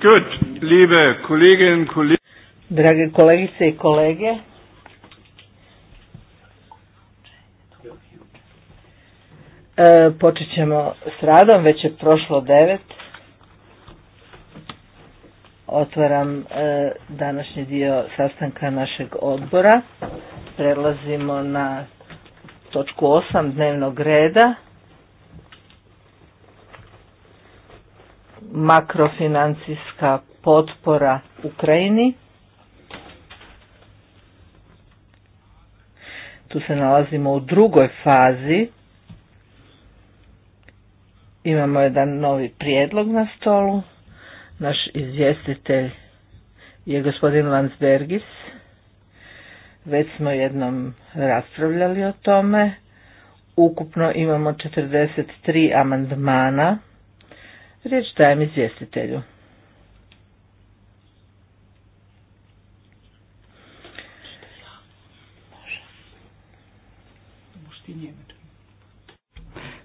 Gut, liebe Drage kolegice i kolege, e, počet ćemo s radom, već je prošlo devet. Otvaram e, današnji dio sastanka našeg odbora. Prelazimo na točku osam dnevnog reda. makrofinancijska potpora Ukrajini. Tu se nalazimo u drugoj fazi. Imamo jedan novi prijedlog na stolu. Naš izvjestitelj je gospodin Landsbergis. Već smo jednom raspravljali o tome. Ukupno imamo 43 amandmana. Riječ dajem izvjestitelju.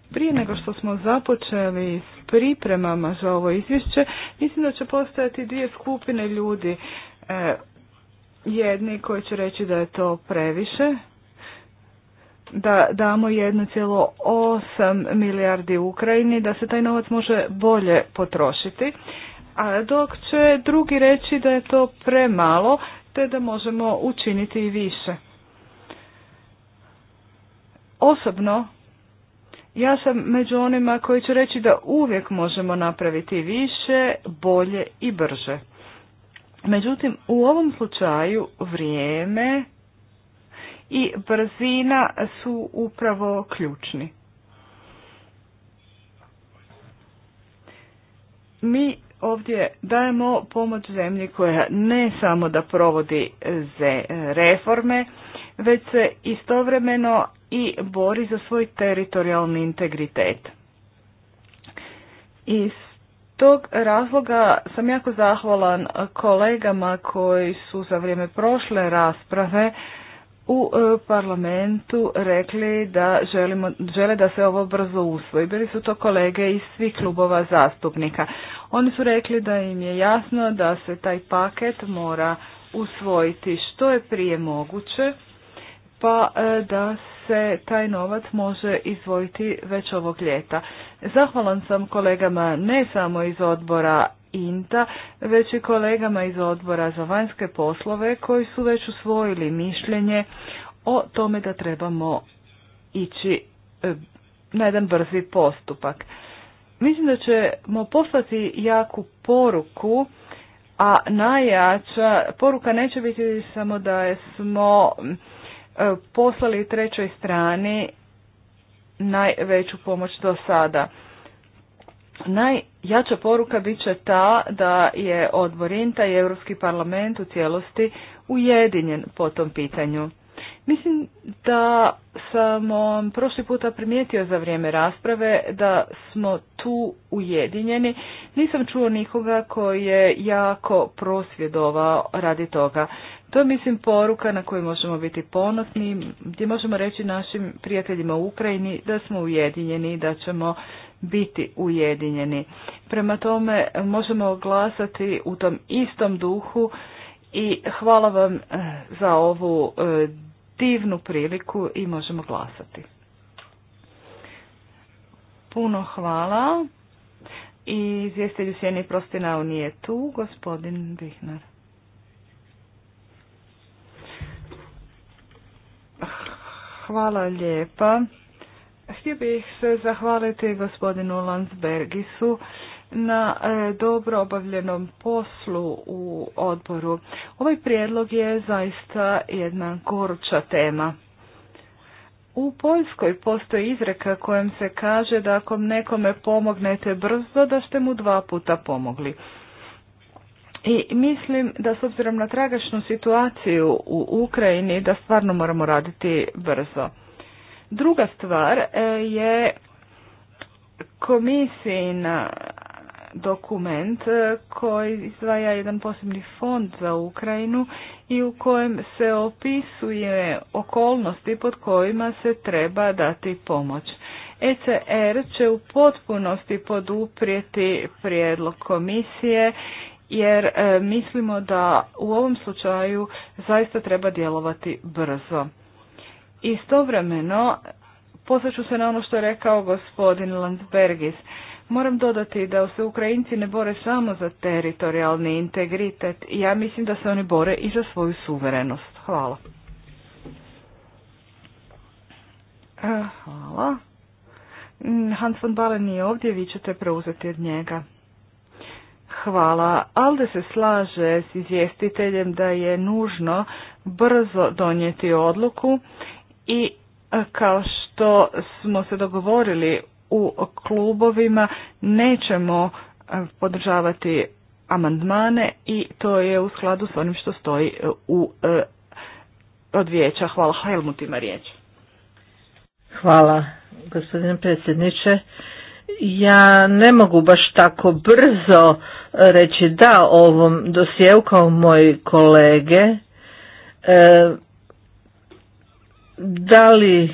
Prije nego što smo započeli s pripremama za ovo izvješće, mislim da će postojati dvije skupine ljudi. E, jedni koji će reći da je to previše, da damo 1,8 milijardi Ukrajini, da se taj novac može bolje potrošiti, a dok će drugi reći da je to premalo, te da možemo učiniti i više. Osobno, ja sam među onima koji će reći da uvijek možemo napraviti više, bolje i brže. Međutim, u ovom slučaju vrijeme i brzina su upravo ključni. Mi ovdje dajemo pomoć zemlji koja ne samo da provodi reforme, već se istovremeno i bori za svoj teritorijalni integritet. Iz tog razloga sam jako zahvalan kolegama koji su za vrijeme prošle rasprave u e, parlamentu rekli da želimo, žele da se ovo brzo usvoji. Bili su to kolege iz svih klubova zastupnika. Oni su rekli da im je jasno da se taj paket mora usvojiti što je prije moguće, pa e, da se taj novac može izvojiti već ovog ljeta. Zahvalan sam kolegama ne samo iz odbora INTA, već i kolegama iz odbora za vanjske poslove koji su već usvojili mišljenje o tome da trebamo ići e, na jedan brzi postupak. Mislim da ćemo poslati jaku poruku, a najjača poruka neće biti samo da smo e, poslali trećoj strani najveću pomoć do sada. Najjača poruka bit će ta da je odbor INTA i Europski parlament u cijelosti ujedinjen po tom pitanju. Mislim da sam prošli puta primijetio za vrijeme rasprave da smo tu ujedinjeni. Nisam čuo nikoga koji je jako prosvjedovao radi toga. To je mislim poruka na koju možemo biti ponosni, gdje možemo reći našim prijateljima u Ukrajini da smo ujedinjeni i da ćemo biti ujedinjeni. Prema tome možemo glasati u tom istom duhu i hvala vam eh, za ovu eh, divnu priliku i možemo glasati. Puno hvala. I izvjestelju Sjeni Prostinao nije tu, gospodin Bihnar. Hvala lijepa. Htio bih se zahvaliti gospodinu Landsbergisu na e, dobro obavljenom poslu u odboru. Ovaj prijedlog je zaista jedna goruća tema. U Poljskoj postoji izreka kojom se kaže da ako nekome pomognete brzo, da ste mu dva puta pomogli. I mislim da s obzirom na tragačnu situaciju u Ukrajini, da stvarno moramo raditi brzo. Druga stvar e, je komisijin e, dokument e, koji izdvaja jedan posebni fond za Ukrajinu i u kojem se opisuje okolnosti pod kojima se treba dati pomoć. ECR će u potpunosti poduprijeti prijedlog komisije jer mislimo da u ovom slučaju zaista treba djelovati brzo. Istovremeno, posveću se na ono što je rekao gospodin Landsbergis. Moram dodati da se Ukrajinci ne bore samo za teritorijalni integritet. Ja mislim da se oni bore i za svoju suverenost. Hvala. E, hvala. Mm, Hans von Balen nije ovdje, vi ćete preuzeti od njega. Hvala. Alde se slaže s izvjestiteljem da je nužno brzo donijeti odluku i e, kao što smo se dogovorili u klubovima nećemo e, podržavati amandmane i to je u skladu s onim što stoji e, u od vijeća. Hvala Helmut ima riječ. Hvala gospodine predsjedniče. Ja ne mogu baš tako brzo reći da ovom dosjeu kao moji kolege da li e,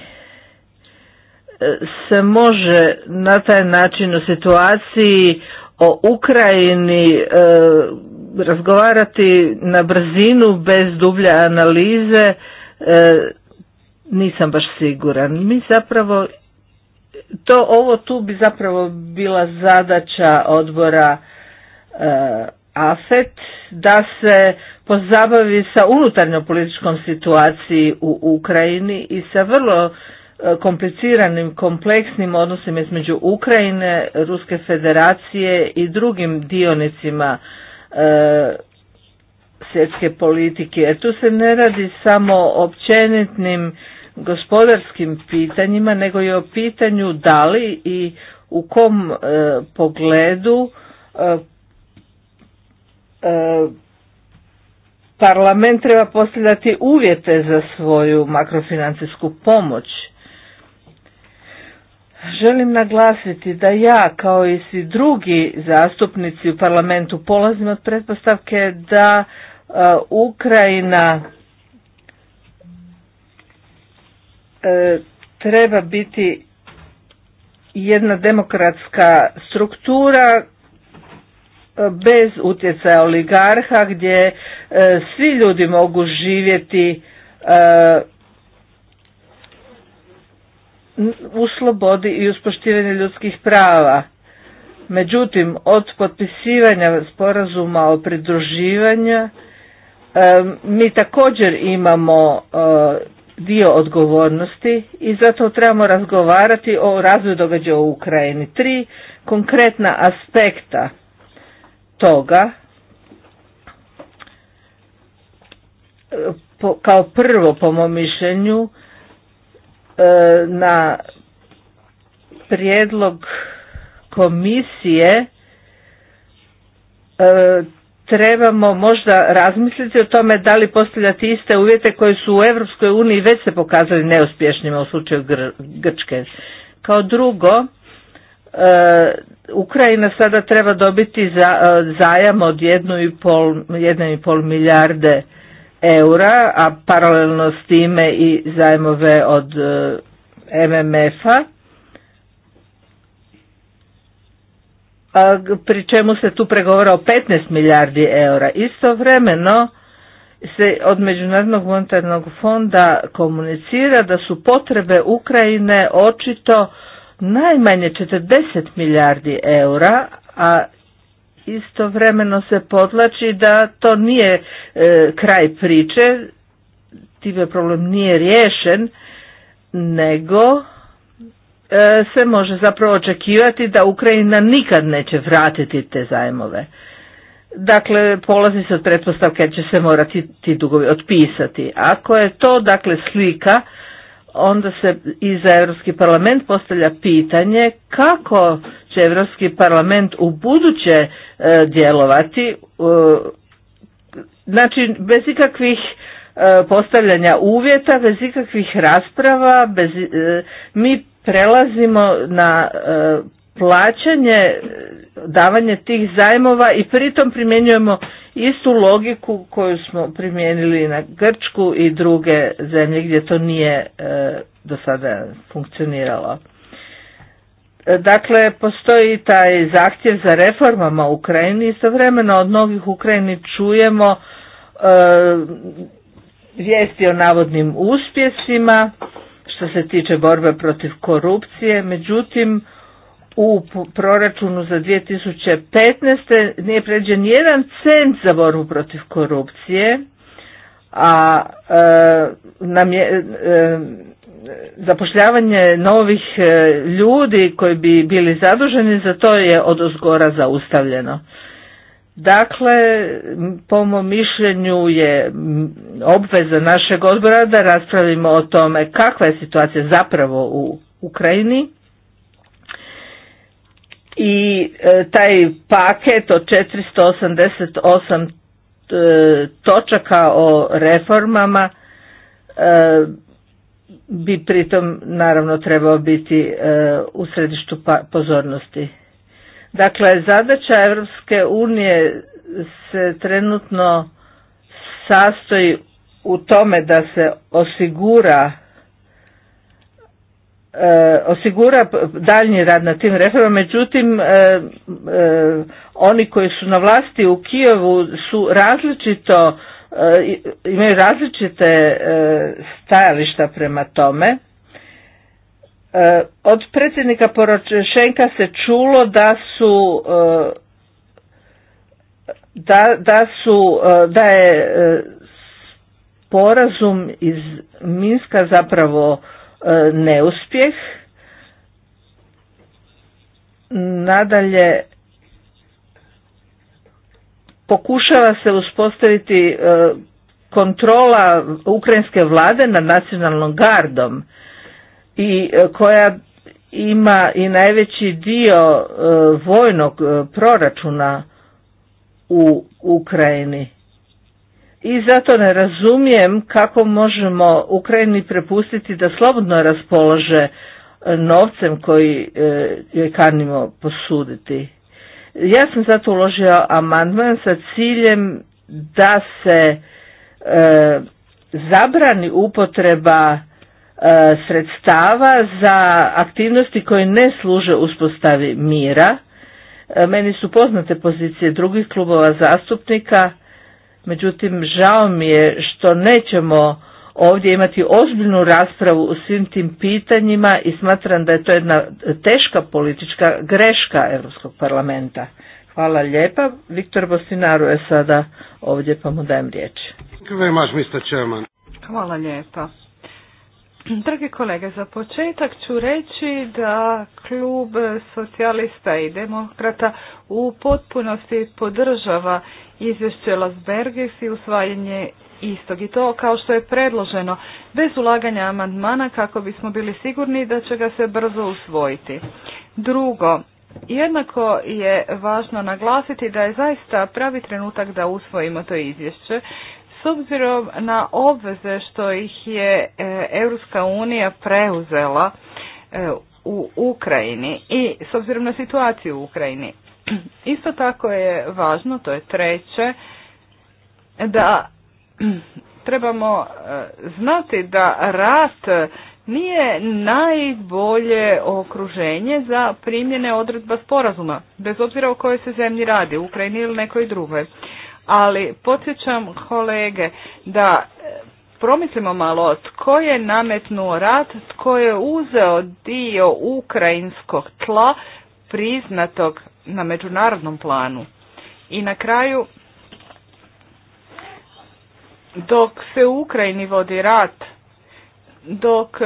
se može na taj način u situaciji o Ukrajini e, razgovarati na brzinu bez dublje analize e, nisam baš siguran. Mi zapravo to ovo tu bi zapravo bila zadaća odbora e, AFET da se pozabavi sa unutarnjo-političkom situaciji u Ukrajini i sa vrlo e, kompliciranim, kompleksnim odnosima između Ukrajine, Ruske federacije i drugim dionicima e, svjetske politike. Jer tu se ne radi samo o općenitnim gospodarskim pitanjima, nego i o pitanju da li i u kom e, pogledu E, parlament treba postavljati uvjete za svoju makrofinancijsku pomoć. Želim naglasiti da ja kao i svi drugi zastupnici u parlamentu polazim od pretpostavke da e, Ukrajina e, treba biti jedna demokratska struktura bez utjecaja oligarha gdje e, svi ljudi mogu živjeti e, u slobodi i uspoštivanju ljudskih prava. Međutim, od potpisivanja sporazuma o pridruživanju e, mi također imamo dio odgovornosti i zato trebamo razgovarati o razvoju događaja u Ukrajini. Tri konkretna aspekta toga kao prvo po mom mišljenju e, na prijedlog komisije e, trebamo možda razmisliti o tome da li postavljati iste uvjete koje su u Europskoj uniji već se pokazali neuspješnima u slučaju Grčke. Kao drugo, E, Ukrajina sada treba dobiti e, zajam od 1,5 milijarde eura, a paralelno s time i zajmove od e, MMF-a. pri čemu se tu pregovara o 15 milijardi eura. Istovremeno se od Međunarodnog monetarnog fonda komunicira da su potrebe Ukrajine očito najmanje 40 milijardi eura, a istovremeno se podlači da to nije e, kraj priče, time problem nije riješen, nego e, se može zapravo očekivati da Ukrajina nikad neće vratiti te zajmove. Dakle, polazi se od pretpostavke da će se morati ti dugovi otpisati. Ako je to dakle slika onda se i za Europski parlament postavlja pitanje kako će Europski parlament u buduće e, djelovati, e, znači bez ikakvih e, postavljanja uvjeta, bez ikakvih rasprava, bez, mi prelazimo na plaćanje, e, davanje tih zajmova i pritom primjenjujemo istu logiku koju smo primijenili na Grčku i druge zemlje gdje to nije e, do sada funkcioniralo. E, dakle, postoji taj zahtjev za reformama u Ukrajini. Istovremeno od mnogih Ukrajini čujemo vijesti o navodnim uspjesima što se tiče borbe protiv korupcije. Međutim, u proračunu za 2015. nije pređen jedan cent za borbu protiv korupcije, a e, nam je, e, zapošljavanje novih e, ljudi koji bi bili zaduženi za to je od ozgora zaustavljeno. Dakle, po mom mišljenju je obveza našeg odbora da raspravimo o tome kakva je situacija zapravo u Ukrajini i e, taj paket od 488 e, točaka o reformama e, bi pritom naravno trebao biti u središtu pa, pozornosti. Dakle, zadaća Europske unije se trenutno sastoji u tome da se osigura E, osigura daljnji rad na tim reformama, međutim e, e, oni koji su na vlasti u Kijevu su različito imaju različite stajališta prema tome. Od predsjednika Poročešenka se čulo da su da, da su da je porazum iz Minska zapravo E, neuspjeh. Nadalje, pokušava se uspostaviti e, kontrola ukrajinske vlade nad nacionalnom gardom i e, koja ima i najveći dio vojnog proračuna u Ukrajini i zato ne razumijem kako možemo Ukrajini prepustiti da slobodno raspolože e, novcem koji e, joj kanimo posuditi. Ja sam zato uložio amandman sa ciljem da se e, zabrani upotreba sredstava za aktivnosti koje ne služe uspostavi mira. meni su poznate pozicije drugih klubova zastupnika Međutim, žao mi je što nećemo ovdje imati ozbiljnu raspravu u svim tim pitanjima i smatram da je to jedna teška politička greška Europskog parlamenta. Hvala lijepa. Viktor Bostinaru je sada ovdje pa mu dajem riječ. Hvala lijepa. dragi kolege, za početak ću reći da klub socijalista i demokrata u potpunosti podržava izvješće Lasbergis i usvajanje istog i to kao što je predloženo, bez ulaganja amandmana kako bismo bili sigurni da će ga se brzo usvojiti. Drugo, jednako je važno naglasiti da je zaista pravi trenutak da usvojimo to izvješće, s obzirom na obveze što ih je e, Europska unija preuzela e, u Ukrajini i s obzirom na situaciju u Ukrajini. Isto tako je važno, to je treće, da trebamo e, znati da rat nije najbolje okruženje za primjene odredba sporazuma, bez obzira o kojoj se zemlji radi, Ukrajini ili nekoj drugoj. Ali podsjećam kolege da e, promislimo malo tko je nametnuo rat, tko je uzeo dio ukrajinskog tla priznatog na međunarodnom planu. I na kraju, dok se u Ukrajini vodi rat, dok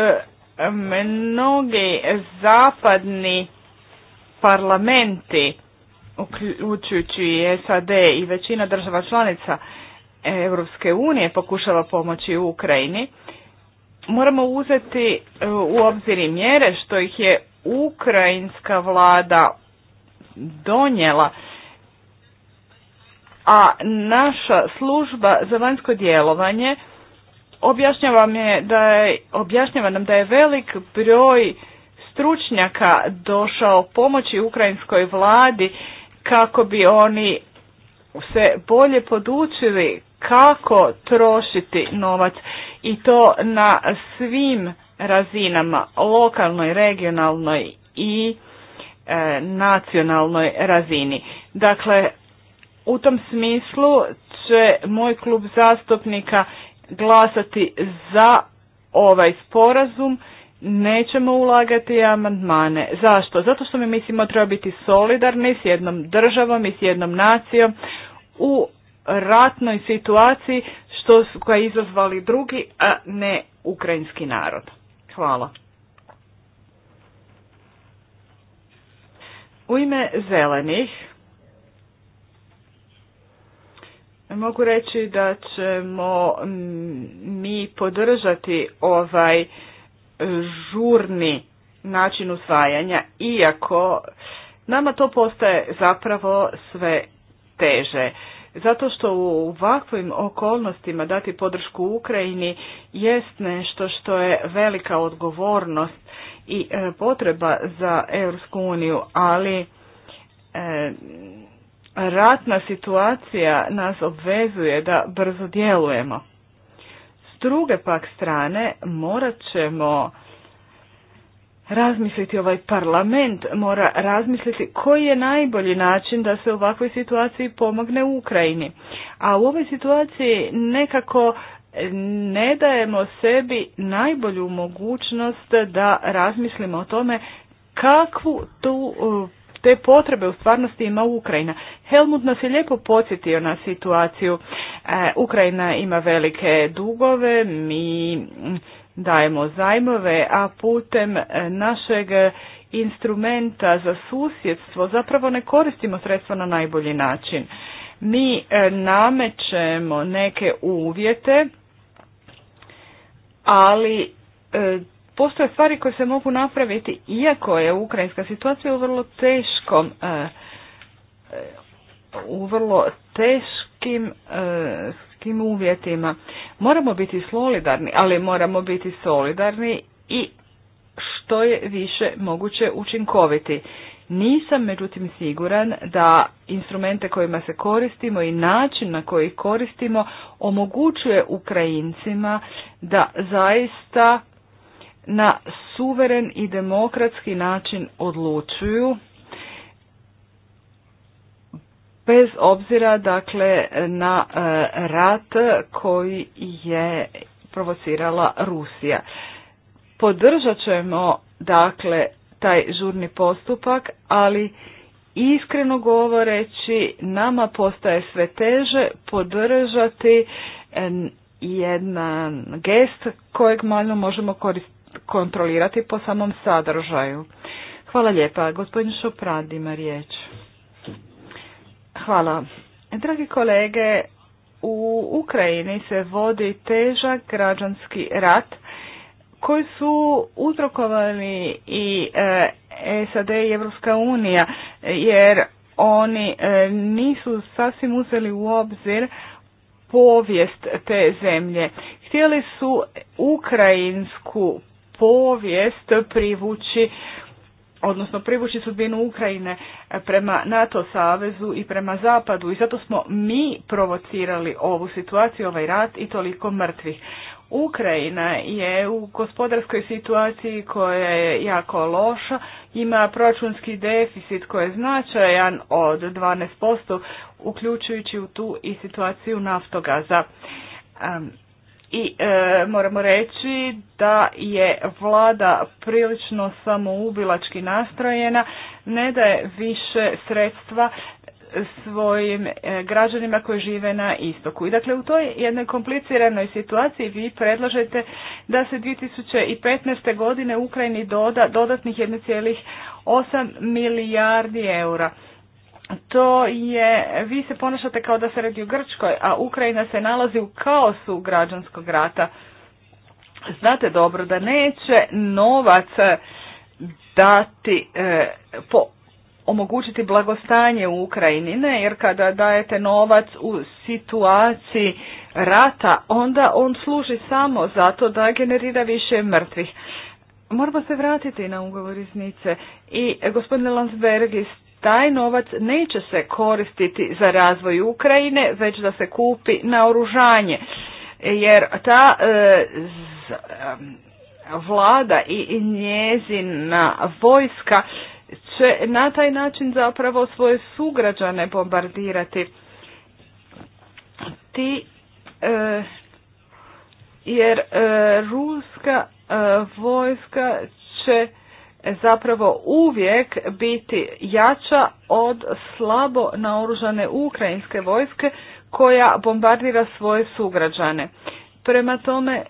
e, mnogi zapadni parlamenti, uključujući i SAD i većina država članica Europske unije pokušava pomoći u Ukrajini, moramo uzeti e, u obzir mjere što ih je ukrajinska vlada donijela. A naša služba za vanjsko djelovanje objašnjava, je da je, objašnjava nam da je velik broj stručnjaka došao pomoći ukrajinskoj vladi kako bi oni se bolje podučili kako trošiti novac i to na svim razinama, lokalnoj, regionalnoj i E, nacionalnoj razini. Dakle, u tom smislu će moj klub zastupnika glasati za ovaj sporazum, nećemo ulagati amandmane. Zašto? Zato što mi mislimo treba biti solidarni s jednom državom i s jednom nacijom u ratnoj situaciji što su izazvali drugi, a ne ukrajinski narod. Hvala. U ime zelenih mogu reći da ćemo mi podržati ovaj žurni način usvajanja, iako nama to postaje zapravo sve teže. Zato što u ovakvim okolnostima dati podršku Ukrajini jest nešto što je velika odgovornost i e, potreba za Europsku uniju, ali e, ratna situacija nas obvezuje da brzo djelujemo. S druge pak strane morat ćemo razmisliti, ovaj parlament mora razmisliti koji je najbolji način da se u ovakvoj situaciji pomogne u Ukrajini. A u ovoj situaciji nekako e, ne dajemo sebi najbolju mogućnost da razmislimo o tome kakvu tu e, te potrebe u stvarnosti ima Ukrajina. Helmut nas je lijepo podsjetio na situaciju. E, Ukrajina ima velike dugove, mi dajemo zajmove, a putem e, našeg e, instrumenta za susjedstvo zapravo ne koristimo sredstva na najbolji način. Mi e, namećemo neke uvjete, ali postoje stvari koje se mogu napraviti iako je ukrajinska situacija u vrlo teškom u vrlo teškim tim uvjetima. Moramo biti solidarni, ali moramo biti solidarni i što je više moguće učinkoviti. Nisam međutim siguran da instrumente kojima se koristimo i način na koji koristimo omogućuje Ukrajincima da zaista na suveren i demokratski način odlučuju bez obzira dakle na e, rat koji je provocirala Rusija. Podržat ćemo dakle taj žurni postupak, ali iskreno govoreći nama postaje sve teže podržati e, jedan gest kojeg malo možemo kontrolirati po samom sadržaju. Hvala lijepa. Gospodin Šoprad ima riječ. Hvala. Dragi kolege, u Ukrajini se vodi težak građanski rat koji su uzrokovani i e, SAD i Evropska unija jer oni e, nisu sasvim uzeli u obzir povijest te zemlje. Htjeli su ukrajinsku povijest privući odnosno privući sudbinu Ukrajine e, prema NATO savezu i prema zapadu i zato smo mi provocirali ovu situaciju, ovaj rat i toliko mrtvih. Ukrajina je u gospodarskoj situaciji koja je jako loša, ima proračunski deficit koji je značajan od 12%, uključujući u tu i situaciju naftogaza i e, moramo reći da je vlada prilično samoubilački nastrojena, ne daje više sredstva svojim e, građanima koji žive na istoku. I dakle u toj jednoj kompliciranoj situaciji vi predlažete da se 2015. godine Ukrajini doda dodatnih 1,8 milijardi eura to je, vi se ponašate kao da se radi u Grčkoj, a Ukrajina se nalazi u kaosu građanskog rata. Znate dobro da neće novac dati, e, po, omogućiti blagostanje u Ukrajini, ne, jer kada dajete novac u situaciji rata, onda on služi samo zato da generira više mrtvih. Moramo se vratiti na ugovor iz i gospodine Lansbergis taj novac neće se koristiti za razvoj Ukrajine, već da se kupi naoružanje. Jer ta e, vlada i njezina vojska će na taj način zapravo svoje sugrađane bombardirati. Ti e, jer e, ruska vojska će zapravo uvijek biti jača od slabo naoružane ukrajinske vojske koja bombardira svoje sugrađane. Prema tome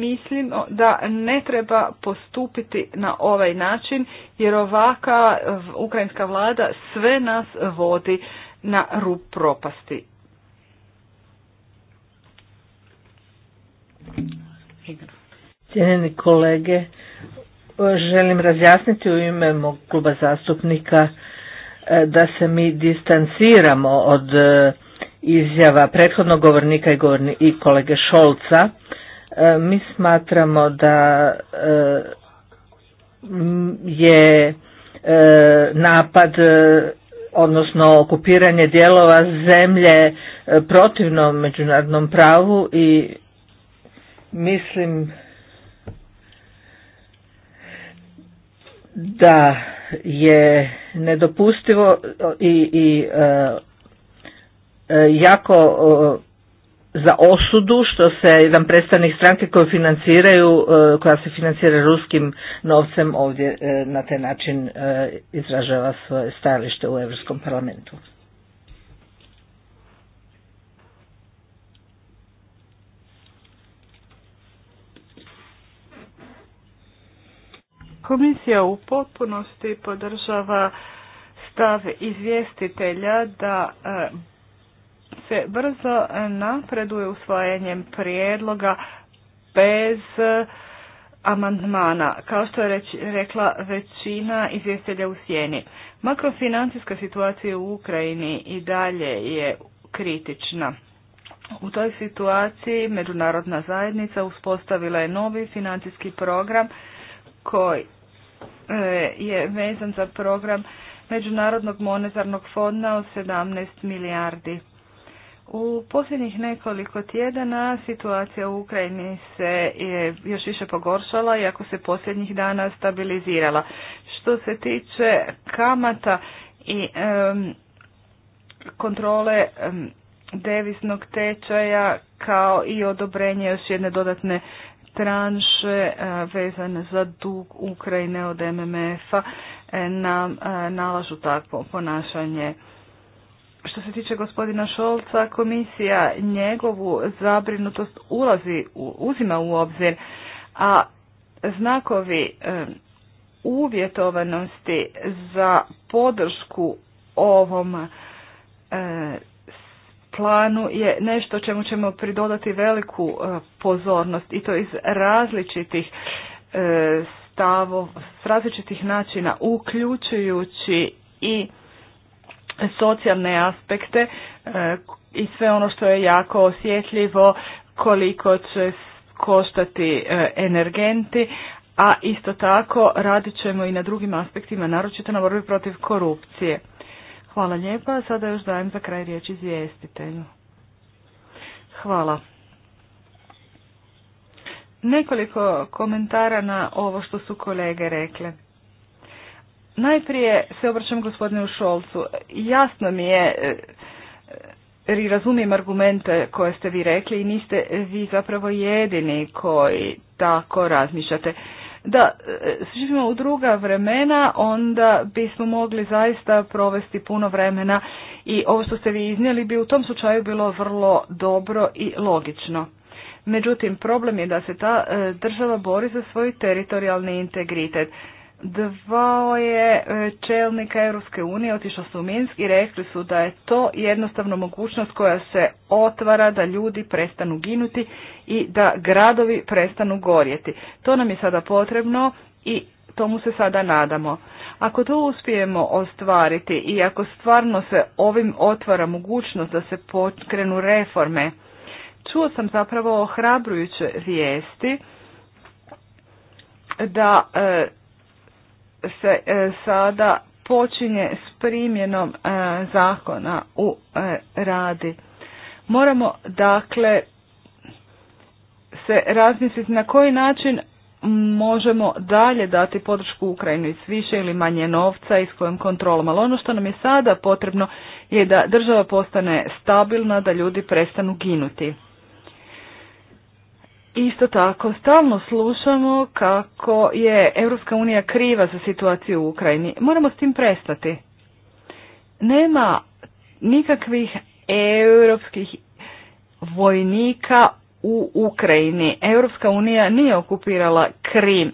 mislim da ne treba postupiti na ovaj način jer ovaka ukrajinska vlada sve nas vodi na rub propasti. Cijenjeni kolege, želim razjasniti u ime mog kluba zastupnika e, da se mi distanciramo od e, izjava prethodnog govornika i, kolege Šolca. E, mi smatramo da je napad odnosno okupiranje dijelova zemlje protivno međunarodnom pravu i mislim da je nedopustivo i, i e, e, jako e, za osudu što se jedan predstavnik stranke koju financiraju, koja se financira ruskim novcem ovdje na taj način izražava svoje stajalište u Europskom parlamentu. Komisija u potpunosti podržava stav izvjestitelja da e, se brzo napreduje usvajanjem prijedloga bez amandmana, kao što je rekla većina izvjestitelja u sjeni. Makrofinancijska situacija u Ukrajini i dalje je kritična. U toj situaciji međunarodna zajednica uspostavila je novi financijski program koji E, je vezan za program Međunarodnog monetarnog fonda od 17 milijardi. U posljednjih nekoliko tjedana situacija u Ukrajini se je još više pogoršala iako se posljednjih dana stabilizirala. Što se tiče kamata i kontrole deviznog tečaja kao i odobrenje još jedne dodatne tranše e, vezane za dug Ukrajine od MMF-a e, nam e, nalažu takvo ponašanje. Što se tiče gospodina Šolca, komisija njegovu zabrinutost ulazi, uzima u obzir, a znakovi uvjetovanosti za podršku ovom planu je nešto čemu ćemo pridodati veliku e, pozornost i to iz različitih e, stavov, s različitih načina, uključujući i socijalne aspekte e, i sve ono što je jako osjetljivo, koliko će koštati energenti, a isto tako radit ćemo i na drugim aspektima, naročito na borbi protiv korupcije. Hvala lijepa. Sada još dajem za kraj riječ izvjestitelju. Hvala. Nekoliko komentara na ovo što su kolege rekle. Najprije se obraćam gospodinu Šolcu. Jasno mi je i e, e, razumijem argumente koje ste vi rekli i niste vi zapravo jedini koji tako razmišljate. Da e, živimo u druga vremena, onda bismo mogli zaista provesti puno vremena i ovo što ste vi iznijeli bi u tom slučaju bilo vrlo dobro i logično. Međutim, problem je da se ta e, država bori za svoj teritorijalni integritet je e, čelnika Europske unije su u Minsk i rekli su da je to jednostavno mogućnost koja se otvara da ljudi prestanu ginuti i da gradovi prestanu gorjeti. To nam je sada potrebno i tomu se sada nadamo. Ako to uspijemo ostvariti i ako stvarno se ovim otvara mogućnost da se pokrenu reforme, čuo sam zapravo ohrabrujuće vijesti da e, se e, sada počinje s primjenom e, zakona u e, radi. Moramo dakle se razmisliti na koji način možemo dalje dati podršku Ukrajini s više ili manje novca i s kojom kontrolom. Ali ono što nam je sada potrebno je da država postane stabilna, da ljudi prestanu ginuti. Isto tako, stalno slušamo kako je Europska unija kriva za situaciju u Ukrajini. Moramo s tim prestati. Nema nikakvih europskih vojnika u Ukrajini. Europska unija nije okupirala Krim.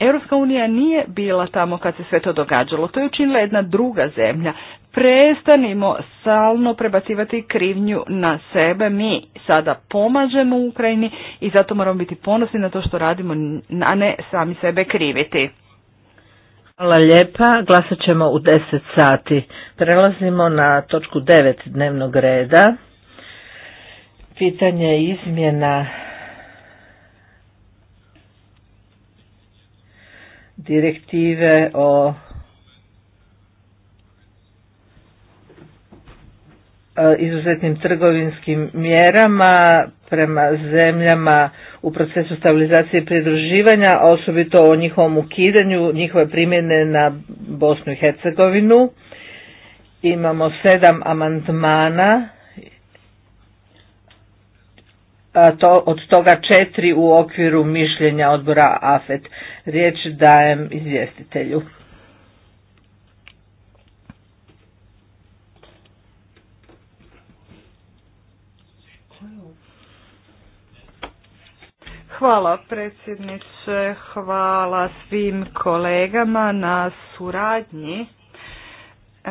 Europska unija nije bila tamo kad se sve to događalo. To je učinila jedna druga zemlja prestanimo salno prebacivati krivnju na sebe. Mi sada pomažemo Ukrajini i zato moramo biti ponosni na to što radimo, a ne sami sebe kriviti. Hvala lijepa, glasat ćemo u 10 sati. Prelazimo na točku 9 dnevnog reda. Pitanje izmjena direktive o E, izuzetnim trgovinskim mjerama prema zemljama u procesu stabilizacije i pridruživanja, osobito o njihovom ukidanju, njihove primjene na Bosnu i Hercegovinu. Imamo sedam amandmana, a to, od toga četiri u okviru mišljenja odbora AFET. Riječ dajem izvjestitelju. Hvala predsjedniče, hvala svim kolegama na suradnji e,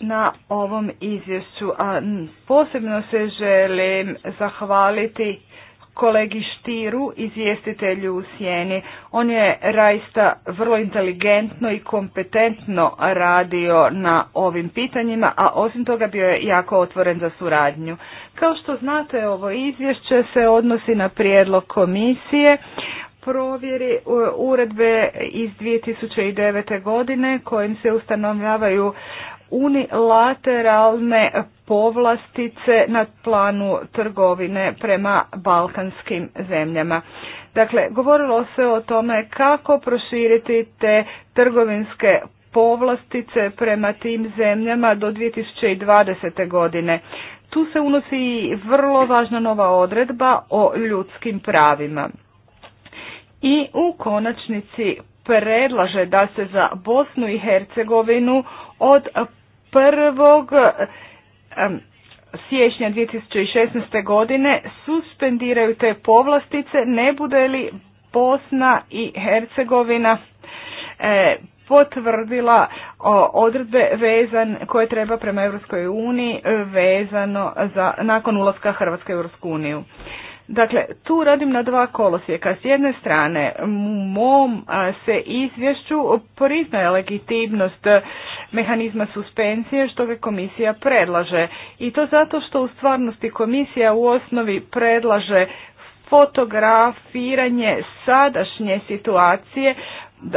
na ovom izvješću. A posebno se želim zahvaliti kolegi Štiru, izvjestitelju u Sjeni. On je raista vrlo inteligentno i kompetentno radio na ovim pitanjima, a osim toga bio je jako otvoren za suradnju. Kao što znate, ovo izvješće se odnosi na prijedlog komisije provjeri uredbe iz 2009. godine kojim se ustanovljavaju unilateralne povlastice na planu trgovine prema balkanskim zemljama. Dakle, govorilo se o tome kako proširiti te trgovinske povlastice prema tim zemljama do 2020. godine. Tu se unosi i vrlo važna nova odredba o ljudskim pravima. I u konačnici predlaže da se za Bosnu i Hercegovinu od 1. siječnja 2016. godine suspendiraju te povlastice ne bude li Bosna i Hercegovina e, potvrdila odredbe vezan koje treba prema Europskoj uniji vezano za nakon ulaska Hrvatske u Europsku uniju. Dakle, tu radim na dva kolosijeka. S jedne strane, mom se izvješću priznaje legitimnost e, mehanizma suspenzije što ga komisija predlaže. I to zato što u stvarnosti komisija u osnovi predlaže fotografiranje sadašnje situacije,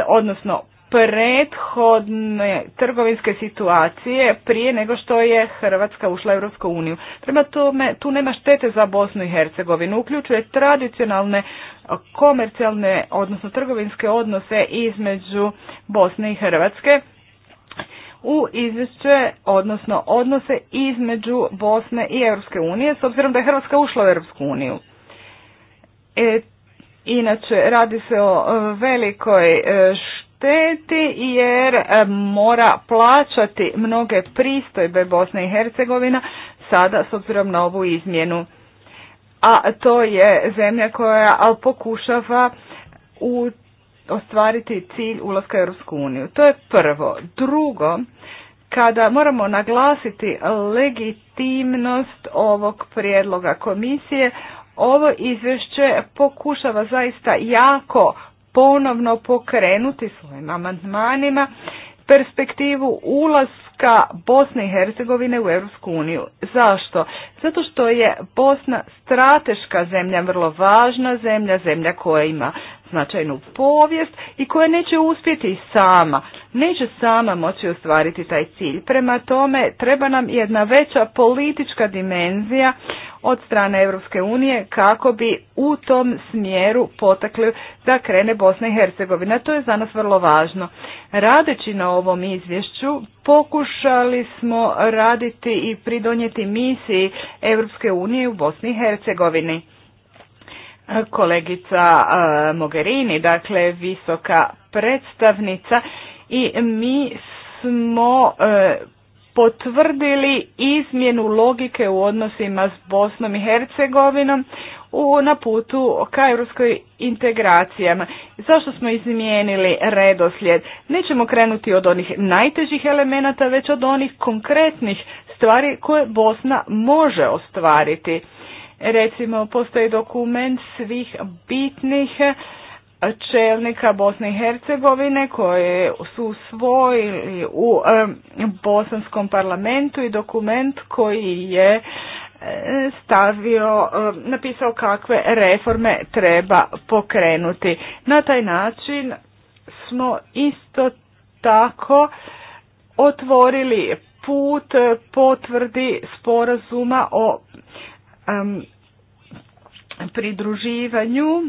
odnosno prethodne trgovinske situacije prije nego što je Hrvatska ušla u Europsku uniju. Prema tome, tu nema štete za Bosnu i Hercegovinu. Uključuje tradicionalne komercijalne, odnosno trgovinske odnose između Bosne i Hrvatske u izvješće, odnosno odnose između Bosne i Europske unije, s obzirom da je Hrvatska ušla u Europsku uniju. E, inače, radi se o velikoj e, šteti jer e, mora plaćati mnoge pristojbe Bosne i Hercegovina sada s obzirom na ovu izmjenu. A to je zemlja koja pokušava u ostvariti cilj ulaska u Europsku uniju. To je prvo. Drugo, kada moramo naglasiti legitimnost ovog prijedloga komisije, ovo izvješće pokušava zaista jako ponovno pokrenuti svojim amandmanima perspektivu ulaska Bosne i Hercegovine u Europsku uniju. Zašto? Zato što je Bosna strateška zemlja, vrlo važna zemlja, zemlja koja ima značajnu povijest i koja neće uspjeti sama, neće sama moći ostvariti taj cilj. Prema tome treba nam jedna veća politička dimenzija od strane Europske unije kako bi u tom smjeru potakli da krene Bosna i Hercegovina. To je za nas vrlo važno. Radeći na ovom izvješću pokušali smo raditi i pridonijeti misiji Europske unije u Bosni i Hercegovini kolegica e, Mogherini, dakle visoka predstavnica i mi smo e, potvrdili izmjenu logike u odnosima s Bosnom i Hercegovinom u, na putu ka europskoj integracijama. Zašto smo izmijenili redoslijed? Nećemo krenuti od onih najtežih elemenata, već od onih konkretnih stvari koje Bosna može ostvariti. Recimo, postoji dokument svih bitnih čelnika Bosne i Hercegovine koje su usvojili u bosanskom parlamentu i dokument koji je stavio, napisao kakve reforme treba pokrenuti. Na taj način smo isto tako otvorili put potvrdi sporazuma o pridruživanju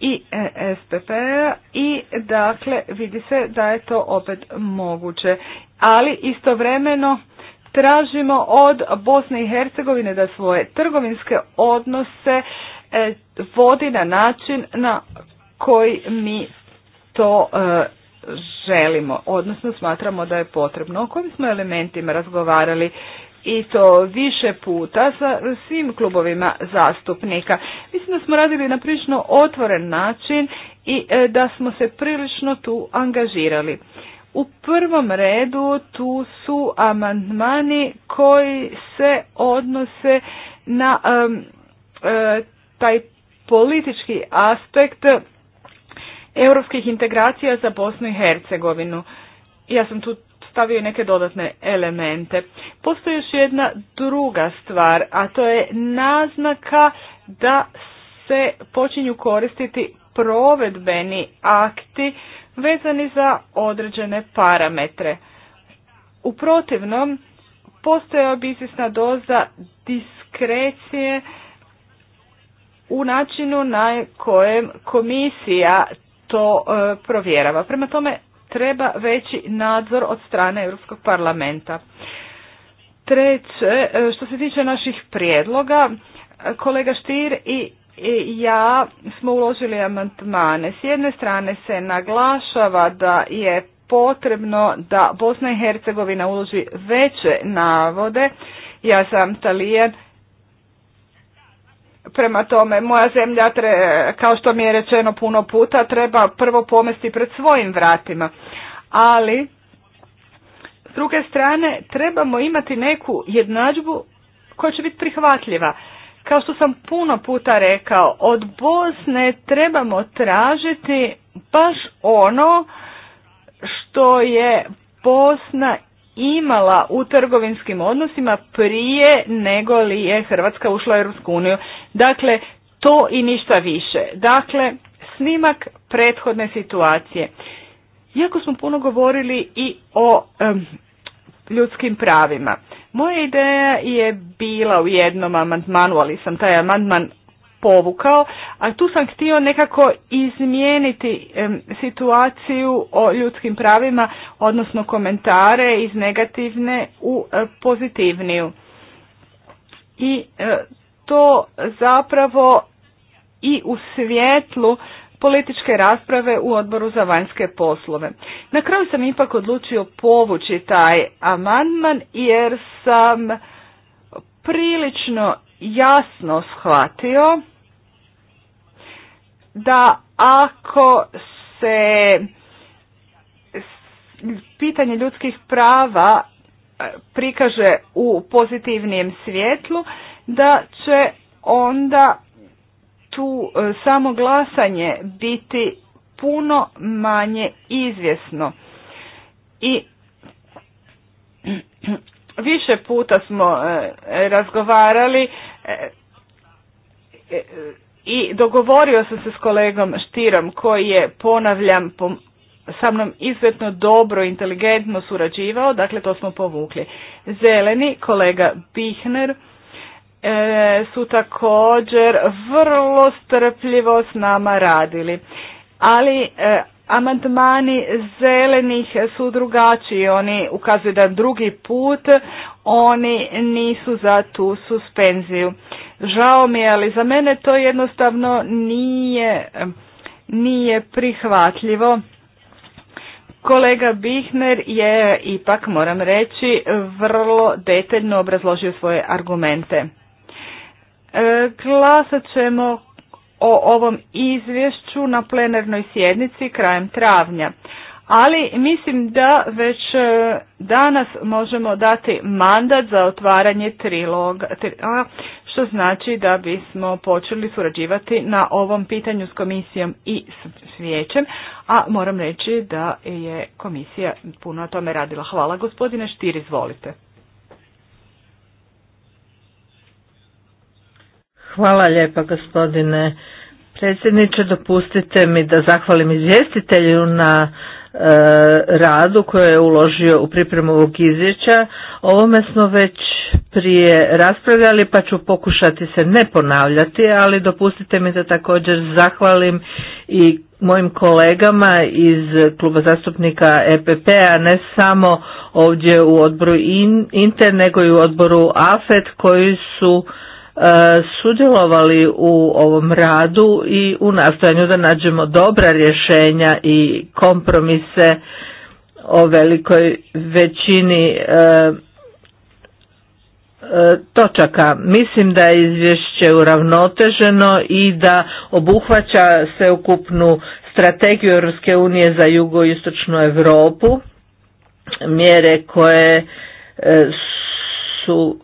i e, SPP i dakle vidi se da je to opet moguće. Ali istovremeno tražimo od Bosne i Hercegovine da svoje trgovinske odnose e, vodi na način na koji mi to e, želimo, odnosno smatramo da je potrebno. O kojim smo elementima razgovarali i to više puta sa svim klubovima zastupnika. Mislim da smo radili na prilično otvoren način i e, da smo se prilično tu angažirali. U prvom redu tu su amandmani koji se odnose na e, taj politički aspekt europskih integracija za Bosnu i Hercegovinu. Ja sam tu stavio neke dodatne elemente. Postoji još jedna druga stvar, a to je naznaka da se počinju koristiti provedbeni akti vezani za određene parametre. U protivnom, postoje bi doza diskrecije u načinu na kojem komisija to e, provjerava. Prema tome, treba veći nadzor od strane Europskog parlamenta. Treće, e, što se tiče naših prijedloga, e, kolega Štir i ja smo uložili amandmane. S jedne strane se naglašava da je potrebno da Bosna i Hercegovina uloži veće navode. Ja sam talijan Prema tome, moja zemlja, tre, kao što mi je rečeno puno puta, treba prvo pomesti pred svojim vratima. Ali, s druge strane, trebamo imati neku jednadžbu koja će biti prihvatljiva. Kao što sam puno puta rekao, od Bosne trebamo tražiti baš ono što je Bosna imala u trgovinskim odnosima prije nego li je Hrvatska ušla u Europsku uniju. Dakle, to i ništa više. Dakle, snimak prethodne situacije. Iako smo puno govorili i o ljudskim pravima. Moja ideja je bila u jednom amandmanu, ali sam taj amandman povukao, a tu sam htio nekako izmijeniti situaciju o ljudskim pravima, odnosno komentare iz negativne u e, pozitivniju. I e, to zapravo i u svjetlu političke rasprave u odboru za vanjske poslove. Na kraju sam ipak odlučio povući taj amandman jer sam prilično jasno shvatio da ako se pitanje ljudskih prava e, prikaže u pozitivnijem svjetlu, da će onda tu e, samo glasanje biti puno manje izvjesno. I više puta smo e, razgovarali i dogovorio sam se s kolegom Štirom koji je, ponavljam, po, sa mnom izuzetno dobro, inteligentno surađivao, dakle to smo povukli. Zeleni, kolega Bihner, e, su također vrlo strpljivo s nama radili. Ali e, Amandmani zelenih su drugačiji, oni ukazuju da drugi put oni nisu za tu suspenziju. Žao mi je, ali za mene to jednostavno nije, nije prihvatljivo. Kolega Bihner je, ipak moram reći, vrlo detaljno obrazložio svoje argumente. E, glasat ćemo o ovom izvješću na plenarnoj sjednici krajem travnja. Ali mislim da već e, danas možemo dati mandat za otvaranje triloga, što znači da bismo počeli surađivati na ovom pitanju s komisijom i s vijećem, a moram reći da je komisija puno o tome radila. Hvala gospodine Štir, izvolite. Hvala lijepa gospodine predsjedniče. Dopustite mi da zahvalim izvjestitelju na e, radu koje je uložio u pripremu ovog izvješća. Ovome smo već prije raspravljali pa ću pokušati se ne ponavljati, ali dopustite mi da također zahvalim i mojim kolegama iz kluba zastupnika EPP-a, ne samo ovdje u odboru Inter nego i u odboru AFET koji su E, sudjelovali u ovom radu i u nastojanju da nađemo dobra rješenja i kompromise o velikoj većini e, e, točaka. Mislim da je izvješće uravnoteženo i da obuhvaća sveukupnu strategiju Europske unije za jugoistočnu Europu, mjere koje su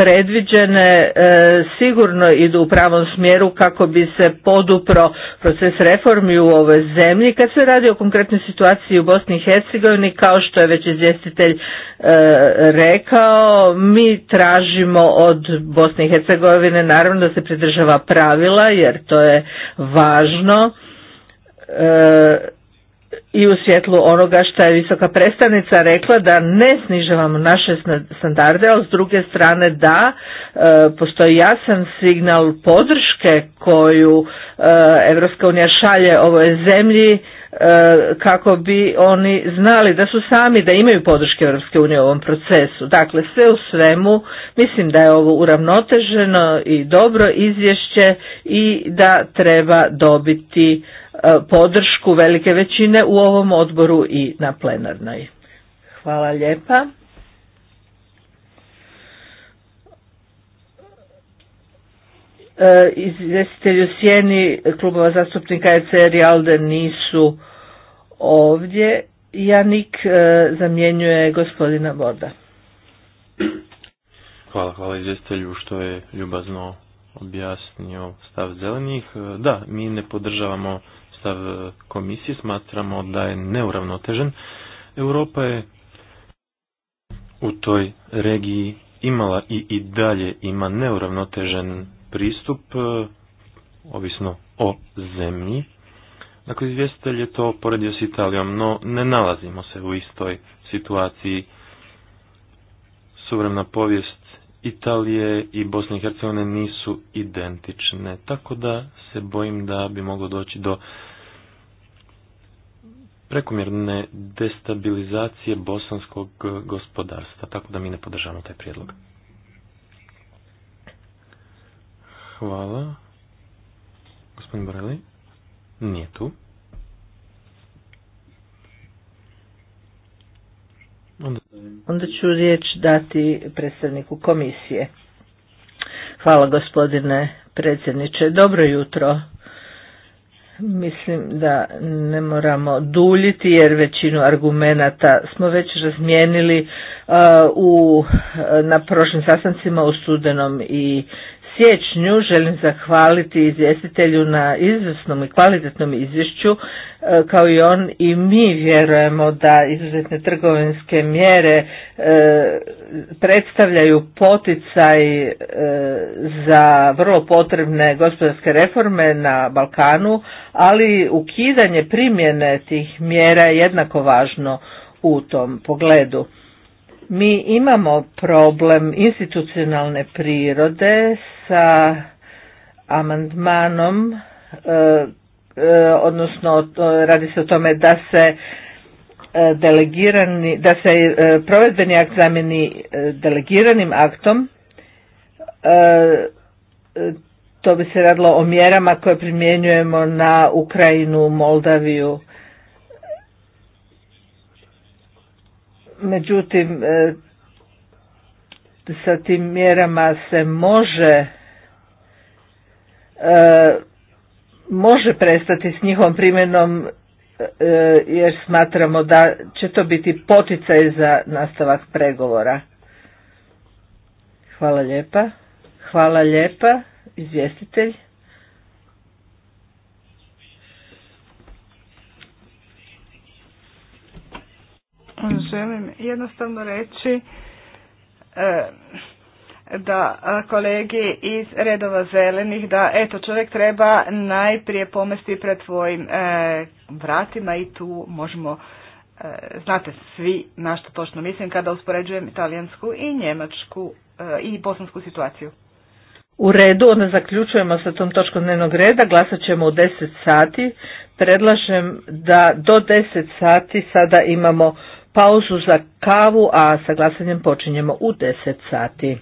predviđene e, sigurno idu u pravom smjeru kako bi se podupro proces reformi u ovoj zemlji. Kad se radi o konkretnoj situaciji u Bosni i Hercegovini, kao što je već izvjestitelj e, rekao, mi tražimo od Bosne i Hercegovine naravno da se pridržava pravila jer to je važno. E, i u svjetlu onoga što je visoka predstavnica rekla da ne snižavamo naše standarde, ali s druge strane da e, postoji jasan signal podrške koju europska unija šalje ovoj zemlji e, kako bi oni znali da su sami, da imaju podrške Europske unije u ovom procesu. Dakle, sve u svemu, mislim da je ovo uravnoteženo i dobro izvješće i da treba dobiti E, podršku velike većine u ovom odboru i na plenarnoj. Hvala lijepa. E, izvjestitelju sjeni klubova zastupnika ECR i ALDE nisu ovdje. Janik e, zamjenjuje gospodina Voda. Hvala, hvala izvjestitelju što je ljubazno objasnio stav zelenih. Da, mi ne podržavamo stav komisije, smatramo da je neuravnotežen. Europa je u toj regiji imala i, i dalje ima neuravnotežen pristup, e, ovisno o zemlji. Dakle, izvjestitelj je to poredio s Italijom, no ne nalazimo se u istoj situaciji. Suvremna povijest Italije i Bosne i Hercegovine nisu identične, tako da se bojim da bi moglo doći do prekomjerne destabilizacije bosanskog gospodarstva, tako da mi ne podržamo taj prijedlog. Hvala. Gospodin Boreli? Nije tu. Onda... Onda ću riječ dati predstavniku komisije. Hvala gospodine predsjedniče. Dobro jutro Mislim da ne moramo duljiti jer većinu argumenata smo već razmijenili uh, u, na prošlim sastancima u studenom i siječnju želim zahvaliti izvjestitelju na izvrsnom i kvalitetnom izvješću. E, kao i on i mi vjerujemo da izuzetne trgovinske mjere e, predstavljaju poticaj e, za vrlo potrebne gospodarske reforme na Balkanu, ali ukidanje primjene tih mjera je jednako važno u tom pogledu. Mi imamo problem institucionalne prirode sa amandmanom, e, e, odnosno radi se o tome da se e, delegirani, da se provedbeni akt zamjeni delegiranim aktom. To bi se radilo o mjerama koje primjenjujemo na Ukrajinu, Moldaviju međutim e, sa tim mjerama se može e, može prestati s njihovom primjenom e, jer smatramo da će to biti poticaj za nastavak pregovora. Hvala lijepa. Hvala lijepa, izvjestitelj. Mm. Želim jednostavno reći e, da kolegi iz redova zelenih da eto čovjek treba najprije pomesti pred svojim e, vratima i tu možemo e, znate svi na što točno mislim kada uspoređujem italijansku i njemačku i bosansku situaciju. U redu, onda zaključujemo sa tom točkom dnevnog reda, glasat ćemo u 10 sati. Predlažem da do 10 sati sada imamo pauzu za kavu, a sa glasanjem počinjemo u 10 sati.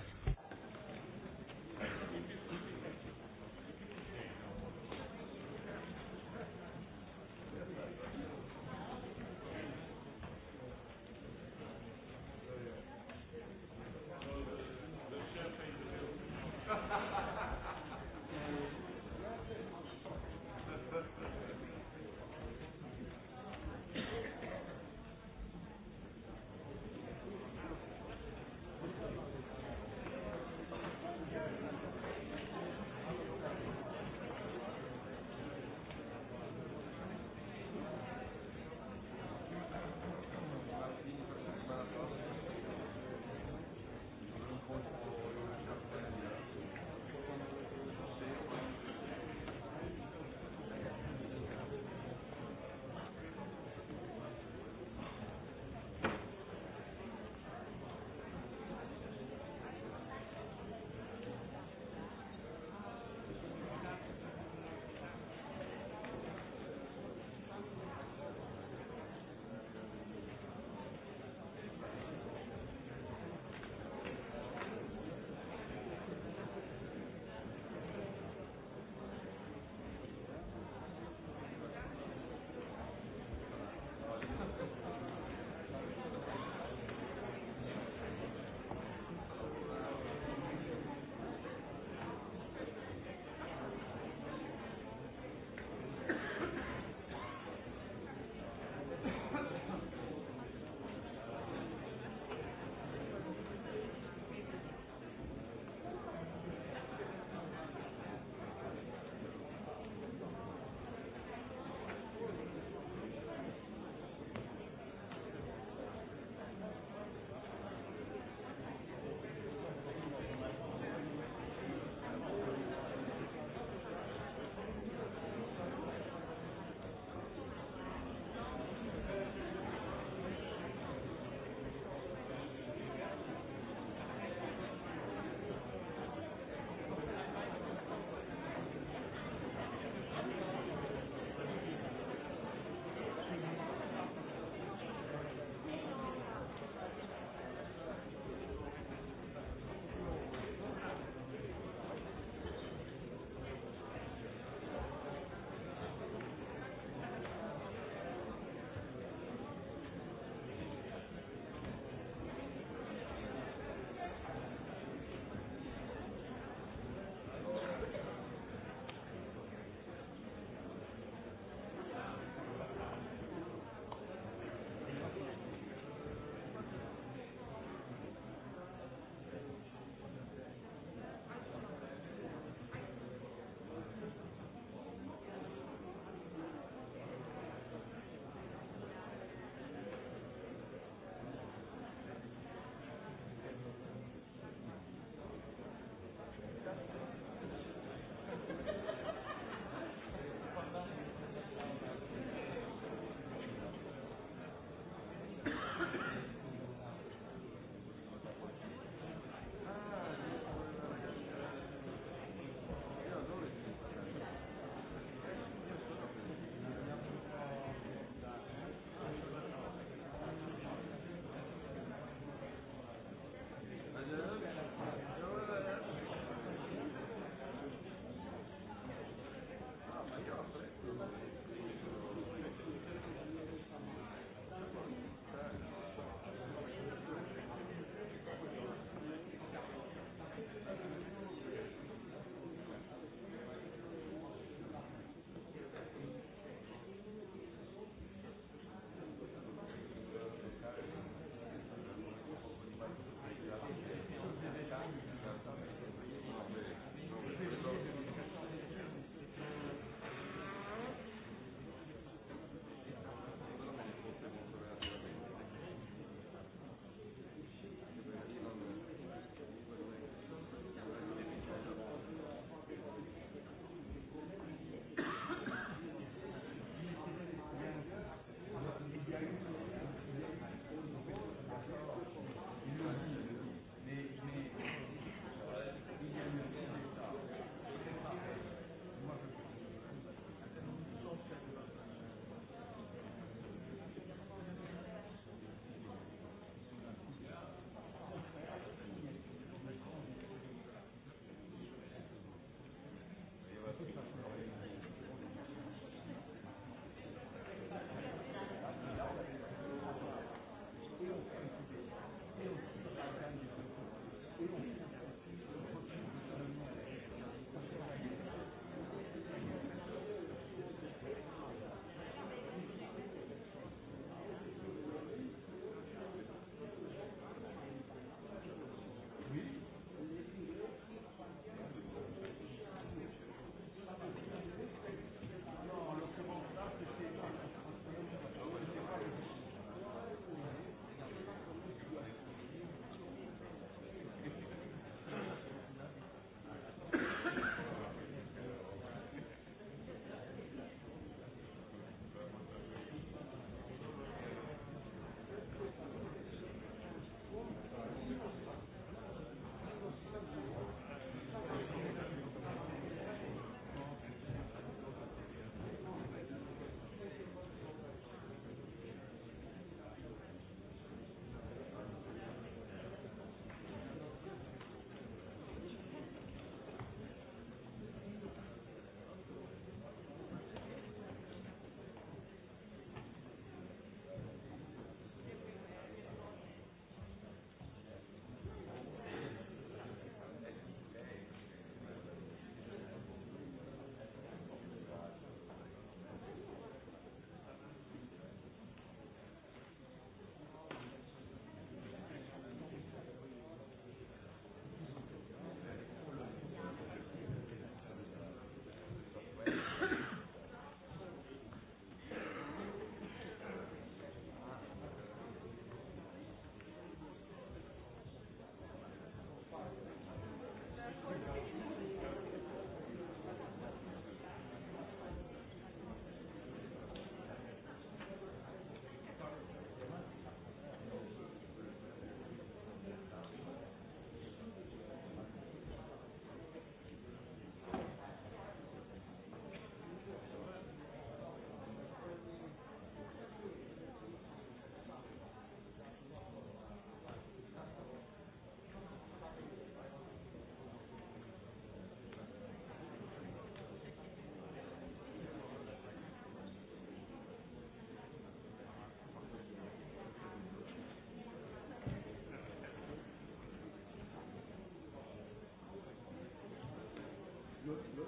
Hvala što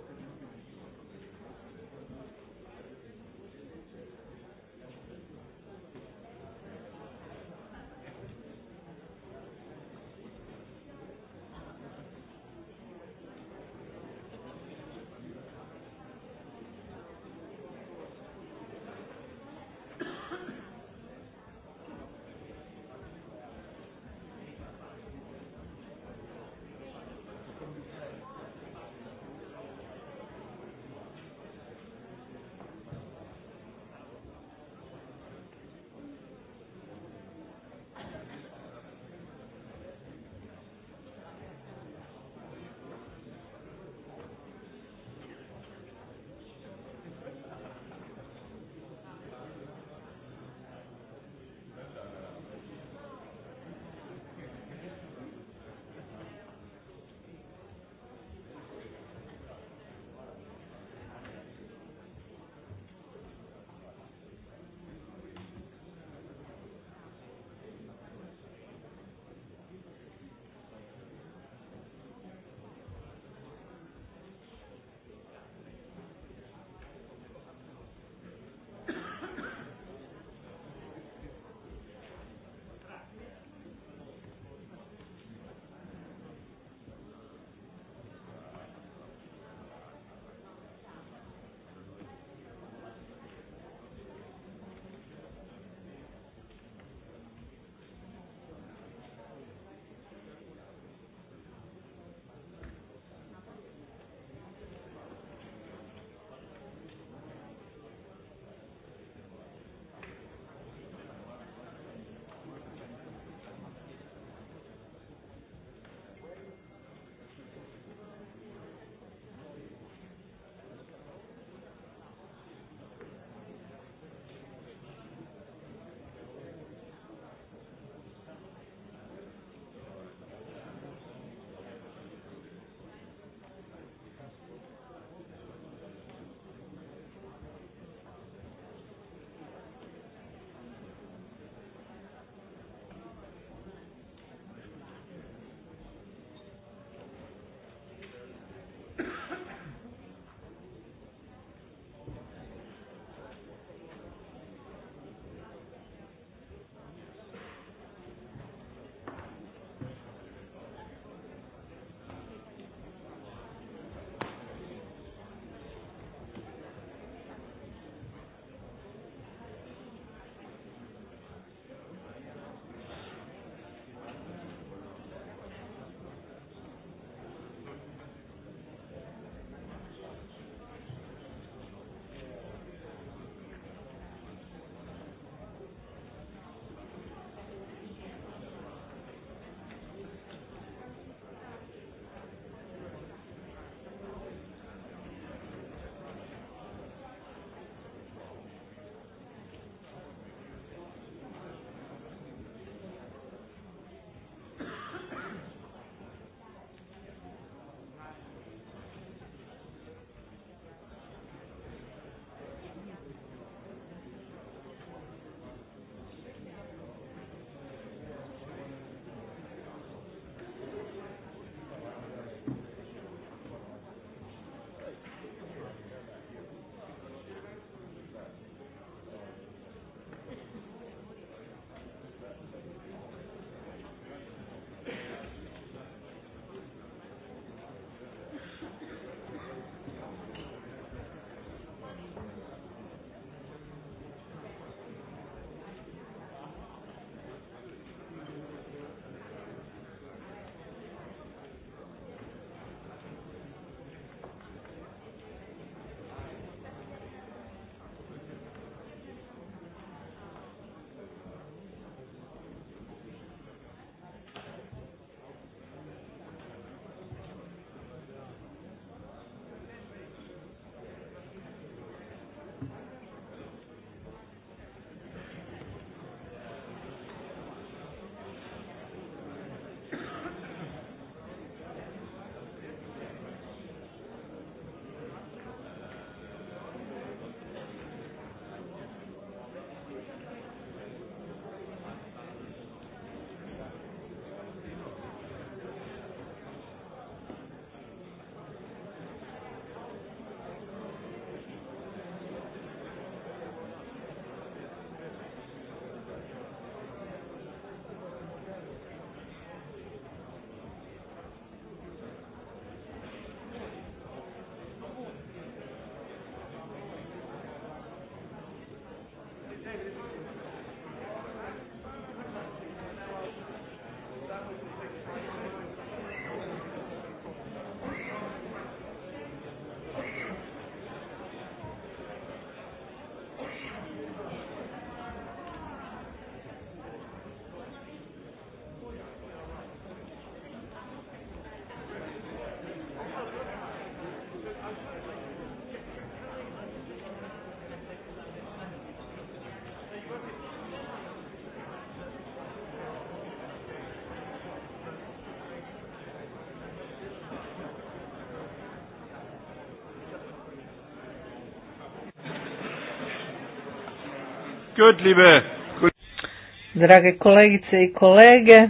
Drage kolegice i kolege,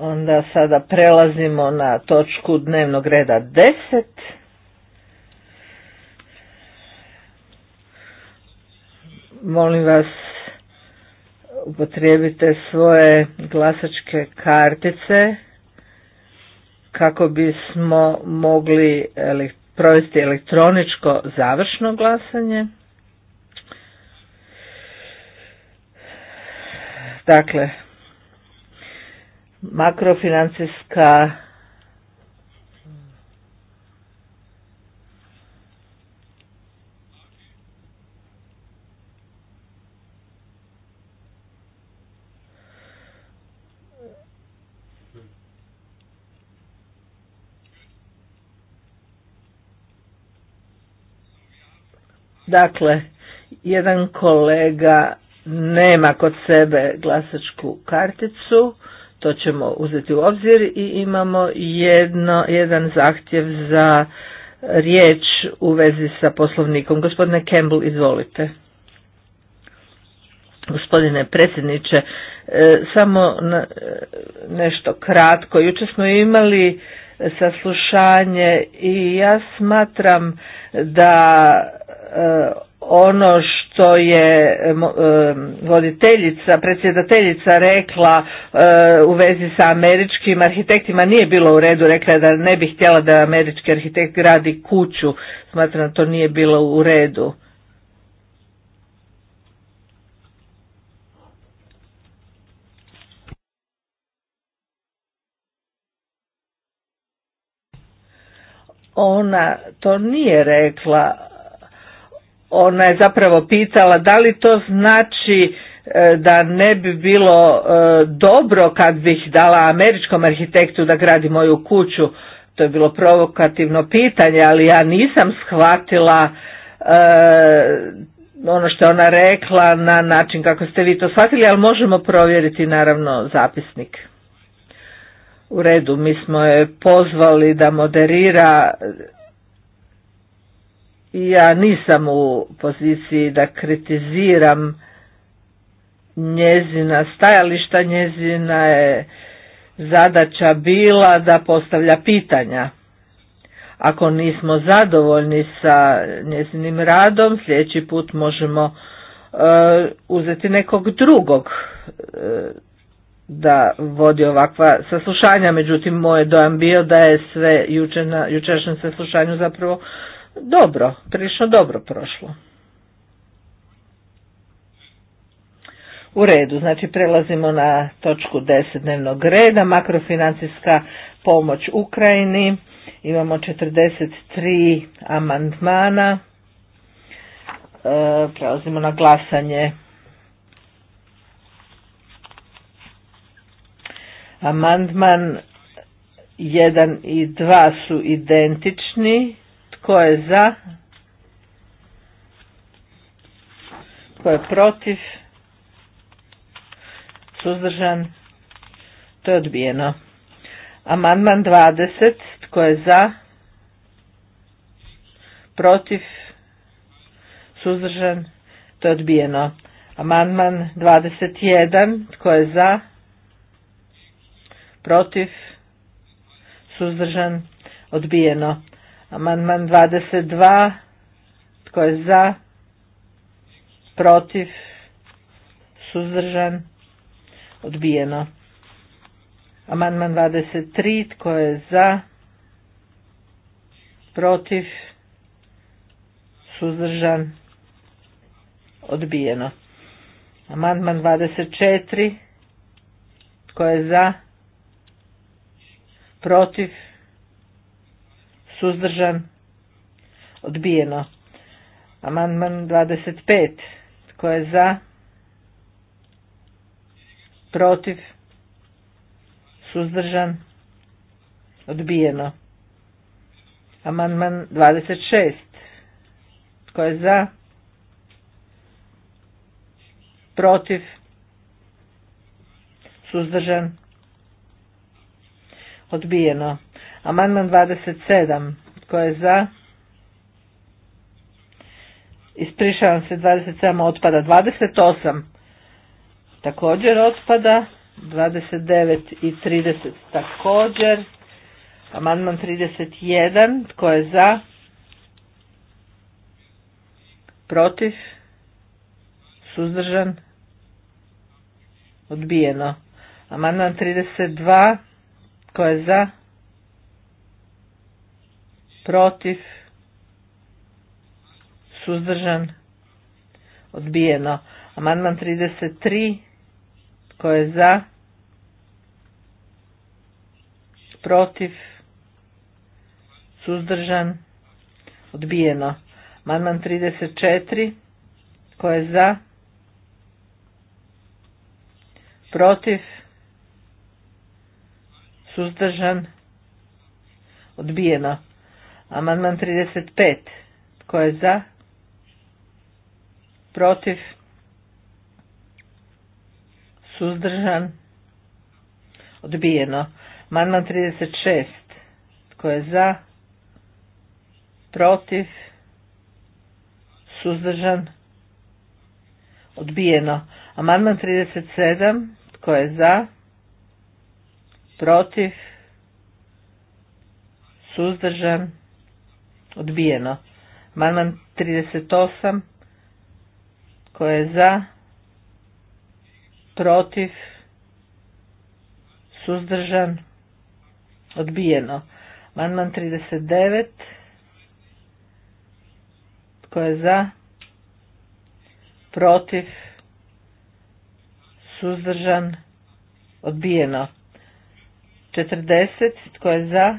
onda sada prelazimo na točku dnevnog reda 10. Molim vas, upotrijebite svoje glasačke kartice kako bismo mogli provesti elektroničko završno glasanje. Dakle, makrofinancijska Dakle, jedan kolega nema kod sebe glasačku karticu, to ćemo uzeti u obzir i imamo jedno, jedan zahtjev za riječ u vezi sa poslovnikom. Gospodine Campbell, izvolite. Gospodine predsjedniče, e, samo e, nešto kratko. Jučer smo imali saslušanje i ja smatram da ono što je e, voditeljica, predsjedateljica rekla e, u vezi sa američkim arhitektima nije bilo u redu, rekla je da ne bi htjela da američki arhitekt radi kuću, smatram da to nije bilo u redu. Ona to nije rekla, ona je zapravo pitala da li to znači e, da ne bi bilo e, dobro kad bih dala američkom arhitektu da gradi moju kuću. To je bilo provokativno pitanje, ali ja nisam shvatila e, ono što je ona rekla na način kako ste vi to shvatili, ali možemo provjeriti naravno zapisnik. U redu, mi smo je pozvali da moderira ja nisam u poziciji da kritiziram njezina stajališta, njezina je zadaća bila da postavlja pitanja. Ako nismo zadovoljni sa njezinim radom, sljedeći put možemo e, uzeti nekog drugog e, da vodi ovakva saslušanja. Međutim, moj dojam bio da je sve jučer na jučerašnjem saslušanju zapravo dobro, prilično dobro prošlo. U redu, znači prelazimo na točku 10 dnevnog reda, makrofinancijska pomoć Ukrajini. Imamo 43 amandmana. E, prelazimo na glasanje. Amandman 1 i 2 su identični. Tko je za? Tko je protiv? Suzdržan? To je odbijeno. Amandman 20. Tko je za? Protiv? Suzdržan? To je odbijeno. Amandman 21. Tko je za? Protiv? Suzdržan? Odbijeno. Amandman 22. Tko je za? Protiv? Suzdržan? Odbijeno. Amandman 23. Tko je za? Protiv? Suzdržan? Odbijeno. Amandman 24. Tko je za? Protiv? suzdržan, odbijeno. Amandman 25. Tko je za? Protiv? Suzdržan? Odbijeno. Amandman 26. Tko je za? Protiv? Suzdržan? Odbijeno. Amandman 27. koje je za? Ispričavam se, 27 otpada. 28 također otpada. 29 i 30 također. Amandman 31. Tko je za? Protiv? Suzdržan? Odbijeno. Amandman 32. Tko je za? protiv, suzdržan, odbijeno. Amandman 33, tko je za, protiv, suzdržan, odbijeno. Amandman 34, tko je za, protiv, suzdržan, odbijeno. Amandman 35. Tko je za? Protiv? Suzdržan? Odbijeno. Amandman 36. Tko je za? Protiv? Suzdržan? Odbijeno. Amandman 37. Tko je za? Protiv? Suzdržan? odbijeno. Manman 38 koje je za, protiv, suzdržan, odbijeno. Manman 39 koje je za, protiv, suzdržan, odbijeno. 40 tko je za,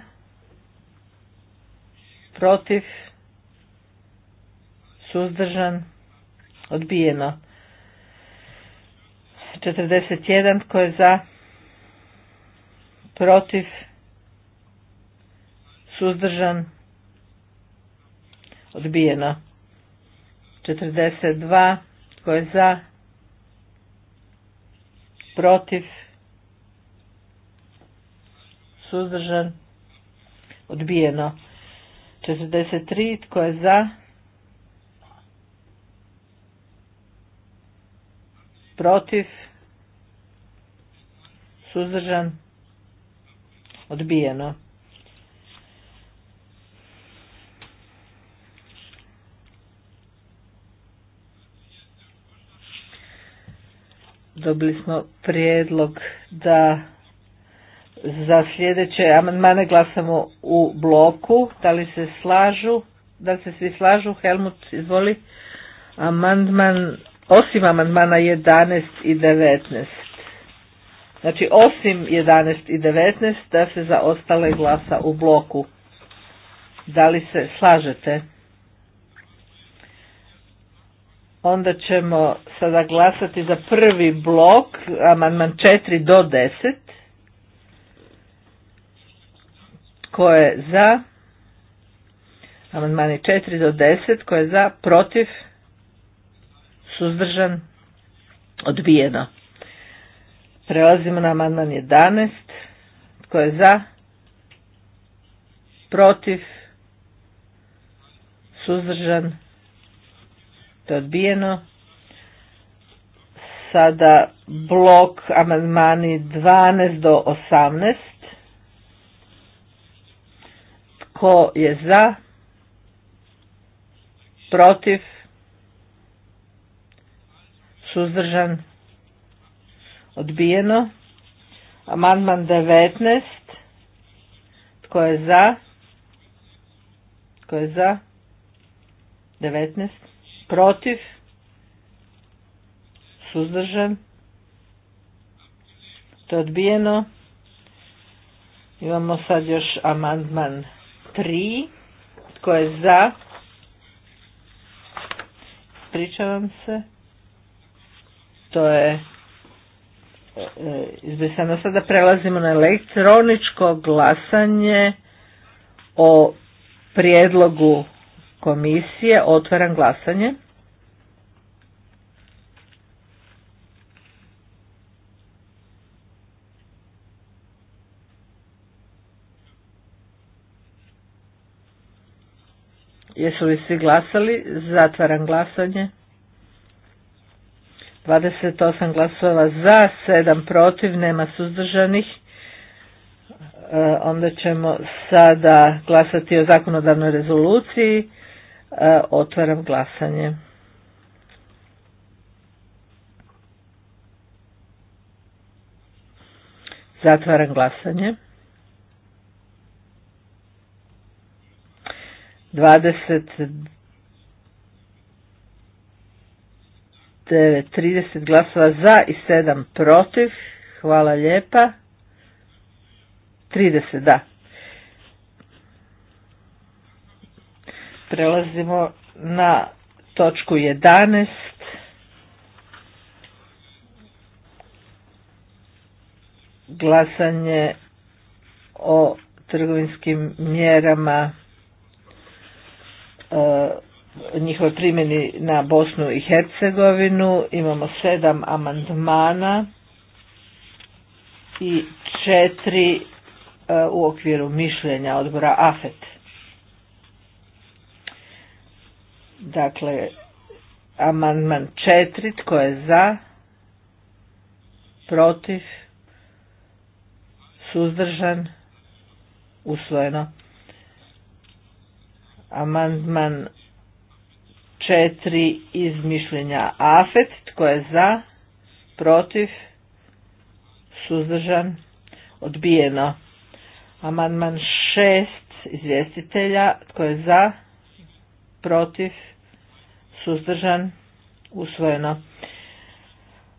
protiv, suzdržan, odbijeno. 41 tko je za, protiv, suzdržan, odbijeno. 42 tko je za, protiv, suzdržan, odbijeno. 43. Tko je za? Protiv? Suzdržan? Odbijeno. Dobili smo prijedlog da za sljedeće amandmane glasamo u bloku. Da li se slažu? Da se svi slažu? Helmut, izvoli. Amandman, osim amandmana 11 i 19. Znači osim 11 i 19 da se za ostale glasa u bloku. Da li se slažete? Onda ćemo sada glasati za prvi blok, amandman 4 do 10. Tko je za? Amandmani 4 do 10. Tko je za? Protiv? Suzdržan? Odbijeno. Prelazimo na amandman 11. Tko je za? Protiv? Suzdržan? To je odbijeno. Sada blok amandmani 12 do 18 Ko je za? Protiv? Suzdržan? Odbijeno. Amandman 19. Tko je za? Tko je za? 19. Protiv? Suzdržan? To je odbijeno. Imamo sad još amandman Tri, Tko je za? Pričavam se. To je e, izbrisano. Sada prelazimo na elektroničko glasanje o prijedlogu komisije. Otvaram glasanje. Jesu li svi glasali? Zatvaram glasanje. 28 glasova za, 7 protiv, nema suzdržanih. E, onda ćemo sada glasati o zakonodavnoj rezoluciji. E, otvaram glasanje. Zatvaram glasanje. 29, 30 glasova za i 7 protiv. Hvala lijepa. 30, da. Prelazimo na točku 11. Glasanje o trgovinskim mjerama E, njihovoj primjeni na Bosnu i Hercegovinu. Imamo sedam amandmana i četiri e, u okviru mišljenja odbora AFET. Dakle, amandman četiri, tko je za, protiv, suzdržan, usvojeno. Amandman četiri iz mišljenja AFET. Tko je za? Protiv? Suzdržan? Odbijeno. Amandman šest, izvjestitelja. Tko je za? Protiv? Suzdržan? Usvojeno.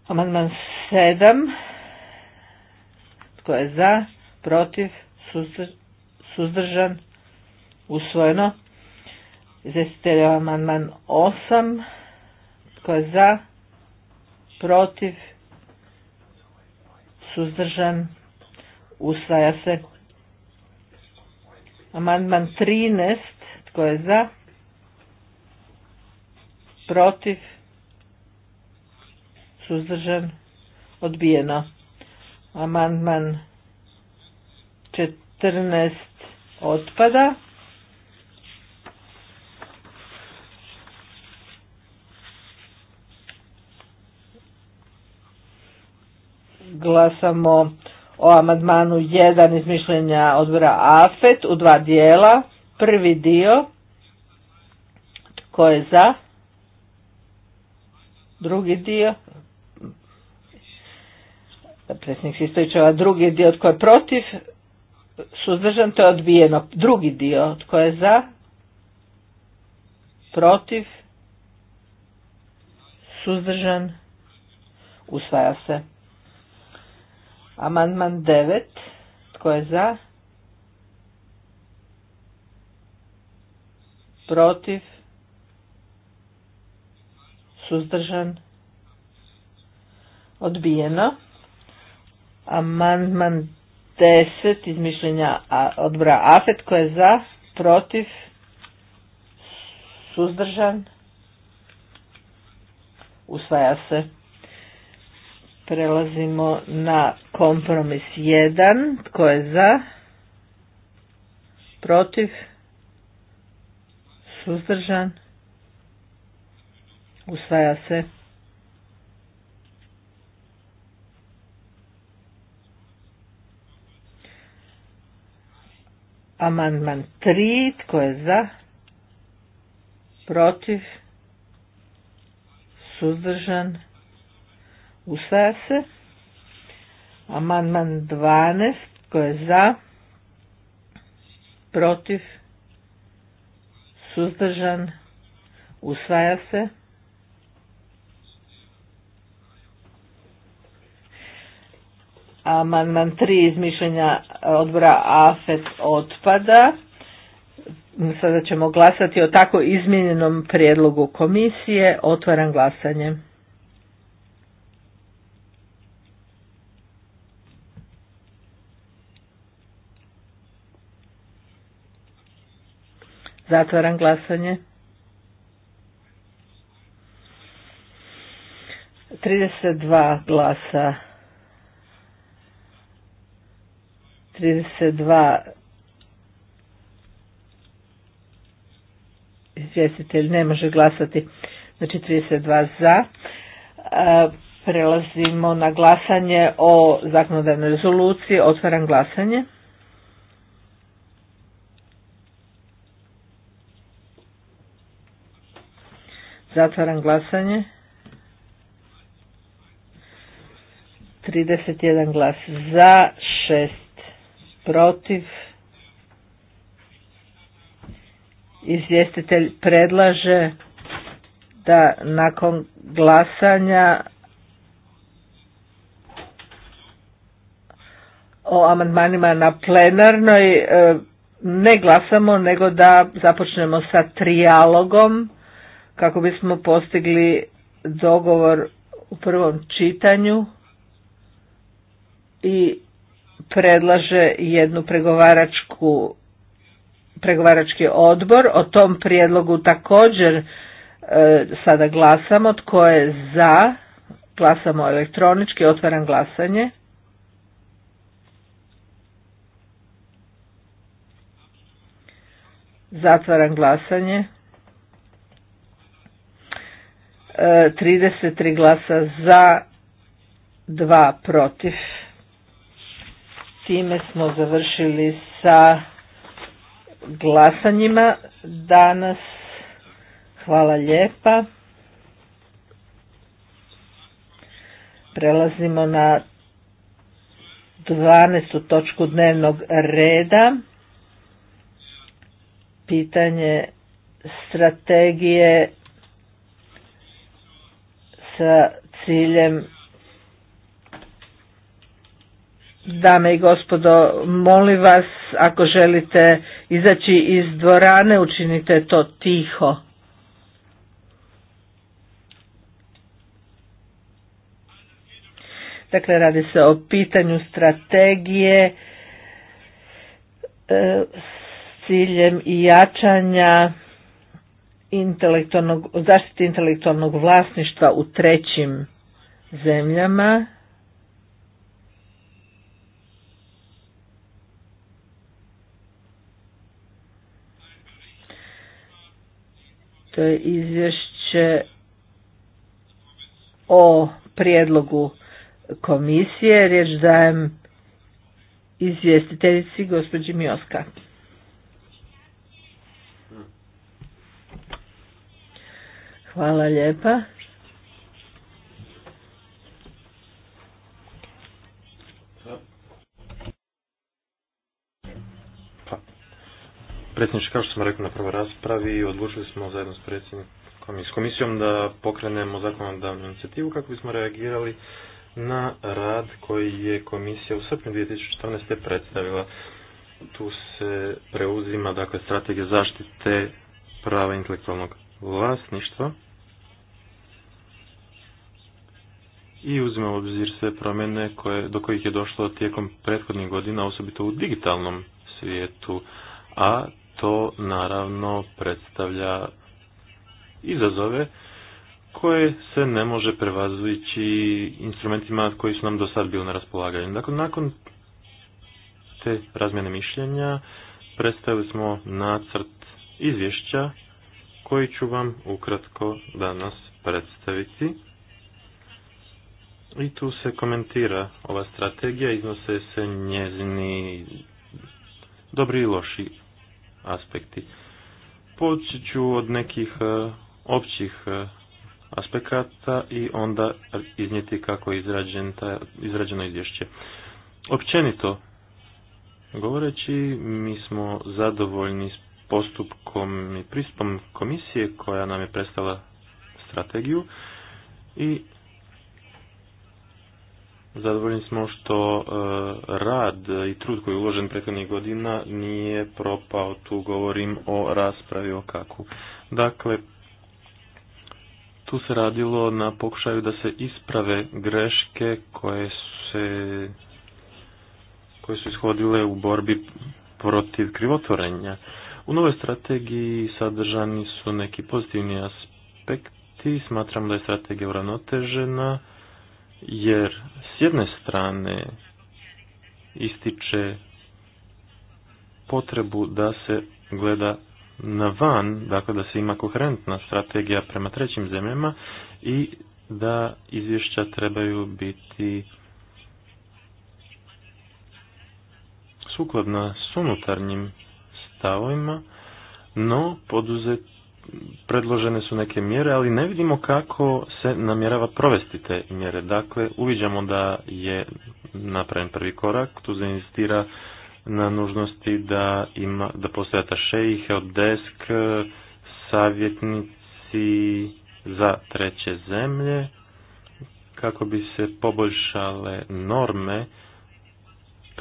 Amandman sedam, Tko je za? Protiv? Suzdržan? Usvojeno stereo amandman 8. Tko je za? Protiv? Suzdržan? Usvaja se. Amandman 13. Tko je za? Protiv? Suzdržan? Odbijeno. Amandman 14 otpada. glasamo o amadmanu 1 iz mišljenja odbora AFET u dva dijela. Prvi dio, tko je za? Drugi dio, predsjednik Sistovićeva, drugi dio tko je protiv, suzdržan to je odbijeno. Drugi dio tko je za, protiv, suzdržan, usvaja se. Amandman 9. Tko je za? Protiv? Suzdržan? Odbijeno. Amandman 10 izmišljenja mišljenja odbora AFET. Tko je za? Protiv? Suzdržan? Usvaja se. Prelazimo na kompromis 1. Tko je za? Protiv? Suzdržan? Usvaja se. Amandman 3. Tko je za? Protiv? Suzdržan? Usvaja se. Amandman 12. Tko je za? Protiv? Suzdržan? Usvaja se. Amandman 3 iz odbora AFET otpada. Sada ćemo glasati o tako izmijenjenom prijedlogu komisije. Otvaram glasanje. Zatvaram glasanje. 32 glasa 32 izvjestitelj ne može glasati znači 32 za prelazimo na glasanje o zakonodavnoj rezoluciji otvaram glasanje Zatvaram glasanje. 31 glas za, 6 protiv. Izvjestitelj predlaže da nakon glasanja o amandmanima na plenarnoj e, ne glasamo, nego da započnemo sa trijalogom kako bismo postigli dogovor u prvom čitanju i predlaže jednu pregovaračku pregovarački odbor. O tom prijedlogu također e, sada glasamo. Tko je za? Glasamo elektronički. Otvaram glasanje. Zatvaram glasanje. 33 glasa za, 2 protiv. Time smo završili sa glasanjima danas. Hvala lijepa. Prelazimo na 12. točku dnevnog reda. Pitanje strategije sa ciljem Dame i gospodo, molim vas, ako želite izaći iz dvorane, učinite to tiho. Dakle, radi se o pitanju strategije e, s ciljem i jačanja intelektualnog, zaštiti intelektualnog vlasništva u trećim zemljama. To je izvješće o prijedlogu komisije, riječ dajem izvjestiteljici gospođi Mioska. Hvala lijepa. Pa, predsjedniče, kao što sam rekao na prvoj raspravi, odlučili smo zajedno s predsjednikom s komisijom da pokrenemo zakonodavnu inicijativu kako bismo reagirali na rad koji je komisija u srpnju 2014. predstavila. Tu se preuzima dakle, strategija zaštite prava intelektualnog vlasništva i uzima u obzir sve promjene koje, do kojih je došlo tijekom prethodnih godina, osobito u digitalnom svijetu, a to naravno predstavlja izazove koje se ne može prevazujući instrumentima koji su nam do sad bili na raspolaganju. Dakle, nakon te razmjene mišljenja predstavili smo nacrt izvješća koji ću vam ukratko danas predstaviti. I tu se komentira ova strategija, iznose se njezini dobri i loši aspekti. Poći ću od nekih e, općih e, aspekata i onda iznijeti kako je izrađen ta, izrađeno izvješće. Općenito govoreći, mi smo zadovoljni s postupkom i pristupom komisije koja nam je predstavila strategiju i zadovoljni smo što e, rad i trud koji je uložen prethodnih godina nije propao, tu govorim o raspravi o kaku. Dakle, tu se radilo na pokušaju da se isprave greške koje se koje su ishodile u borbi protiv krivotvorenja. U novoj strategiji sadržani su neki pozitivni aspekti. Smatram da je strategija uravnotežena jer s jedne strane ističe potrebu da se gleda na van, dakle da se ima koherentna strategija prema trećim zemljama i da izvješća trebaju biti sukladna s unutarnjim stavovima, no poduzet, predložene su neke mjere, ali ne vidimo kako se namjerava provesti te mjere. Dakle, uviđamo da je napravljen prvi korak, tu se na nužnosti da, ima, da postoje ataše helpdesk, savjetnici za treće zemlje, kako bi se poboljšale norme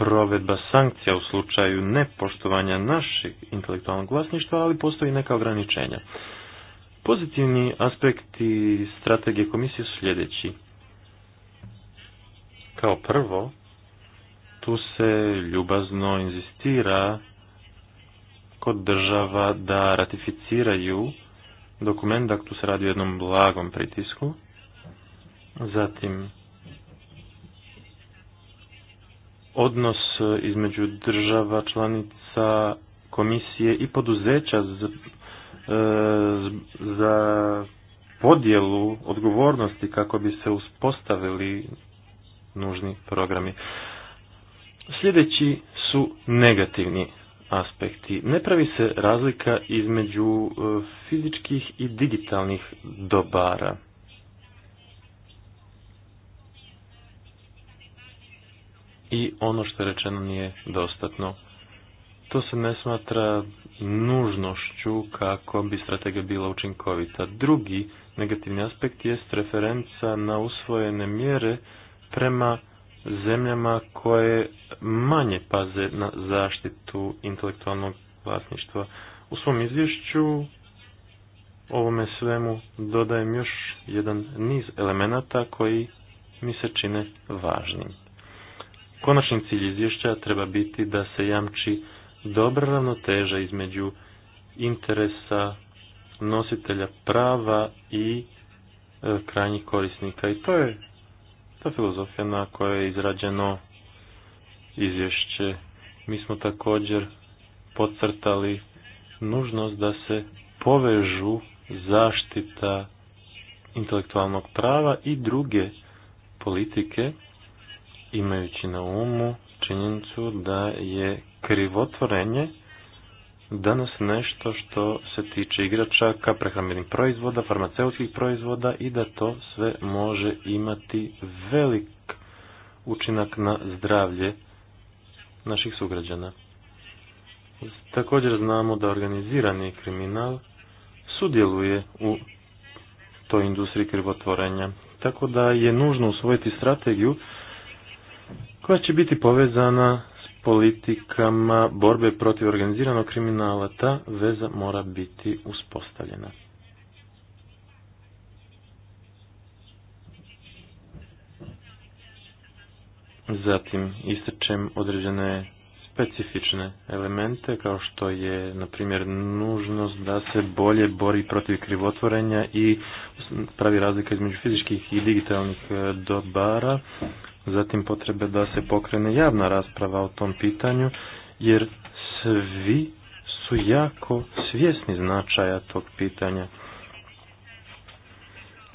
provedba sankcija u slučaju nepoštovanja našeg intelektualnog vlasništva, ali postoji neka ograničenja. Pozitivni aspekti strategije komisije su sljedeći. Kao prvo, tu se ljubazno inzistira kod država da ratificiraju dokument, dakle tu se radi o jednom blagom pritisku. Zatim, odnos e, između država, članica, komisije i poduzeća za, e, za podjelu odgovornosti kako bi se uspostavili nužni programi. Sljedeći su negativni aspekti. Ne pravi se razlika između e, fizičkih i digitalnih dobara. i ono što je rečeno nije dostatno. To se ne smatra nužnošću kako bi strategija bila učinkovita. Drugi negativni aspekt jest referenca na usvojene mjere prema zemljama koje manje paze na zaštitu intelektualnog vlasništva. U svom izvješću ovome svemu dodajem još jedan niz elemenata koji mi se čine važnim. Konačni cilj izvješća treba biti da se jamči dobra ravnoteža između interesa nositelja prava i e, krajnjih korisnika. I to je ta filozofija na kojoj je izrađeno izvješće. Mi smo također podcrtali nužnost da se povežu zaštita intelektualnog prava i druge politike imajući na umu činjenicu da je krivotvorenje danas nešto što se tiče igračaka, prehrambenih proizvoda, farmaceutskih proizvoda i da to sve može imati velik učinak na zdravlje naših sugrađana. Također znamo da organizirani kriminal sudjeluje u toj industriji krivotvorenja. Tako da je nužno usvojiti strategiju koja će biti povezana s politikama borbe protiv organiziranog kriminala. Ta veza mora biti uspostavljena. Zatim ističem određene specifične elemente kao što je na primjer nužnost da se bolje bori protiv krivotvorenja i pravi razlika između fizičkih i digitalnih eh, dobara zatim potrebe da se pokrene javna rasprava o tom pitanju, jer svi su jako svjesni značaja tog pitanja.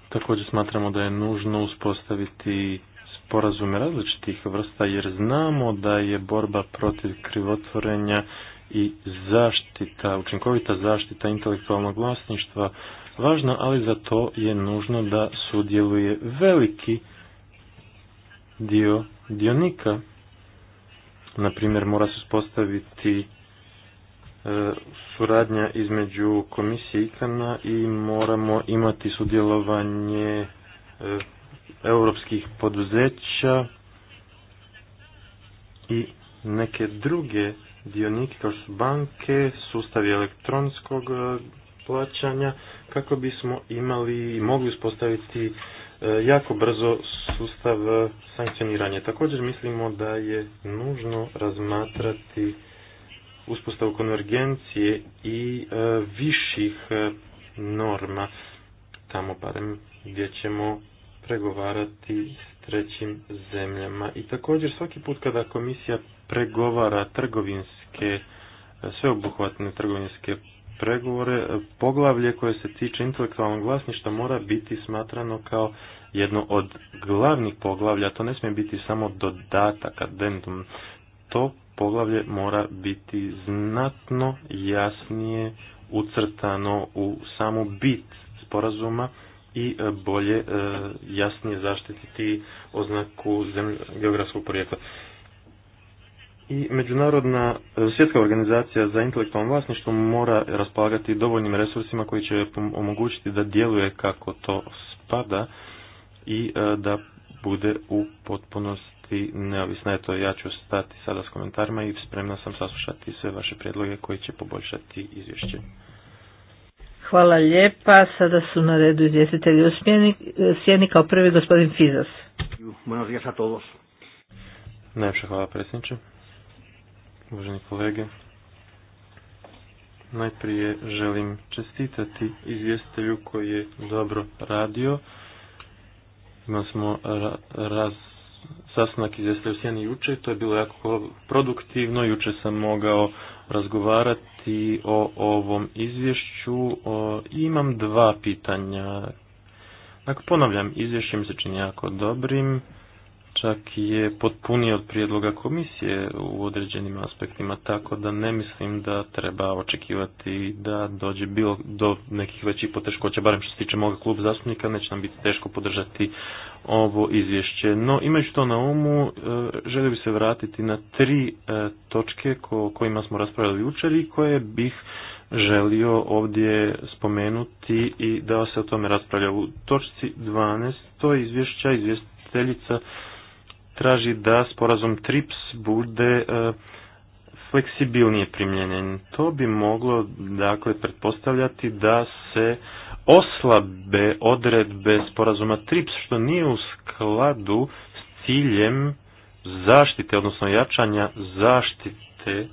Također smatramo da je nužno uspostaviti sporazume različitih vrsta jer znamo da je borba protiv krivotvorenja i zaštita, učinkovita zaštita intelektualnog vlasništva važna, ali za to je nužno da sudjeluje veliki dio dionika. Naprimjer, mora se uspostaviti e, suradnja između komisije IKANA i moramo imati sudjelovanje e, europskih poduzeća i neke druge dionike kao su banke, sustavi elektronskog e, plaćanja kako bismo imali i mogli uspostaviti E, jako brzo sustav e, sankcioniranja. Također mislimo da je nužno razmatrati uspostavu konvergencije i e, viših norma tamo parem gdje ćemo pregovarati s trećim zemljama. I također svaki put kada komisija pregovara trgovinske, sveobuhvatne trgovinske pregovore, poglavlje koje se tiče intelektualnog vlasništva mora biti smatrano kao jedno od glavnih poglavlja, to ne smije biti samo dodatak, adendum, To poglavlje mora biti znatno jasnije ucrtano u samu bit sporazuma i e, bolje, e, jasnije zaštititi oznaku geografskog porijekla i Međunarodna e, svjetska organizacija za intelektualno vlasništvo mora raspolagati dovoljnim resursima koji će omogućiti da djeluje kako to spada i e, da bude u potpunosti neovisna. Eto, ja ću stati sada s komentarima i spremna sam saslušati sve vaše prijedloge koji će poboljšati izvješće. Hvala lijepa. Sada su na redu izvjestitelji u e, sjeni kao prvi gospodin Fizas. hvala predsjedniče uvaženi kolege. Najprije želim čestitati izvjestelju koji je dobro radio. Imali smo raz sastanak izvjestitelja u Sjeni juče, to je bilo jako produktivno. Juče sam mogao razgovarati o ovom izvješću o, i imam dva pitanja. Dakle, ponavljam, izvješće mi se čini jako dobrim čak je potpunije od prijedloga komisije u određenim aspektima, tako da ne mislim da treba očekivati da dođe bilo do nekih većih poteškoća, barem što se tiče moga kluba zastupnika, neće nam biti teško podržati ovo izvješće. No, imajući to na umu, e, želio bi se vratiti na tri e, točke kojima smo raspravljali jučer i koje bih želio ovdje spomenuti i da se o tome raspravlja. U točci 12. to izvješća izvjestiteljica traži da sporazum TRIPS bude e, fleksibilnije primjenjen. To bi moglo dakle pretpostavljati da se oslabe odredbe sporazuma TRIPS što nije u skladu s ciljem zaštite, odnosno jačanja zaštite.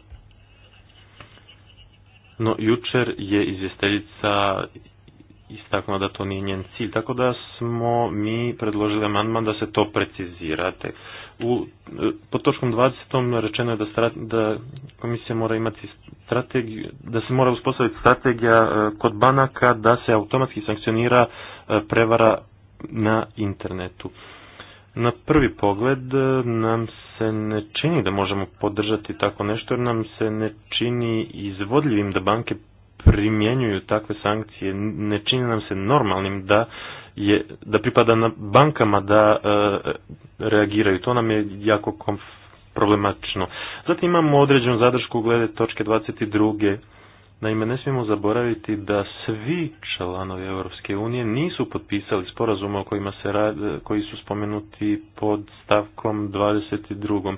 No, jučer je izvjesteljica istaknula da to nije njen cilj. Tako da smo mi predložili amandman da se to precizirate. U, e, pod točkom 20. rečeno je da, da komisija mora imati strategiju, da se mora uspostaviti strategija e, kod banaka da se automatski sankcionira e, prevara na internetu. Na prvi pogled nam se ne čini da možemo podržati tako nešto jer nam se ne čini izvodljivim da banke primjenjuju takve sankcije. Ne čini nam se normalnim da je, da pripada na bankama da e, reagiraju. To nam je jako problematično. Zatim imamo određenu zadršku glede točke 22. Naime, ne smijemo zaboraviti da svi članovi Europske unije nisu potpisali sporazume o kojima se koji su spomenuti pod stavkom 22.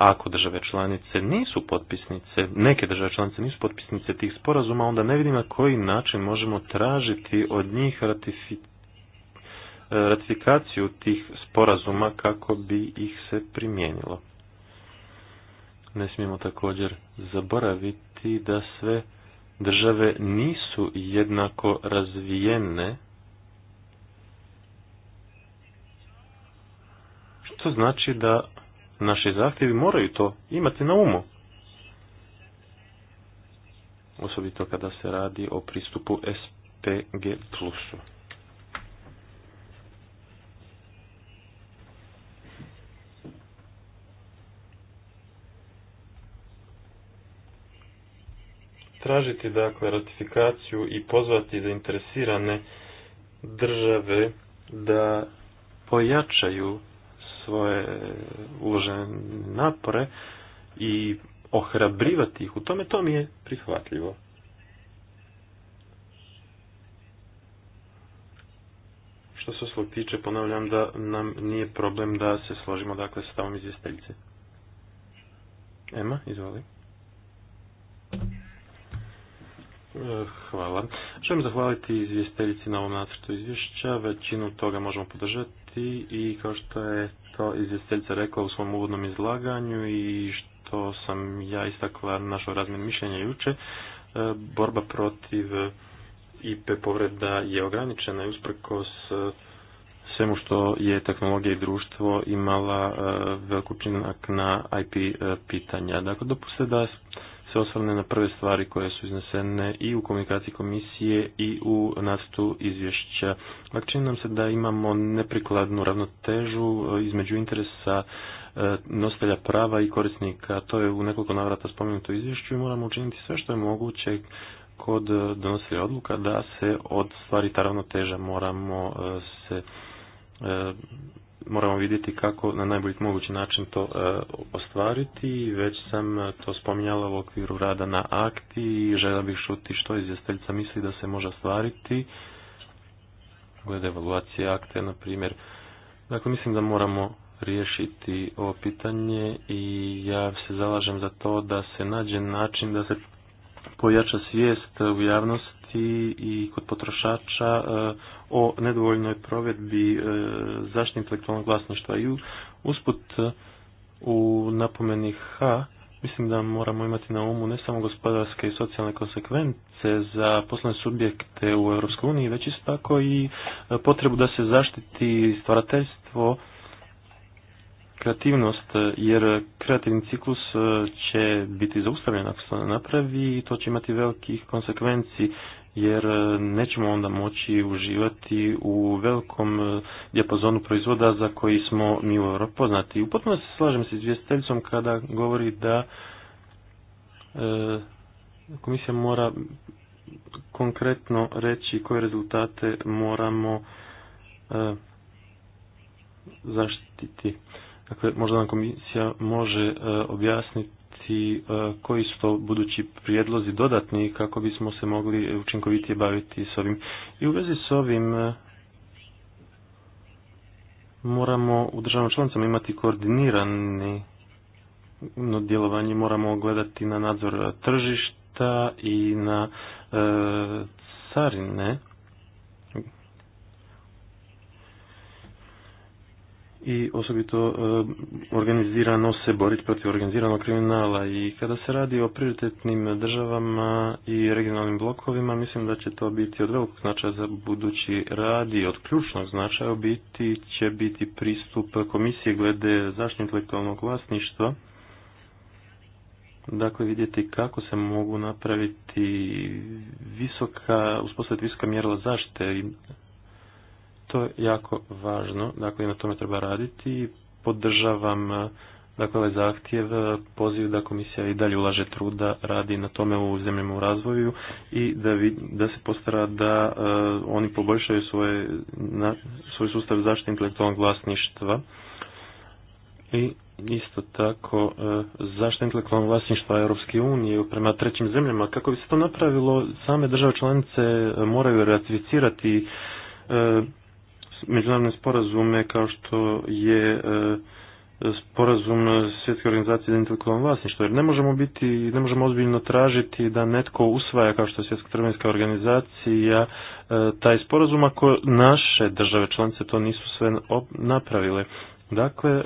Ako države članice nisu potpisnice, neke države članice nisu potpisnice tih sporazuma, onda ne vidim na koji način možemo tražiti od njih ratifikaciju tih sporazuma kako bi ih se primijenilo. Ne smijemo također zaboraviti da sve države nisu jednako razvijene što znači da naši zahtjevi moraju to imati na umu. Osobito kada se radi o pristupu SPG+. Tražiti dakle ratifikaciju i pozvati zainteresirane države da pojačaju svoje uložene napore i ohrabrivati ih u tome, to mi je prihvatljivo. Što se svog tiče, ponavljam da nam nije problem da se složimo dakle sa stavom izvjestiteljice. Ema, izvoli. Hvala. Želim zahvaliti izvjestiteljici na ovom nacrtu izvješća. Većinu toga možemo podržati i kao što je to izvjestiteljica rekla u svom uvodnom izlaganju i što sam ja istakla našo razmjeni mišljenja juče, e, borba protiv IP povreda je ograničena i usprkos e, svemu što je tehnologija i društvo imala e, veliku učinak na IP pitanja. Dakle, dopuste da se osvrne na prve stvari koje su iznesene i u komunikaciji komisije i u nastu izvješća. Dakle, čini nam se da imamo neprikladnu ravnotežu e, između interesa e, nositelja prava i korisnika. To je u nekoliko navrata spomenuto izvješću i moramo učiniti sve što je moguće kod donosilja odluka da se od stvari ta ravnoteža moramo e, se moramo vidjeti kako na najbolji mogući način to e, ostvariti. Već sam e, to spominjala u okviru rada na akti i žela bih šuti što izvjestiteljica misli da se može ostvariti. Glede evaluacije akte, na primjer. Dakle, mislim da moramo riješiti ovo pitanje i ja se zalažem za to da se nađe način da se pojača svijest u javnosti i kod potrošača e, o nedovoljnoj provedbi e, zaštite intelektualnog vlasništva i usput e, u napomeni H mislim da moramo imati na umu ne samo gospodarske i socijalne konsekvence za poslovne subjekte u EU, već isto tako i e, potrebu da se zaštiti stvarateljstvo kreativnost, jer kreativni ciklus će biti zaustavljen ako se ne napravi i to će imati velikih konsekvenci jer e, nećemo onda moći uživati u velikom e, dijapazonu proizvoda za koji smo mi u Europi poznati. U se slažem s izvjestiteljicom kada govori da e, komisija mora konkretno reći koje rezultate moramo zaštititi. Dakle, možda nam komisija može objasniti i e, koji su to budući prijedlozi dodatni kako bismo se mogli učinkovitije baviti s ovim. I u vezi s ovim e, moramo u državnom članicama imati koordinirani djelovanje moramo gledati na nadzor tržišta i na e, carine i osobito e, organizirano se boriti protiv organiziranog kriminala i kada se radi o prioritetnim državama i regionalnim blokovima mislim da će to biti od velikog značaja za budući rad i od ključnog značaja biti će biti pristup komisije glede zaštite intelektualnog vlasništva dakle vidjeti kako se mogu napraviti visoka, uspostaviti visoka mjerila zaštite to je jako važno, dakle na tome treba raditi. Podržavam eh, dakle ovaj zahtjev, eh, poziv da komisija i dalje ulaže truda, radi na tome u zemljama u razvoju i da, da se postara da eh, oni poboljšaju svoje, svoj sustav zaštite intelektualnog vlasništva i isto tako zaštite intelektualnog vlasništva Europske unije prema trećim zemljama. Kako bi se to napravilo, same države članice moraju ratificirati međunarodne sporazume kao što je e, sporazum Svjetske organizacije za intelektualno vlasništvo, jer ne možemo biti, ne možemo ozbiljno tražiti da netko usvaja kao što je Svjetska trgovinska organizacija e, taj sporazum ako naše države članice to nisu sve napravile. Dakle, e,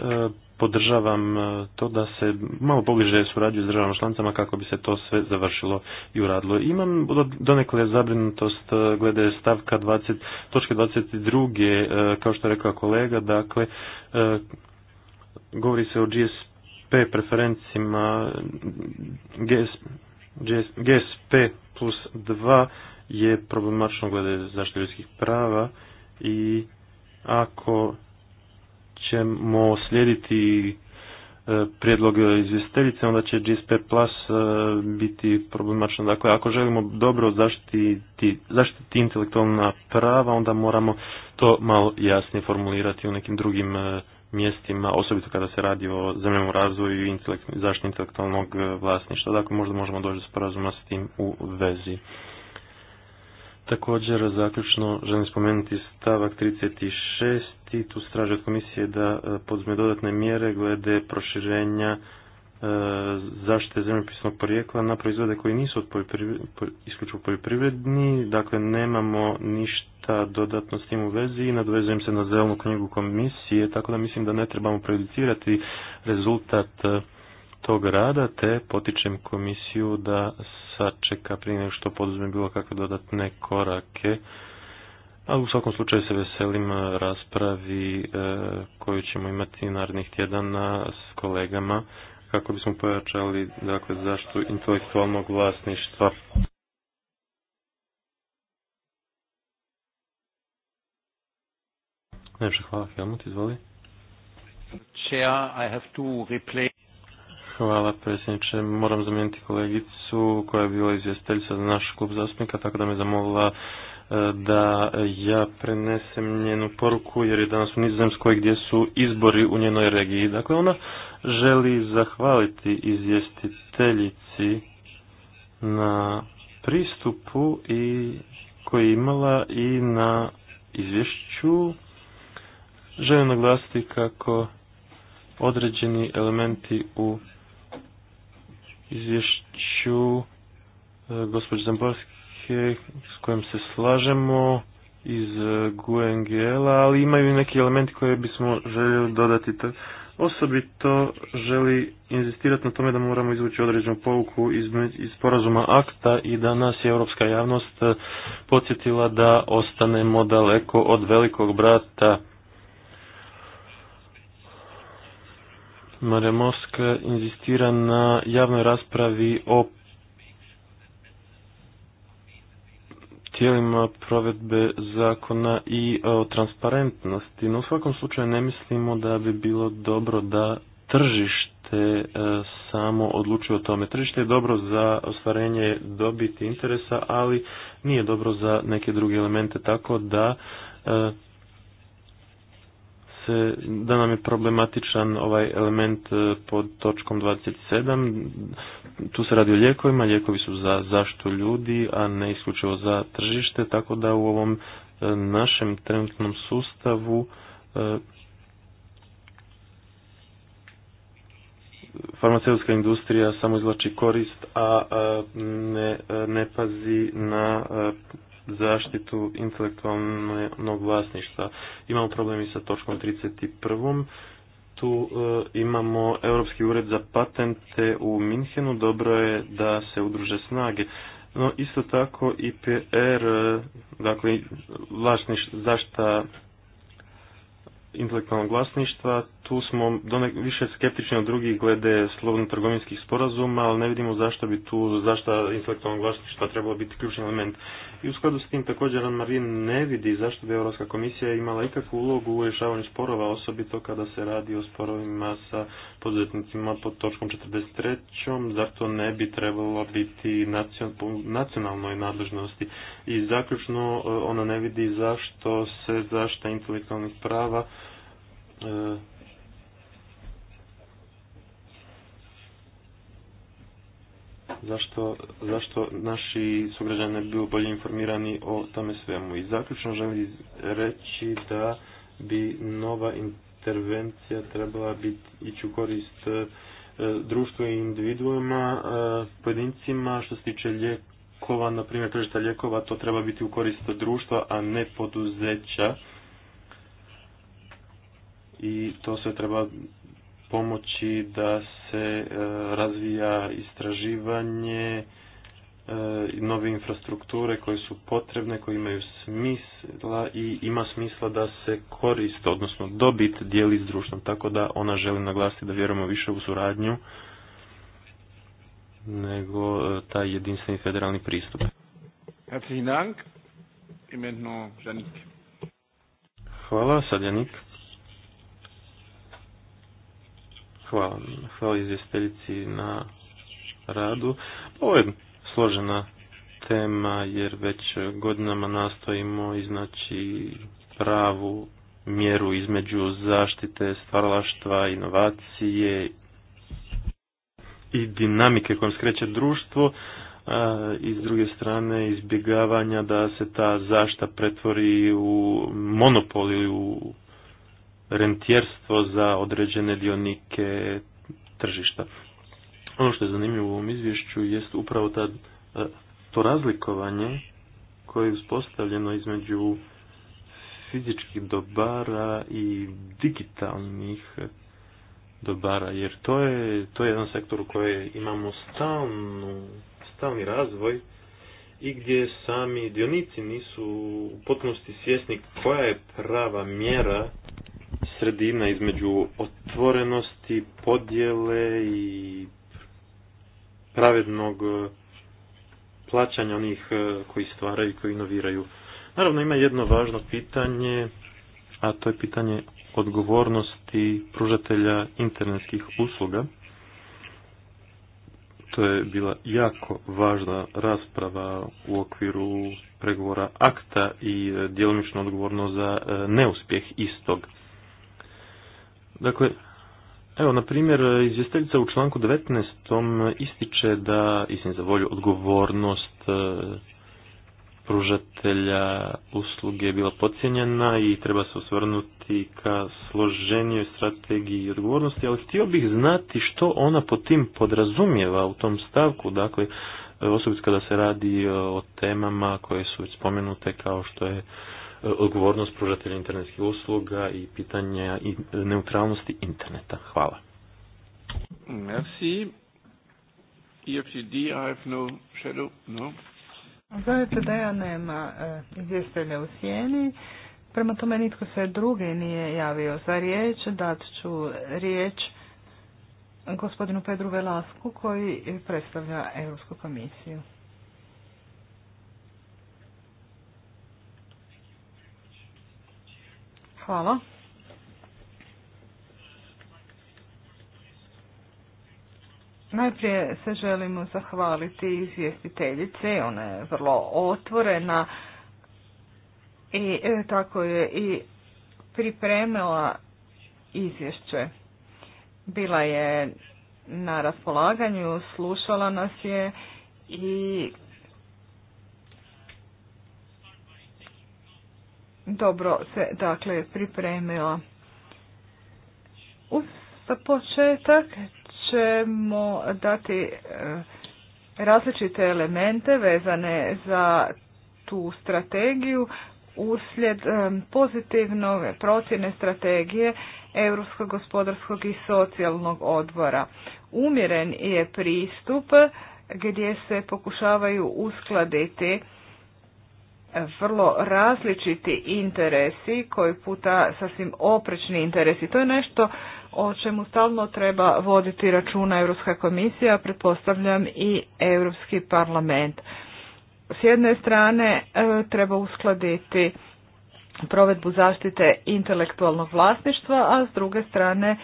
podržavam e, to da se malo pobliže surađuju s državama članicama kako bi se to sve završilo i uradilo. Imam donekle zabrinutost e, glede stavka 20, točke 22, e, kao što je rekao kolega, dakle, govori se o GSP preferencima, GSP, plus 2 je problematično glede zaštite ljudskih prava i ako ćemo slijediti e, prijedlog izvjestiteljice, onda će GSP Plus e, biti problematično. Dakle, ako želimo dobro zaštititi, intelektualna prava, onda moramo to malo jasnije formulirati u nekim drugim e, mjestima, osobito kada se radi o zemljom razvoju i zaštiti intelektualnog vlasništva. Dakle, možda možemo doći do sporazuma s tim u vezi. Također, zaključno, želim spomenuti stavak 36 i tu straže od komisije da e, podzme dodatne mjere glede proširenja e, zaštite zemljopisnog porijekla na proizvode koji nisu od isključivo poljoprivredni, dakle nemamo ništa dodatno s tim u vezi i nadvezujem se na Zelnu knjigu komisije, tako da mislim da ne trebamo prejudicirati rezultat e, tog rada, te potičem komisiju da sačeka prije nego što poduzme bilo kakve dodatne korake a u svakom slučaju se veselim e, raspravi e, koju ćemo imati narednih tjedana s kolegama kako bismo pojačali dakle, zaštitu intelektualnog vlasništva. hvala, Helmut, izvoli. Hvala predsjedniče. Moram zamijeniti kolegicu koja je bila izvjesteljica za naš klub zastupnika, tako da me zamolila E, da ja prenesem njenu poruku jer je danas u Nizozemskoj gdje su izbori u njenoj regiji. Dakle, ona želi zahvaliti izvjestiteljici na pristupu i koji je imala i na izvješću. Želim naglasiti kako određeni elementi u izvješću e, gospođe Zamborske s kojim se slažemo iz gungl ali imaju i neki elementi koje bismo željeli dodati. Osobito želi inzistirati na tome da moramo izvući određenu pouku iz, iz sporazuma akta i da nas je europska javnost podsjetila da ostanemo daleko od velikog brata Mare inzistira na javnoj raspravi o tijelima provedbe zakona i e, o transparentnosti. No u svakom slučaju ne mislimo da bi bilo dobro da tržište e, samo odlučuje o tome. Tržište je dobro za ostvarenje dobiti interesa, ali nije dobro za neke druge elemente, tako da e, se, da nam je problematičan ovaj element e, pod točkom 27. Tu se radi o lijekovima, lijekovi su za zaštitu ljudi, a ne isključivo za tržište, tako da u ovom e, našem trenutnom sustavu e, farmaceutska industrija samo izvlači korist, a ne, ne pazi na zaštitu intelektualnog vlasništva. Imamo problem i sa točkom 31. Tu e, imamo Europski ured za patente u Minhenu. Dobro je da se udruže snage. No, isto tako IPR, e, dakle, zaštita zašta intelektualnog vlasništva, tu smo donek, više skeptični od drugih glede slobodno-trgovinskih sporazuma, ali ne vidimo zašto bi tu zašto intelektualnog vlasništva trebalo biti ključni element. I u skladu s tim također Ran Marin ne vidi zašto bi Europska komisija imala ikakvu ulogu u rješavanju sporova, osobito kada se radi o sporovima sa poduzetnicima pod točkom 43. Zar to ne bi trebalo biti nacionalnoj nadležnosti? I zaključno e, ona ne vidi zašto se zašta intelektualnih prava e, zašto, zašto naši sugrađani bi bili bolje informirani o tome svemu. I zaključno želim reći da bi nova intervencija trebala biti ići u korist e, društva i individuama, e, pojedincima što se tiče lijekova, na primjer tržišta lijekova, to treba biti u korist društva, a ne poduzeća. I to sve treba pomoći da se e, razvija istraživanje e, nove infrastrukture koje su potrebne, koje imaju smisla i ima smisla da se koriste, odnosno dobit dijeli s društvom, tako da ona želi naglasiti da vjerujemo više u suradnju nego e, taj jedinstveni federalni pristup. Hvala, sad Janik. Hvala. Hvala izvjesteljici na radu. Ovo je složena tema jer već godinama nastojimo iznaći pravu mjeru između zaštite stvaralaštva, inovacije i dinamike kojom skreće društvo i s druge strane izbjegavanja da se ta zašta pretvori u monopol ili u rentjerstvo za određene dionike tržišta. Ono što je zanimljivo u ovom izvješću jest upravo ta, e, to razlikovanje koje je uspostavljeno između fizičkih dobara i digitalnih dobara, jer to je, to je jedan sektor u kojem imamo stalnu, stalni razvoj i gdje sami dionici nisu u potpunosti svjesni koja je prava mjera sredina između otvorenosti, podjele i pravednog e, plaćanja onih e, koji stvaraju i koji inoviraju. Naravno ima jedno važno pitanje, a to je pitanje odgovornosti pružatelja internetskih usluga. To je bila jako važna rasprava u okviru pregovora akta i e, djelomično odgovorno za neuspjeh istog. Dakle, evo, na primjer, izvjesteljica u članku 19. ističe da, istin za volju, odgovornost e, pružatelja usluge je bila podcijenjena i treba se osvrnuti ka složenijoj strategiji i odgovornosti, ali htio bih znati što ona po tim podrazumijeva u tom stavku, dakle, e, osobito kada se radi o temama koje su spomenute kao što je odgovornost pružatelja internetskih usluga i pitanja neutralnosti interneta. Hvala. Merci. EFCD, I have no shadow, no. da ja nema e, izvjestelja u sjeni. Prema tome nitko se druge nije javio za riječ. Dat ću riječ gospodinu Pedru Velasku koji predstavlja Europsku komisiju. Hvala. Najprije se želimo zahvaliti izvjestiteljice, ona je vrlo otvorena i e, tako je i pripremila izvješće. Bila je na raspolaganju, slušala nas je i dobro se dakle pripremila. Uz za početak ćemo dati e, različite elemente vezane za tu strategiju uslijed e, pozitivne procjene strategije Europskog gospodarskog i socijalnog odbora. Umjeren je pristup gdje se pokušavaju uskladiti vrlo različiti interesi, koji puta sasvim oprečni interesi. To je nešto o čemu stalno treba voditi računa Europska komisija, pretpostavljam i Europski parlament. S jedne strane e, treba uskladiti provedbu zaštite intelektualnog vlasništva, a s druge strane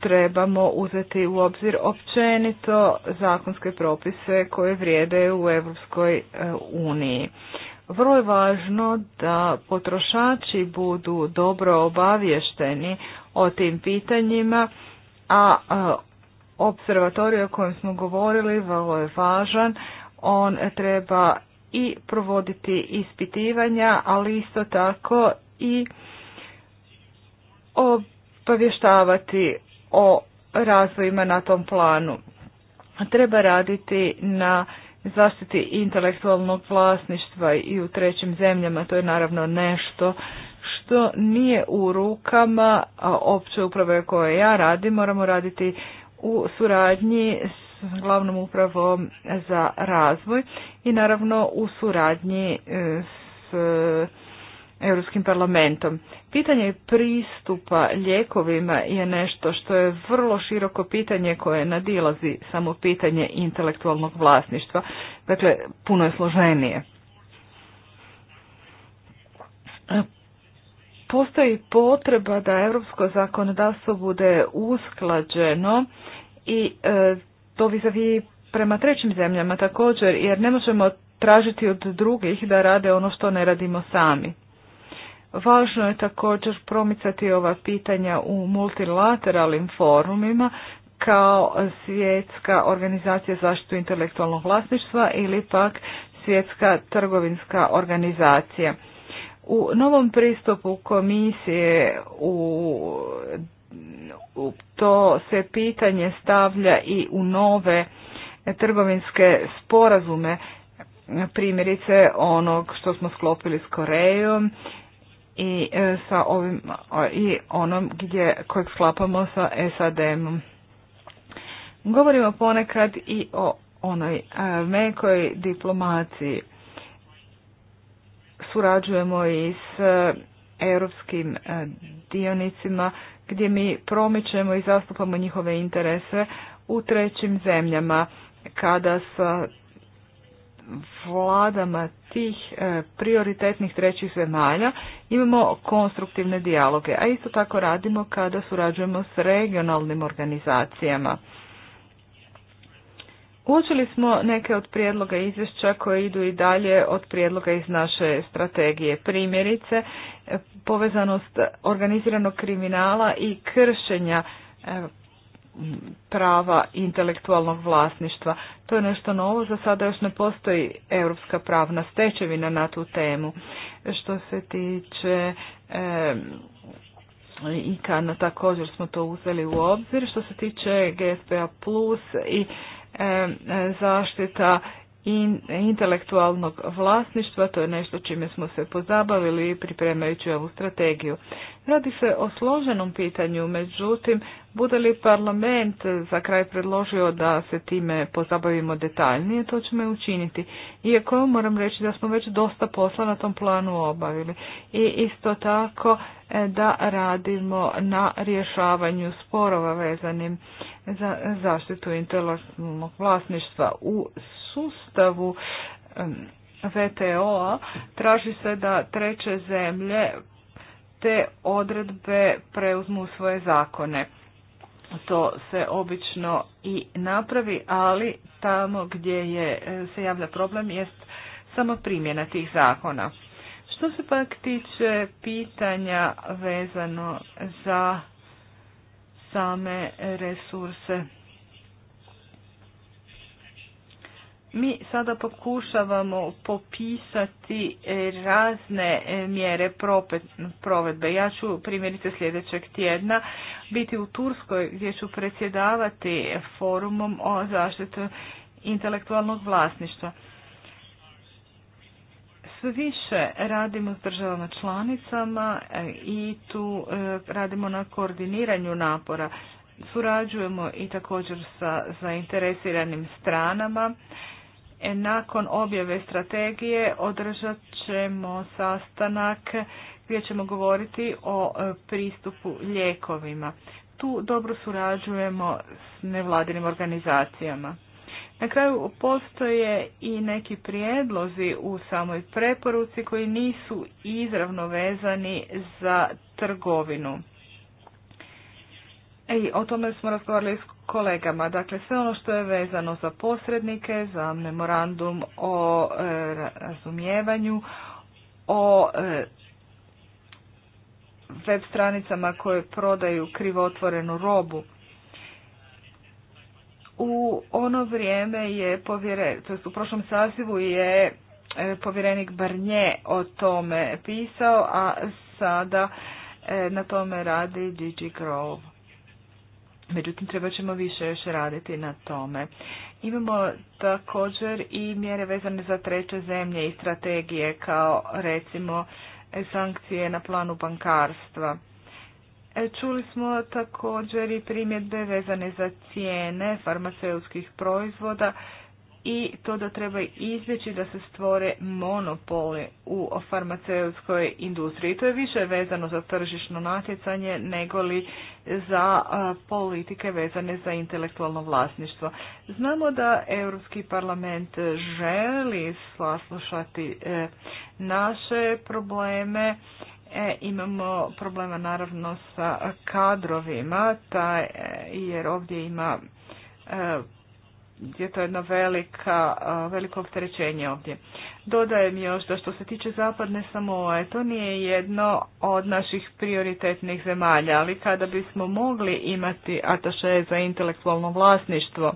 trebamo uzeti u obzir općenito zakonske propise koje vrijede u Europskoj e, uniji. Vrlo je važno da potrošači budu dobro obavješteni o tim pitanjima, a observatorij o kojem smo govorili vrlo je važan. On treba i provoditi ispitivanja, ali isto tako i obavještavati o razvojima na tom planu. Treba raditi na zaštiti intelektualnog vlasništva i u trećim zemljama. To je naravno nešto što nije u rukama opće uprave koje ja radim. Moramo raditi u suradnji s glavnom upravom za razvoj i naravno u suradnji e, s Europskim parlamentom. Pitanje pristupa lijekovima je nešto što je vrlo široko pitanje koje nadilazi samo pitanje intelektualnog vlasništva. Dakle, puno je složenije. Postoji potreba da europsko zakonodavstvo bude usklađeno i e, to vi prema trećim zemljama također, jer ne možemo tražiti od drugih da rade ono što ne radimo sami. Važno je također promicati ova pitanja u multilateralnim forumima kao svjetska organizacija zaštitu intelektualnog vlasništva ili pak svjetska trgovinska organizacija. U novom pristupu komisije u, u to se pitanje stavlja i u nove trgovinske sporazume, primjerice onog što smo sklopili s Korejom i e, sa ovim i onom gdje kojeg sklapamo sa SAD-om. Govorimo ponekad i o onoj e, mekoj diplomaciji. Surađujemo i s e, europskim dionicima gdje mi promičemo i zastupamo njihove interese u trećim zemljama kada sa vladama tih e, prioritetnih trećih zemalja imamo konstruktivne dijaloge, a isto tako radimo kada surađujemo s regionalnim organizacijama. Uočili smo neke od prijedloga izvješća koje idu i dalje od prijedloga iz naše strategije. Primjerice, e, povezanost organiziranog kriminala i kršenja e, prava intelektualnog vlasništva. To je nešto novo, za sada još ne postoji europska pravna stečevina na tu temu. Što se tiče e, eh, i također smo to uzeli u obzir. Što se tiče GSPA plus i eh, zaštita in, intelektualnog vlasništva, to je nešto čime smo se pozabavili pripremajući ovu strategiju. Radi se o složenom pitanju, međutim, bude li parlament za kraj predložio da se time pozabavimo detaljnije, to ćemo i učiniti. Iako moram reći da smo već dosta posla na tom planu obavili. I isto tako e, da radimo na rješavanju sporova vezanim za zaštitu intelektualnog vlasništva u sustavu VTO-a traži se da treće zemlje te odredbe preuzmu svoje zakone. To se obično i napravi, ali tamo gdje je, se javlja problem jest samo primjena tih zakona. Što se pak tiče pitanja vezano za same resurse Mi sada pokušavamo popisati e, razne e, mjere provedbe. Ja ću primjerice sljedećeg tjedna biti u Turskoj gdje ću predsjedavati forumom o zaštitu intelektualnog vlasništva. Sve više radimo s državama članicama e, i tu radimo na koordiniranju napora. Surađujemo i također sa zainteresiranim stranama E, nakon objave strategije održat ćemo sastanak gdje ćemo govoriti o e, pristupu lijekovima. Tu dobro surađujemo s nevladinim organizacijama. Na kraju postoje i neki prijedlozi u samoj preporuci koji nisu izravno vezani za trgovinu. I o tome smo razgovarali s kolegama. Dakle, sve ono što je vezano za posrednike, za memorandum o e, razumijevanju, o e, web stranicama koje prodaju krivotvorenu robu. U ono vrijeme je povjerenik, to u prošlom sazivu je e, povjerenik Barnje o tome pisao, a sada na tome radi Gigi Grove. Međutim, treba ćemo više još raditi na tome. Imamo također i mjere vezane za treće zemlje i strategije kao recimo sankcije na planu bankarstva. E, čuli smo također i primjedbe vezane za cijene farmaceutskih proizvoda i to da treba izbjeći da se stvore monopoli u farmaceutskoj industriji. To je više vezano za tržišno natjecanje nego li za politike vezane za intelektualno vlasništvo. Znamo da Europski parlament želi saslušati e, naše probleme. E, imamo problema naravno sa kadrovima, e, jer ovdje ima je to jedno velika, veliko opterećenje ovdje. Dodajem još da što se tiče zapadne Samoe, to nije jedno od naših prioritetnih zemalja, ali kada bismo mogli imati ataše za intelektualno vlasništvo,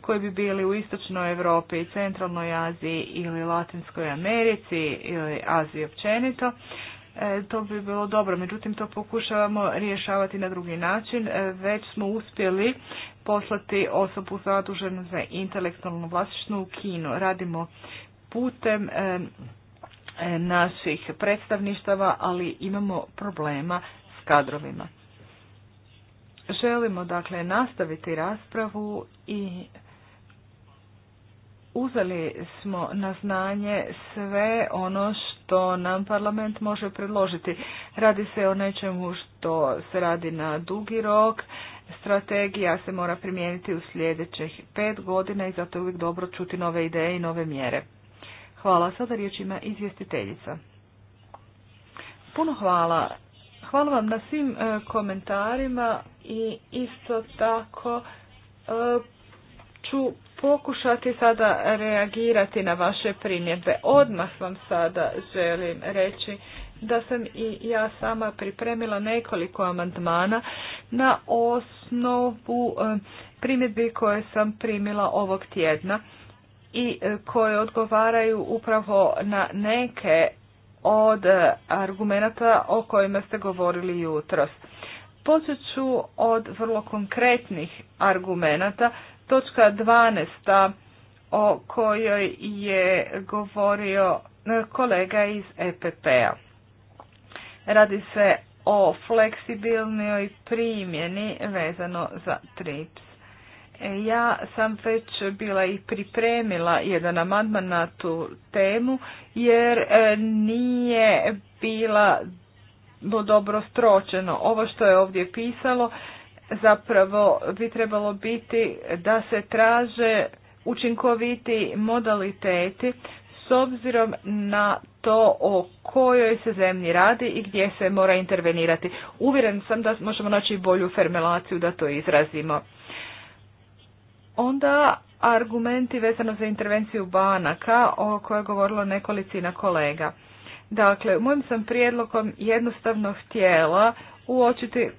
koji bi bili u istočnoj Europi i centralnoj Aziji ili Latinskoj Americi ili Aziji općenito, E, to bi bilo dobro. Međutim, to pokušavamo rješavati na drugi način. E, već smo uspjeli poslati osobu zaduženu za intelektualnu vlasništvu u Kinu. Radimo putem e, naših predstavništava, ali imamo problema s kadrovima. Želimo dakle nastaviti raspravu i uzeli smo na znanje sve ono što nam parlament može predložiti. Radi se o nečemu što se radi na dugi rok, strategija se mora primijeniti u sljedećih pet godina i zato je uvijek dobro čuti nove ideje i nove mjere. Hvala. Sada riječ ima izvjestiteljica. Puno hvala. Hvala vam na svim e, komentarima i isto tako e, ću pokušati sada reagirati na vaše primjedbe. Odmah vam sada želim reći da sam i ja sama pripremila nekoliko amandmana na osnovu e, primjedbi koje sam primila ovog tjedna i e, koje odgovaraju upravo na neke od e, argumenata o kojima ste govorili jutros. Počet ću od vrlo konkretnih argumenata točka 12. o kojoj je govorio e, kolega iz EPP-a. Radi se o fleksibilnoj primjeni vezano za TRIPS. E, ja sam već bila i pripremila jedan amandman na tu temu jer e, nije bila dobro stročeno. Ovo što je ovdje pisalo zapravo bi trebalo biti da se traže učinkoviti modaliteti s obzirom na to o kojoj se zemlji radi i gdje se mora intervenirati. Uvjeren sam da možemo naći bolju fermelaciju da to izrazimo. Onda argumenti vezano za intervenciju banaka o kojoj je govorilo nekolicina kolega. Dakle, mojim sam prijedlogom jednostavno htjela uočiti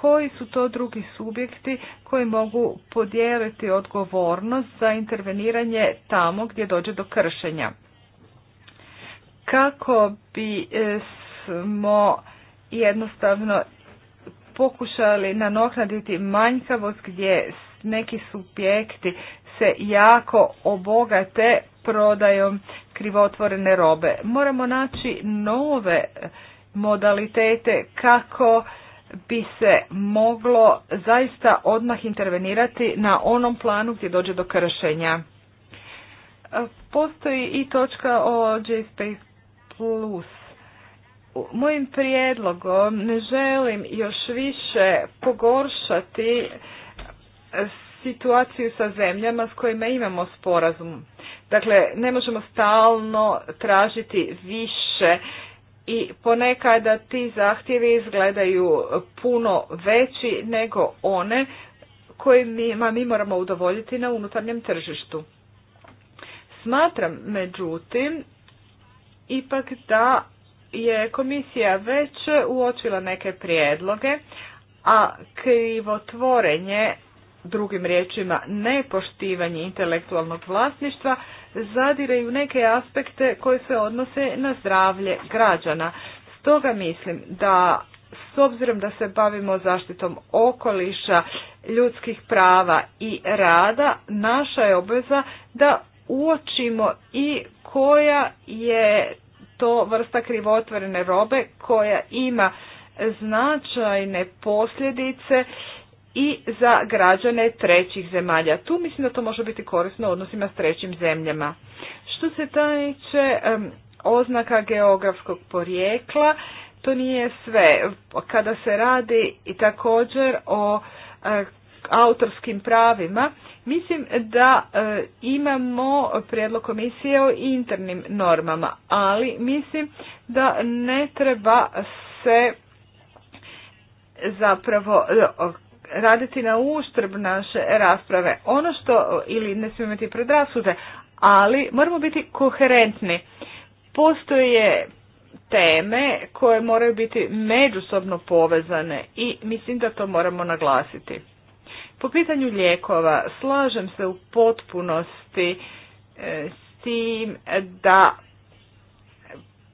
koji su to drugi subjekti koji mogu podijeliti odgovornost za interveniranje tamo gdje dođe do kršenja. Kako bi e, smo jednostavno pokušali nanoknaditi manjkavost gdje neki subjekti se jako obogate prodajom krivotvorene robe. Moramo naći nove modalitete kako bi se moglo zaista odmah intervenirati na onom planu gdje dođe do kršenja. Postoji i točka o JSpace Plus. Mojim prijedlogom ne želim još više pogoršati situaciju sa zemljama s kojima imamo sporazum. Dakle, ne možemo stalno tražiti više i ponekada ti zahtjevi izgledaju puno veći nego one kojima mi moramo udovoljiti na unutarnjem tržištu. Smatram, međutim, ipak da je komisija već uočila neke prijedloge, a krivotvorenje drugim riječima nepoštivanje intelektualnog vlasništva zadireju neke aspekte koje se odnose na zdravlje građana. Stoga mislim da s obzirom da se bavimo zaštitom okoliša, ljudskih prava i rada, naša je obveza da uočimo i koja je to vrsta krivotvorene robe koja ima značajne posljedice i za građane trećih zemalja. Tu mislim da to može biti korisno u odnosima s trećim zemljama. Što se tiče oznaka geografskog porijekla, to nije sve. Kada se radi i također o e, autorskim pravima, mislim da e, imamo prijedlog komisije o internim normama, ali mislim da ne treba se zapravo e, raditi na uštrb naše rasprave. Ono što, ili ne smijemo imati predrasude, ali moramo biti koherentni. Postoje teme koje moraju biti međusobno povezane i mislim da to moramo naglasiti. Po pitanju lijekova slažem se u potpunosti e, s tim da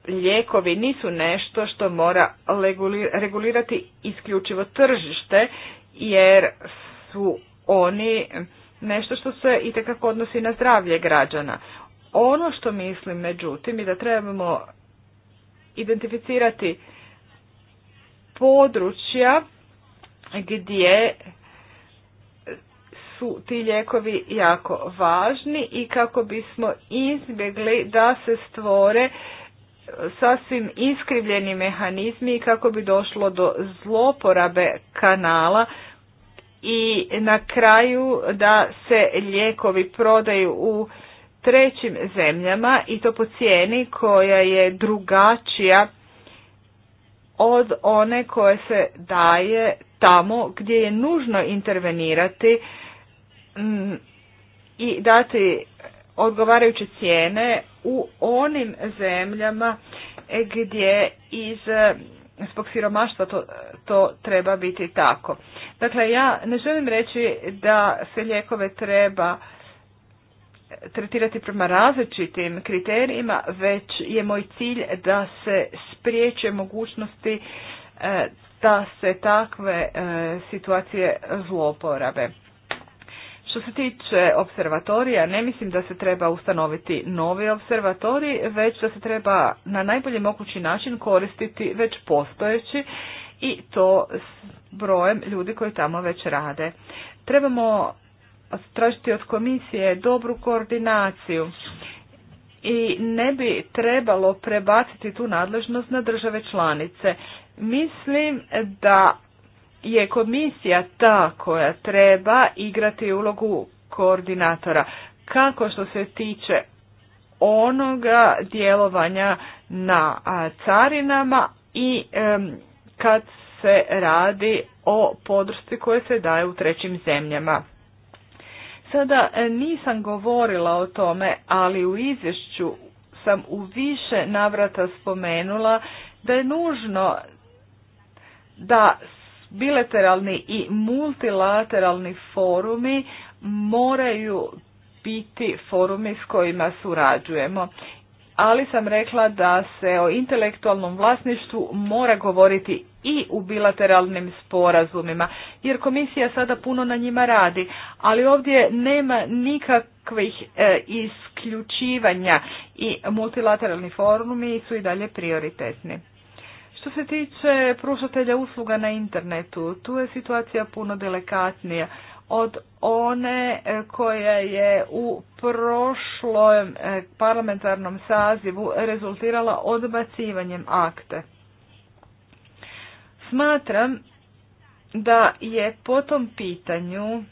lijekovi nisu nešto što mora regulirati isključivo tržište jer su oni nešto što se itekako odnosi na zdravlje građana. Ono što mislim međutim je da trebamo identificirati područja gdje su ti lijekovi jako važni i kako bismo izbjegli da se stvore sasvim iskrivljeni mehanizmi i kako bi došlo do zloporabe kanala i na kraju da se lijekovi prodaju u trećim zemljama i to po cijeni koja je drugačija od one koje se daje tamo gdje je nužno intervenirati mm, i dati odgovarajuće cijene u onim zemljama gdje iz zbog siromaštva to, to treba biti tako. Dakle, ja ne želim reći da se lijekove treba tretirati prema različitim kriterijima, već je moj cilj da se spriječe mogućnosti e, da se takve e, situacije zloporabe. Što se tiče observatorija, ne mislim da se treba ustanoviti novi observatori, već da se treba na najbolji mogući način koristiti već postojeći i to s brojem ljudi koji tamo već rade. Trebamo tražiti od komisije dobru koordinaciju i ne bi trebalo prebaciti tu nadležnost na države članice. Mislim da je komisija ta koja treba igrati ulogu koordinatora kako što se tiče onoga djelovanja na carinama i kad se radi o podršci koje se daje u trećim zemljama. Sada e, nisam govorila o tome, ali u izvješću sam u više navrata spomenula da je nužno da bilateralni i multilateralni forumi moraju biti forumi s kojima surađujemo. Ali sam rekla da se o intelektualnom vlasništvu mora govoriti i u bilateralnim sporazumima, jer komisija sada puno na njima radi, ali ovdje nema nikakvih e, isključivanja i multilateralni forumi su i dalje prioritetni. Što se tiče pružatelja usluga na internetu, tu je situacija puno delikatnija od one e, koja je u prošlom e, parlamentarnom sazivu rezultirala odbacivanjem akte. Smatram da je po tom pitanju,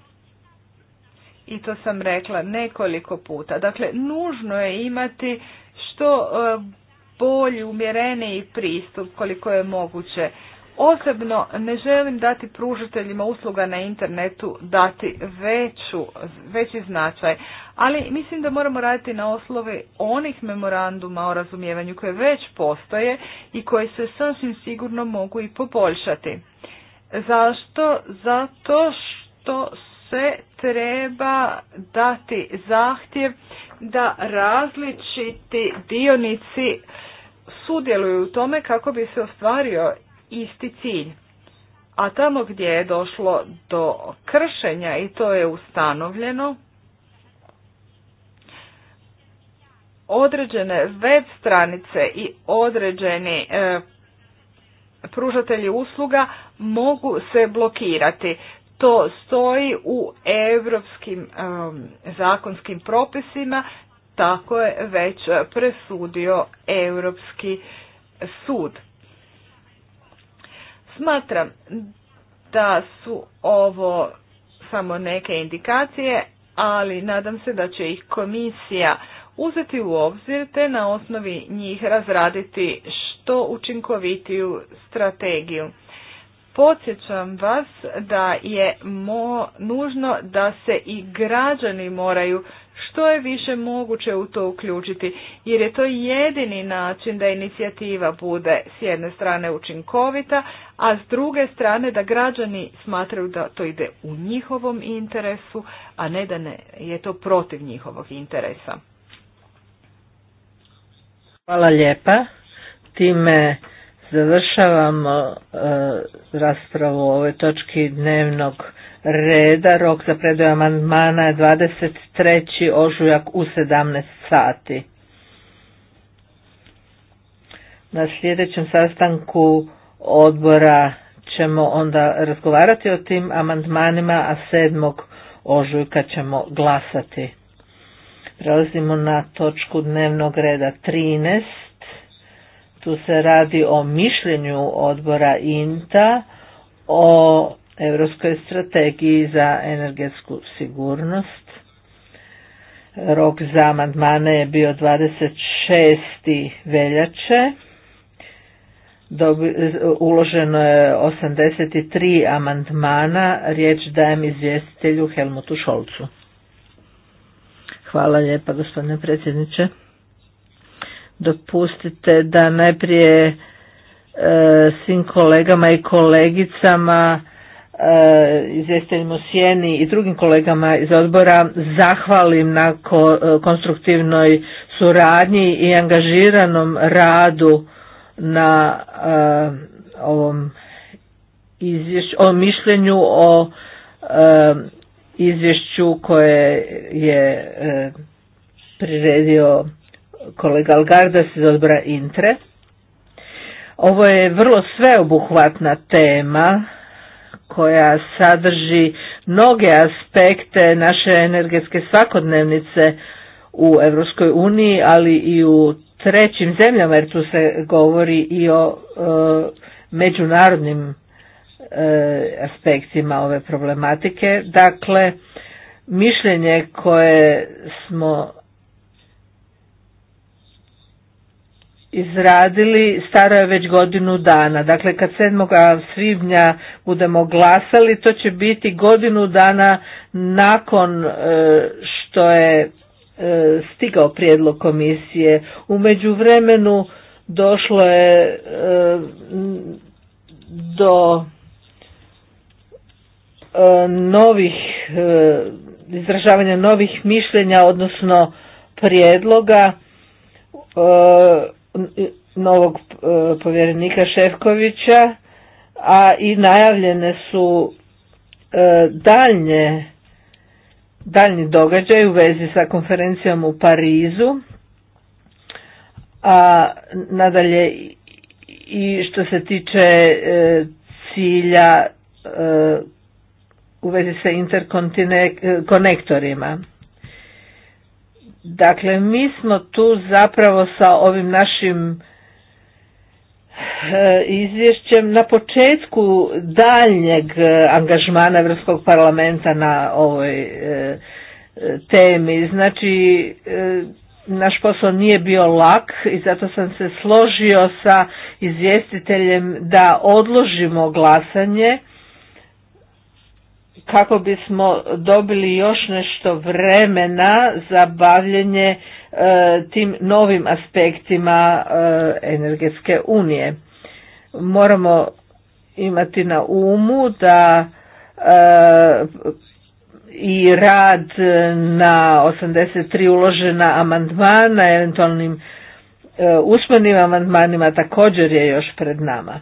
i to sam rekla nekoliko puta, dakle nužno je imati što e, bolji, umjereniji pristup koliko je moguće. Osobno ne želim dati pružiteljima usluga na internetu dati veću, veći značaj, ali mislim da moramo raditi na oslovi onih memoranduma o razumijevanju koje već postoje i koje se sasvim sigurno mogu i poboljšati. Zašto? Zato što se treba dati zahtjev da različiti dionici sudjeluju u tome kako bi se ostvario isti cilj. A tamo gdje je došlo do kršenja i to je ustanovljeno, određene web stranice i određeni e, pružatelji usluga mogu se blokirati to stoji u europskim zakonskim propisima, tako je već presudio Europski sud. Smatram da su ovo samo neke indikacije, ali nadam se da će ih komisija uzeti u obzir te na osnovi njih razraditi što učinkovitiju strategiju. Podsjećam vas da je nužno da se i građani moraju što je više moguće u to uključiti, jer je to jedini način da inicijativa bude s jedne strane učinkovita, a s druge strane da građani smatraju da to ide u njihovom interesu, a ne da ne, je to protiv njihovog interesa. Hvala lijepa. Time završavamo e, raspravu o ovoj točki dnevnog reda. Rok za predaju amandmana je 23. ožujak u 17 sati. Na sljedećem sastanku odbora ćemo onda razgovarati o tim amandmanima, a 7. ožujka ćemo glasati. Prelazimo na točku dnevnog reda 13. Tu se radi o mišljenju odbora INTA o Europskoj strategiji za energetsku sigurnost. Rok za amandmane je bio 26. veljače. Uloženo je 83 amandmana. Riječ dajem izvjestitelju Helmutu Šolcu. Hvala lijepa gospodine predsjedniče dopustite da najprije e, svim kolegama i kolegicama e, izvjestiteljima u Sjeni i drugim kolegama iz odbora zahvalim na e, konstruktivnoj suradnji i angažiranom radu na ovom izvješću, o mišljenju o izvješću koje je priredio kolega Algardas iz odbora Intre. Ovo je vrlo sveobuhvatna tema koja sadrži mnoge aspekte naše energetske svakodnevnice u Europskoj uniji, ali i u trećim zemljama, jer tu se govori i o e, međunarodnim e, aspektima ove problematike. Dakle, mišljenje koje smo izradili staro je već godinu dana. Dakle, kad 7. svibnja budemo glasali, to će biti godinu dana nakon e, što je e, stigao prijedlog komisije. U međuvremenu došlo je e, do novih izražavanja novih mišljenja, odnosno prijedloga novog e, povjerenika Šefkovića, a i najavljene su e, daljnje daljnji događaj u vezi sa konferencijom u Parizu, a nadalje i što se tiče e, cilja u vezi sa interkonektorima. Dakle, mi smo tu zapravo sa ovim našim e, izvješćem na početku daljnjeg e, angažmana Europskog parlamenta na ovoj e, temi. Znači, naš posao nije bio lak i zato sam se složio sa izvjestiteljem da odložimo glasanje kako bismo dobili još nešto vremena za bavljenje e, tim novim aspektima e, energetske unije. Moramo imati na umu da e, i rad na 83 uložena amandmana, eventualnim usmenim amandmanima također je još pred nama.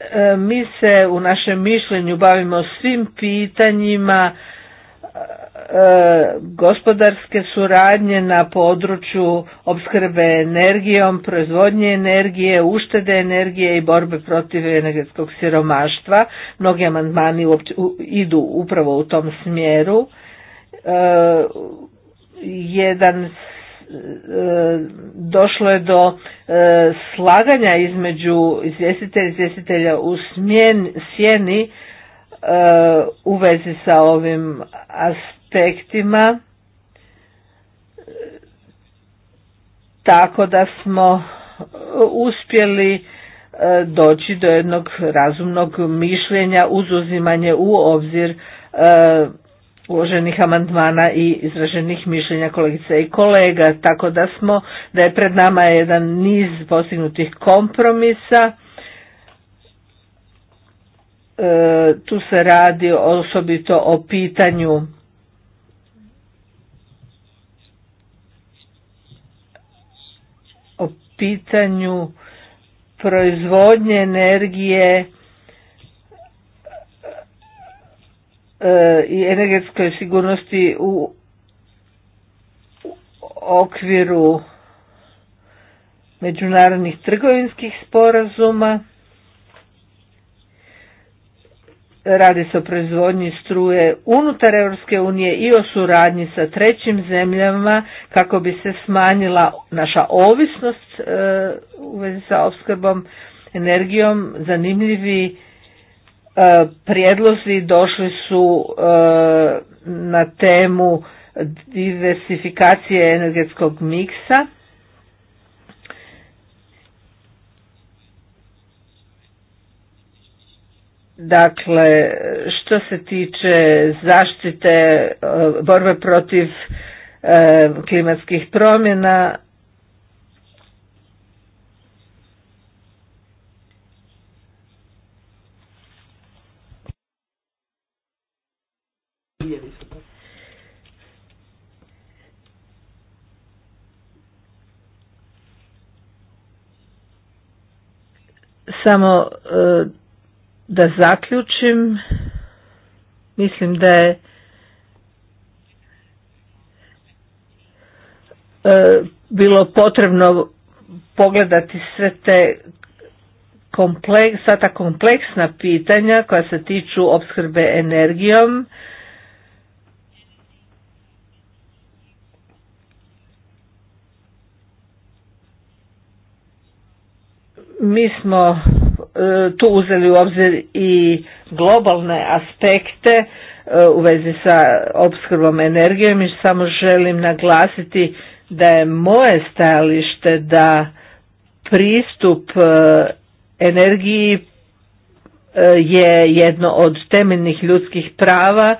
E, mi se u našem mišljenju bavimo svim pitanjima e, gospodarske suradnje na području opskrbe energijom, proizvodnje energije, uštede energije i borbe protiv energetskog siromaštva. Mnogi amandmani idu upravo u tom smjeru. E, jedan došlo je do e, slaganja između izvjestitelja i izvjestitelja u smjen, sjeni e, u vezi sa ovim aspektima tako da smo e, uspjeli doći do jednog razumnog mišljenja uz uzimanje u obzir uloženih amandmana i izraženih mišljenja kolegice i kolega, tako da smo, da je pred nama jedan niz postignutih kompromisa. E, tu se radi osobito o pitanju o pitanju proizvodnje energije i energetskoj sigurnosti u okviru međunarodnih trgovinskih sporazuma. Radi se o proizvodnji struje unutar Europske unije i o suradnji sa trećim zemljama kako bi se smanjila naša ovisnost e, u vezi sa opskrbom energijom. Zanimljivi E, prijedlozi došli su e, na temu diversifikacije energetskog miksa. Dakle, što se tiče zaštite e, borbe protiv klimatskih promjena, Samo e, da zaključim, mislim da je e, bilo potrebno pogledati sve te kompleks, sva kompleksna pitanja koja se tiču opskrbe energijom Mi smo e, tu uzeli u obzir i globalne aspekte e, u vezi sa opskrbom energijom i samo želim naglasiti da je moje stajalište da pristup e, energiji je jedno od temeljnih ljudskih prava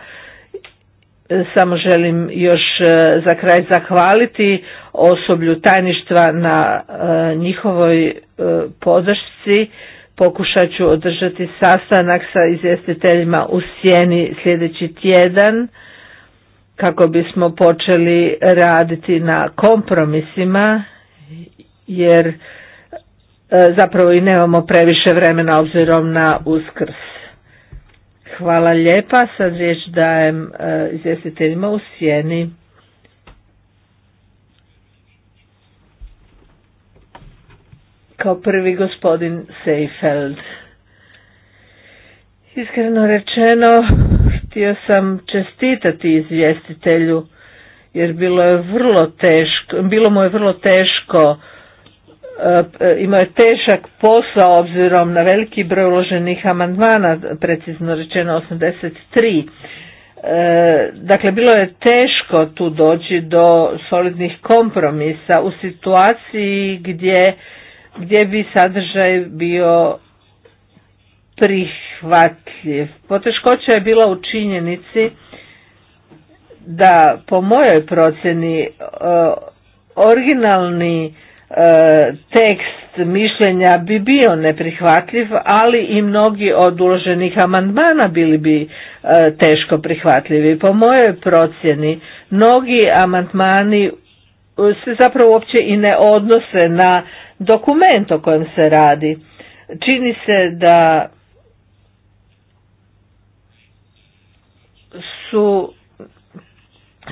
samo želim još e, za kraj zahvaliti osoblju tajništva na e, njihovoj e, podršci. Pokušat ću održati sastanak sa izvjestiteljima u sjeni sljedeći tjedan kako bismo počeli raditi na kompromisima jer zapravo i nemamo previše vremena obzirom na uskrs. Hvala lijepa. Sad riječ dajem e, izvjestiteljima u sjeni. Kao prvi gospodin Seifeld. Iskreno rečeno, htio sam čestitati izvjestitelju jer bilo je vrlo teško, bilo mu je vrlo teško E, imao je težak posao obzirom na veliki broj uloženih amandmana, precizno rečeno 83. E, dakle, bilo je teško tu doći do solidnih kompromisa u situaciji gdje, gdje bi sadržaj bio prihvatljiv. Poteškoća je bila u činjenici da po mojoj procjeni e, originalni tekst mišljenja bi bio neprihvatljiv, ali i mnogi od uloženih amandmana bili bi e, teško prihvatljivi. Po mojoj procjeni, mnogi amandmani e, se zapravo uopće i ne odnose na dokument o kojem se radi. Čini se da su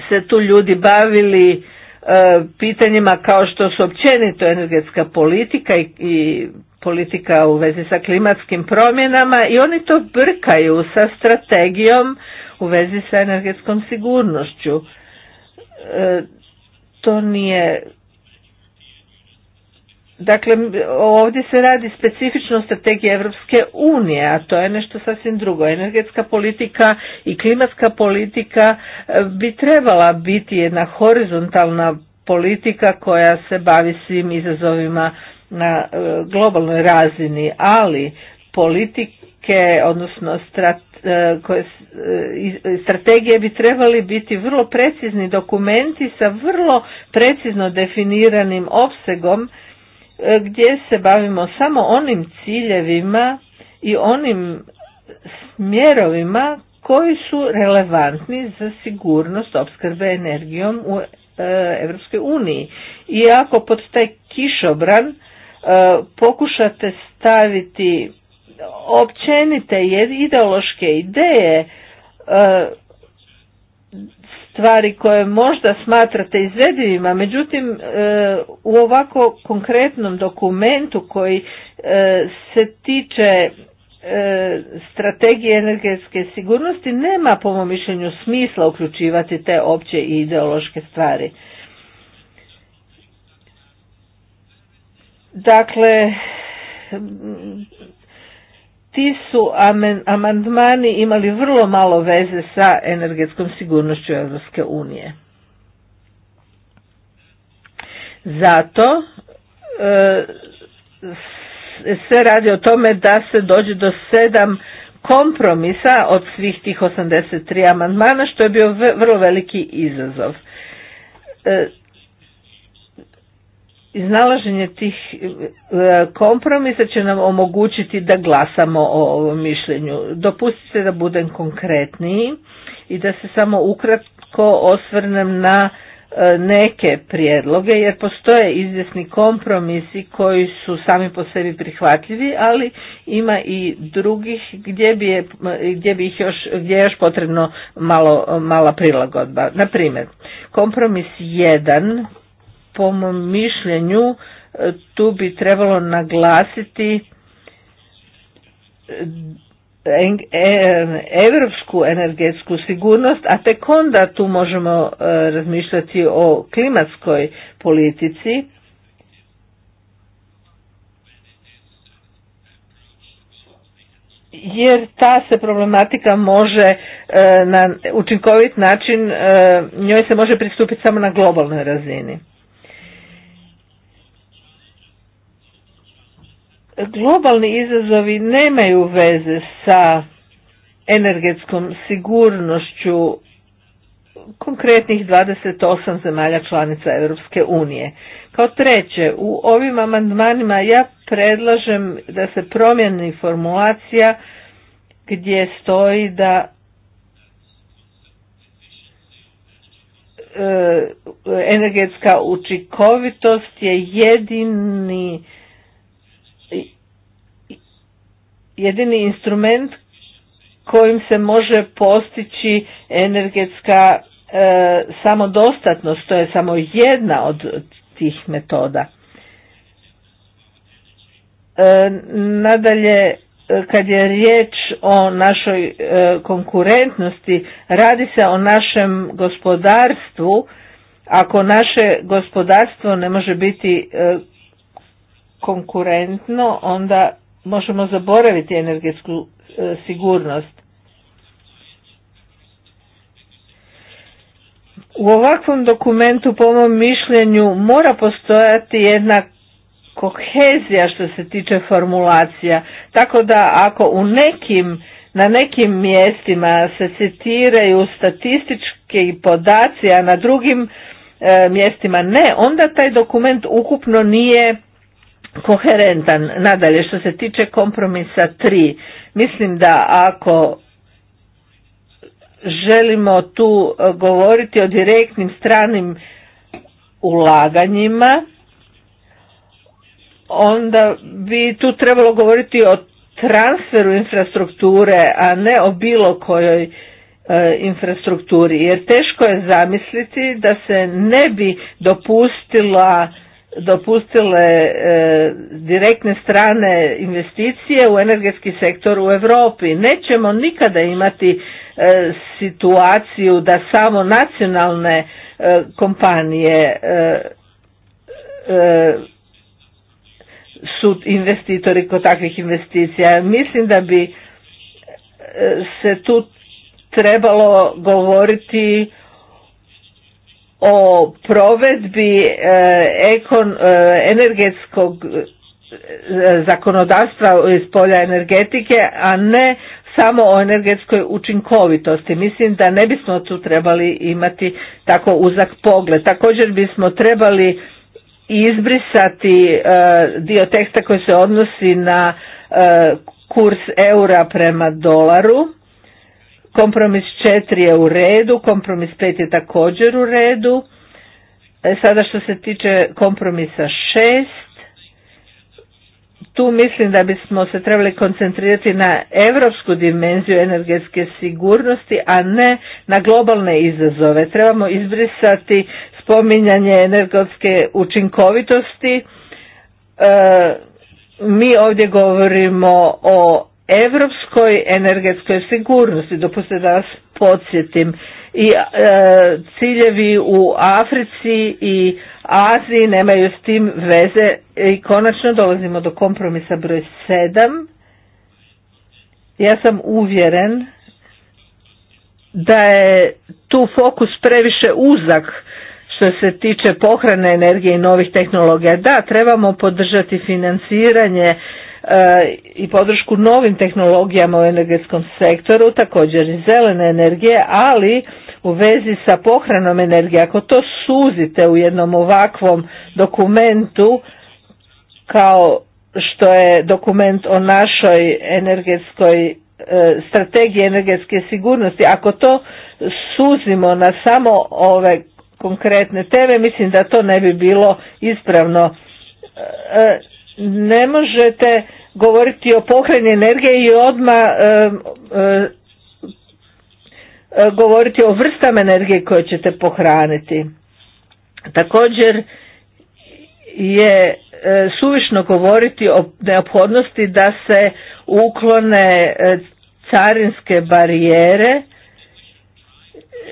se tu ljudi bavili E, pitanjima kao što su općenito energetska politika i politika u vezi sa klimatskim promjenama i oni to brkaju sa strategijom u vezi sa energetskom sigurnošću. E, to nije Dakle, ovdje se radi specifično o strategiji Europske unije, a to je nešto sasvim drugo. Energetska politika i klimatska politika e, bi trebala biti jedna horizontalna politika koja se bavi svim izazovima na e, globalnoj razini, ali politike, odnosno e, strategije bi trebali biti vrlo precizni dokumenti sa vrlo precizno definiranim opsegom E, gdje se bavimo samo onim ciljevima i onim smjerovima koji su relevantni za sigurnost opskrbe energijom u Europskoj uniji. I ako pod taj kišobran e, pokušate staviti općenite ideološke ideje e, stvari koje možda smatrate izvedivima, međutim e, u ovako konkretnom dokumentu koji e, se tiče e, strategije energetske sigurnosti nema po mom mišljenju smisla uključivati te opće i ideološke stvari. Dakle, ti su amandmani imali vrlo malo veze sa energetskom sigurnošću Europske unije. Zato e, se radi o tome da se dođe do sedam kompromisa od svih tih 83 amandmana, što je bio vrlo veliki izazov. E, iznalaženje tih e, kompromisa će nam omogućiti da glasamo o ovom mišljenju. Dopustite da budem konkretniji i da se samo ukratko osvrnem na e, neke prijedloge jer postoje izvjesni kompromisi koji su sami po sebi prihvatljivi, ali ima i drugih gdje bi, je, gdje bi ih još, gdje je još potrebno malo, mala prilagodba. Na kompromis 1 po mom mišljenju e, tu bi trebalo naglasiti europsku e, energetsku sigurnost, a tek onda tu možemo e, razmišljati o klimatskoj politici. jer ta se problematika može na učinkovit način, njoj se može pristupiti samo na globalnoj razini. globalni izazovi nemaju veze sa energetskom sigurnošću konkretnih 28 zemalja članica Europske unije. Kao treće, u ovim amandmanima ja predlažem da se promijeni formulacija gdje stoji da e, energetska učinkovitost je jedini jedini instrument kojim se može postići energetska e, samodostatnost, to je samo jedna od tih metoda. E, nadalje, e, kad je riječ o našoj e, konkurentnosti, radi se o našem gospodarstvu, ako naše gospodarstvo ne može biti konkurentno, onda možemo zaboraviti energetsku e, sigurnost. U ovakvom dokumentu, po mom mišljenju, mora postojati jedna kohezija što se tiče formulacija. Tako da ako u nekim, na nekim mjestima se citiraju statistički podaci, a na drugim e, mjestima ne, onda taj dokument ukupno nije koherentan. Nadalje, što se tiče kompromisa 3, mislim da ako želimo tu e, govoriti o direktnim stranim ulaganjima, onda bi tu trebalo govoriti o transferu infrastrukture, a ne o bilo kojoj e, infrastrukturi jer teško je zamisliti da se ne bi dopustila dopustile e, direktne strane investicije u energetski sektor u Europi. Nećemo nikada imati e, situaciju da samo nacionalne e, kompanije su investitori kod takvih investicija. Mislim da bi se tu trebalo govoriti o provedbi e, ekon, e, energetskog e, zakonodavstva iz polja energetike, a ne samo o energetskoj učinkovitosti. Mislim da ne bismo tu trebali imati tako uzak pogled. Također bismo trebali izbrisati dio teksta koji se odnosi na kurs eura prema dolaru Kompromis 4 je u redu, kompromis 5 je također u redu. E, sada što se tiče kompromisa 6, tu mislim da bismo se trebali koncentrirati na europsku dimenziju energetske sigurnosti, a ne na globalne izazove. Trebamo izbrisati spominjanje energetske učinkovitosti. E, mi ovdje govorimo o europskoj energetskoj sigurnosti. Dopustite da vas podsjetim i e, ciljevi u Africi i Aziji nemaju s tim veze i konačno dolazimo do kompromisa broj 7. Ja sam uvjeren da je tu fokus previše uzak što se tiče pohrane energije i novih tehnologija. Da, trebamo podržati financiranje i podršku novim tehnologijama u energetskom sektoru, također i zelene energije, ali u vezi sa pohranom energije. Ako to suzite u jednom ovakvom dokumentu kao što je dokument o našoj energetskoj e, strategiji energetske sigurnosti, ako to suzimo na samo ove konkretne teme, mislim da to ne bi bilo ispravno. E, ne možete govoriti o pohrani energije i odma govoriti o vrstama energije koje ćete pohraniti. Također je e, suvišno govoriti o neophodnosti da se uklone e, carinske barijere.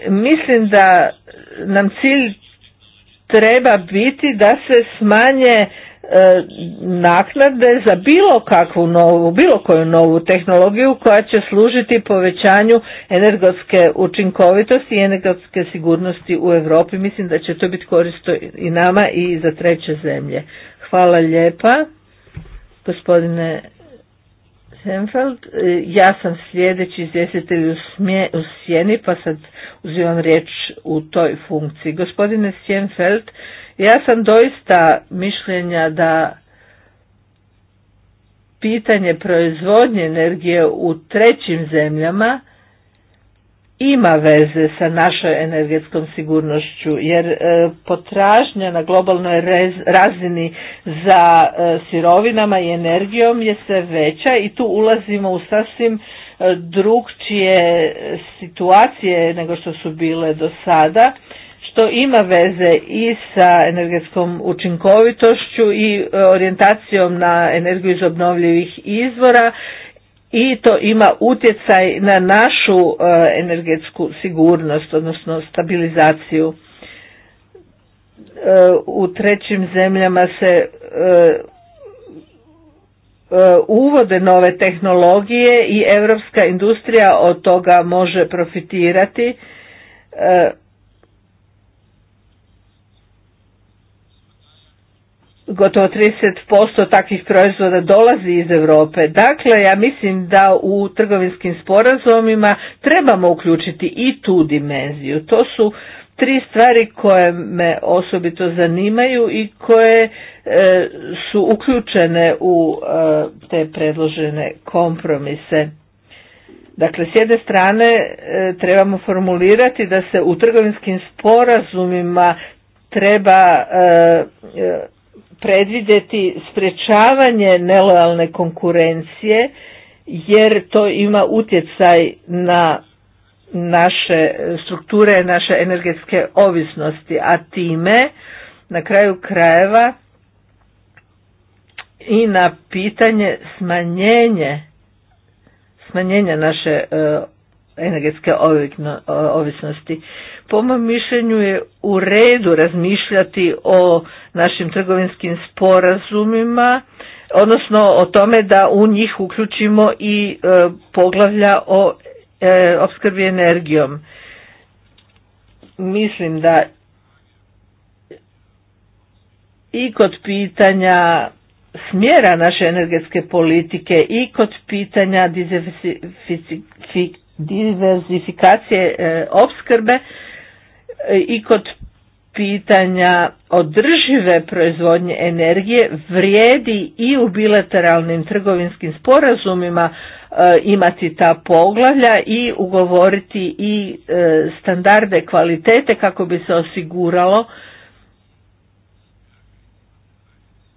Mislim da nam cilj treba biti da se smanje E, naknade za bilo kakvu novu, bilo koju novu tehnologiju koja će služiti povećanju energetske učinkovitosti i energetske sigurnosti u Europi. Mislim da će to biti koristo i nama i za treće zemlje. Hvala lijepa, gospodine Senfeld. E, ja sam sljedeći izvjestitelj u, smje, u Sjeni, pa sad uzimam riječ u toj funkciji. Gospodine Sjenfeld, ja sam doista mišljenja da pitanje proizvodnje energije u trećim zemljama ima veze sa našoj energetskom sigurnošću jer e, potražnja na globalnoj razini za e, sirovinama i energijom je sve veća i tu ulazimo u sasvim e, drugčije situacije nego što su bile do sada što ima veze i sa energetskom učinkovitošću i e, orijentacijom na energiju iz obnovljivih izvora i to ima utjecaj na našu e, energetsku sigurnost, odnosno stabilizaciju. E, u trećim zemljama se uvode nove tehnologije i europska industrija od toga može profitirati gotovo 30% takvih proizvoda dolazi iz Europe. Dakle, ja mislim da u trgovinskim sporazumima trebamo uključiti i tu dimenziju. To su tri stvari koje me osobito zanimaju i koje e, su uključene u e, te predložene kompromise. Dakle, s jedne strane e, trebamo formulirati da se u trgovinskim sporazumima treba predvidjeti sprečavanje nelojalne konkurencije jer to ima utjecaj na naše strukture, naše energetske ovisnosti, a time na kraju krajeva i na pitanje smanjenje smanjenja naše e, energetske e, ovisnosti. Po mom mišljenju je u redu razmišljati o našim trgovinskim sporazumima, odnosno o tome da u njih uključimo i e, poglavlja o e, opskrbi energijom. Mislim da i kod pitanja smjera naše energetske politike i kod pitanja diverzifikacije e, opskrbe i kod pitanja održive proizvodnje energije vrijedi i u bilateralnim trgovinskim sporazumima e, imati ta poglavlja i ugovoriti i e, standarde kvalitete kako bi se osiguralo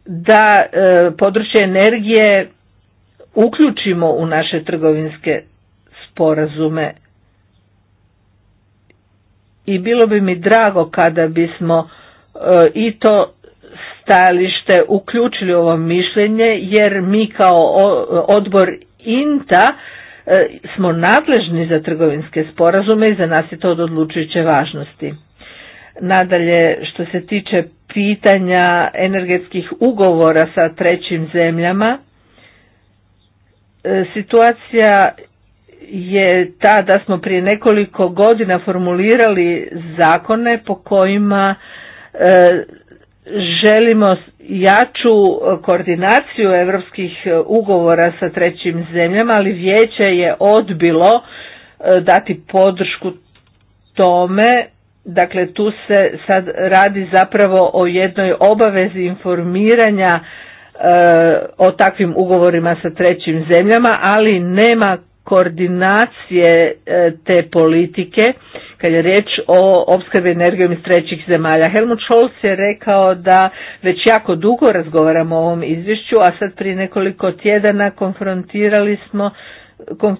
da e, područje energije uključimo u naše trgovinske sporazume i bilo bi mi drago kada bismo e, i to stajalište uključili u ovo mišljenje jer mi kao odbor INTA e, smo nadležni za trgovinske sporazume i za nas je to od odlučujuće važnosti. Nadalje, što se tiče pitanja energetskih ugovora sa trećim zemljama, e, situacija je ta da smo prije nekoliko godina formulirali zakone po kojima e, želimo jaču koordinaciju europskih ugovora sa trećim zemljama, ali vijeće je odbilo e, dati podršku tome. Dakle, tu se sad radi zapravo o jednoj obavezi informiranja e, o takvim ugovorima sa trećim zemljama, ali nema koordinacije e, te politike kad je riječ o opskrbi energijom iz trećih zemalja. Helmut Scholz je rekao da već jako dugo razgovaramo o ovom izvješću, a sad prije nekoliko tjedana konfrontirali smo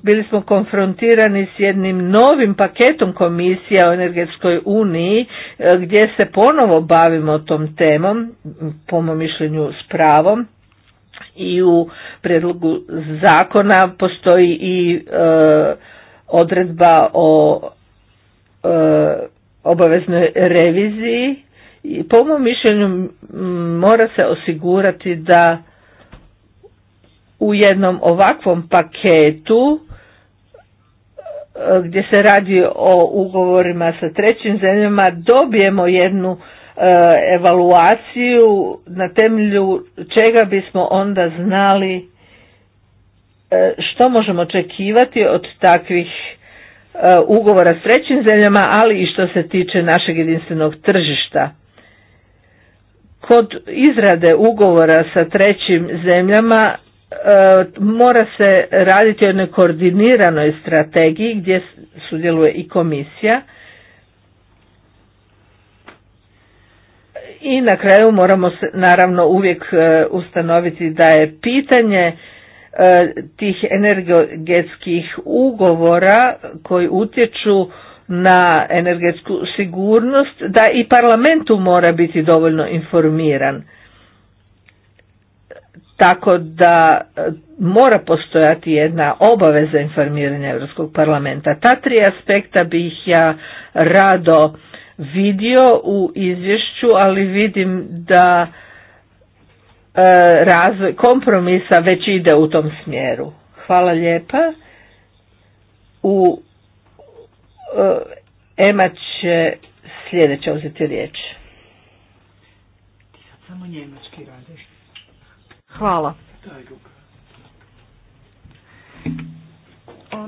bili smo konfrontirani s jednim novim paketom komisija o energetskoj uniji e, gdje se ponovo bavimo tom temom, po mom mišljenju s pravom i u predlogu zakona postoji i e, odredba o e, obaveznoj reviziji i po mom mišljenju mora se osigurati da u jednom ovakvom paketu e, gdje se radi o ugovorima sa trećim zemljama dobijemo jednu Eh, evaluaciju na temelju čega bismo onda znali eh, što možemo očekivati od takvih eh, ugovora s trećim zemljama, ali i što se tiče našeg jedinstvenog tržišta. Kod izrade ugovora sa trećim zemljama mora se raditi o jednoj koordiniranoj strategiji gdje sudjeluje i komisija I na kraju moramo se, naravno uvijek e, ustanoviti da je pitanje e, tih energetskih ugovora koji utječu na energetsku sigurnost da i parlamentu mora biti dovoljno informiran tako da e, mora postojati jedna obaveza informiranja Europskog parlamenta. Ta tri aspekta bih ja rado vidio u izvješću, ali vidim da e, razvoj kompromisa već ide u tom smjeru. Hvala lijepa. U e, Ema će sljedeće uzeti riječ. samo njemački radiš. Hvala.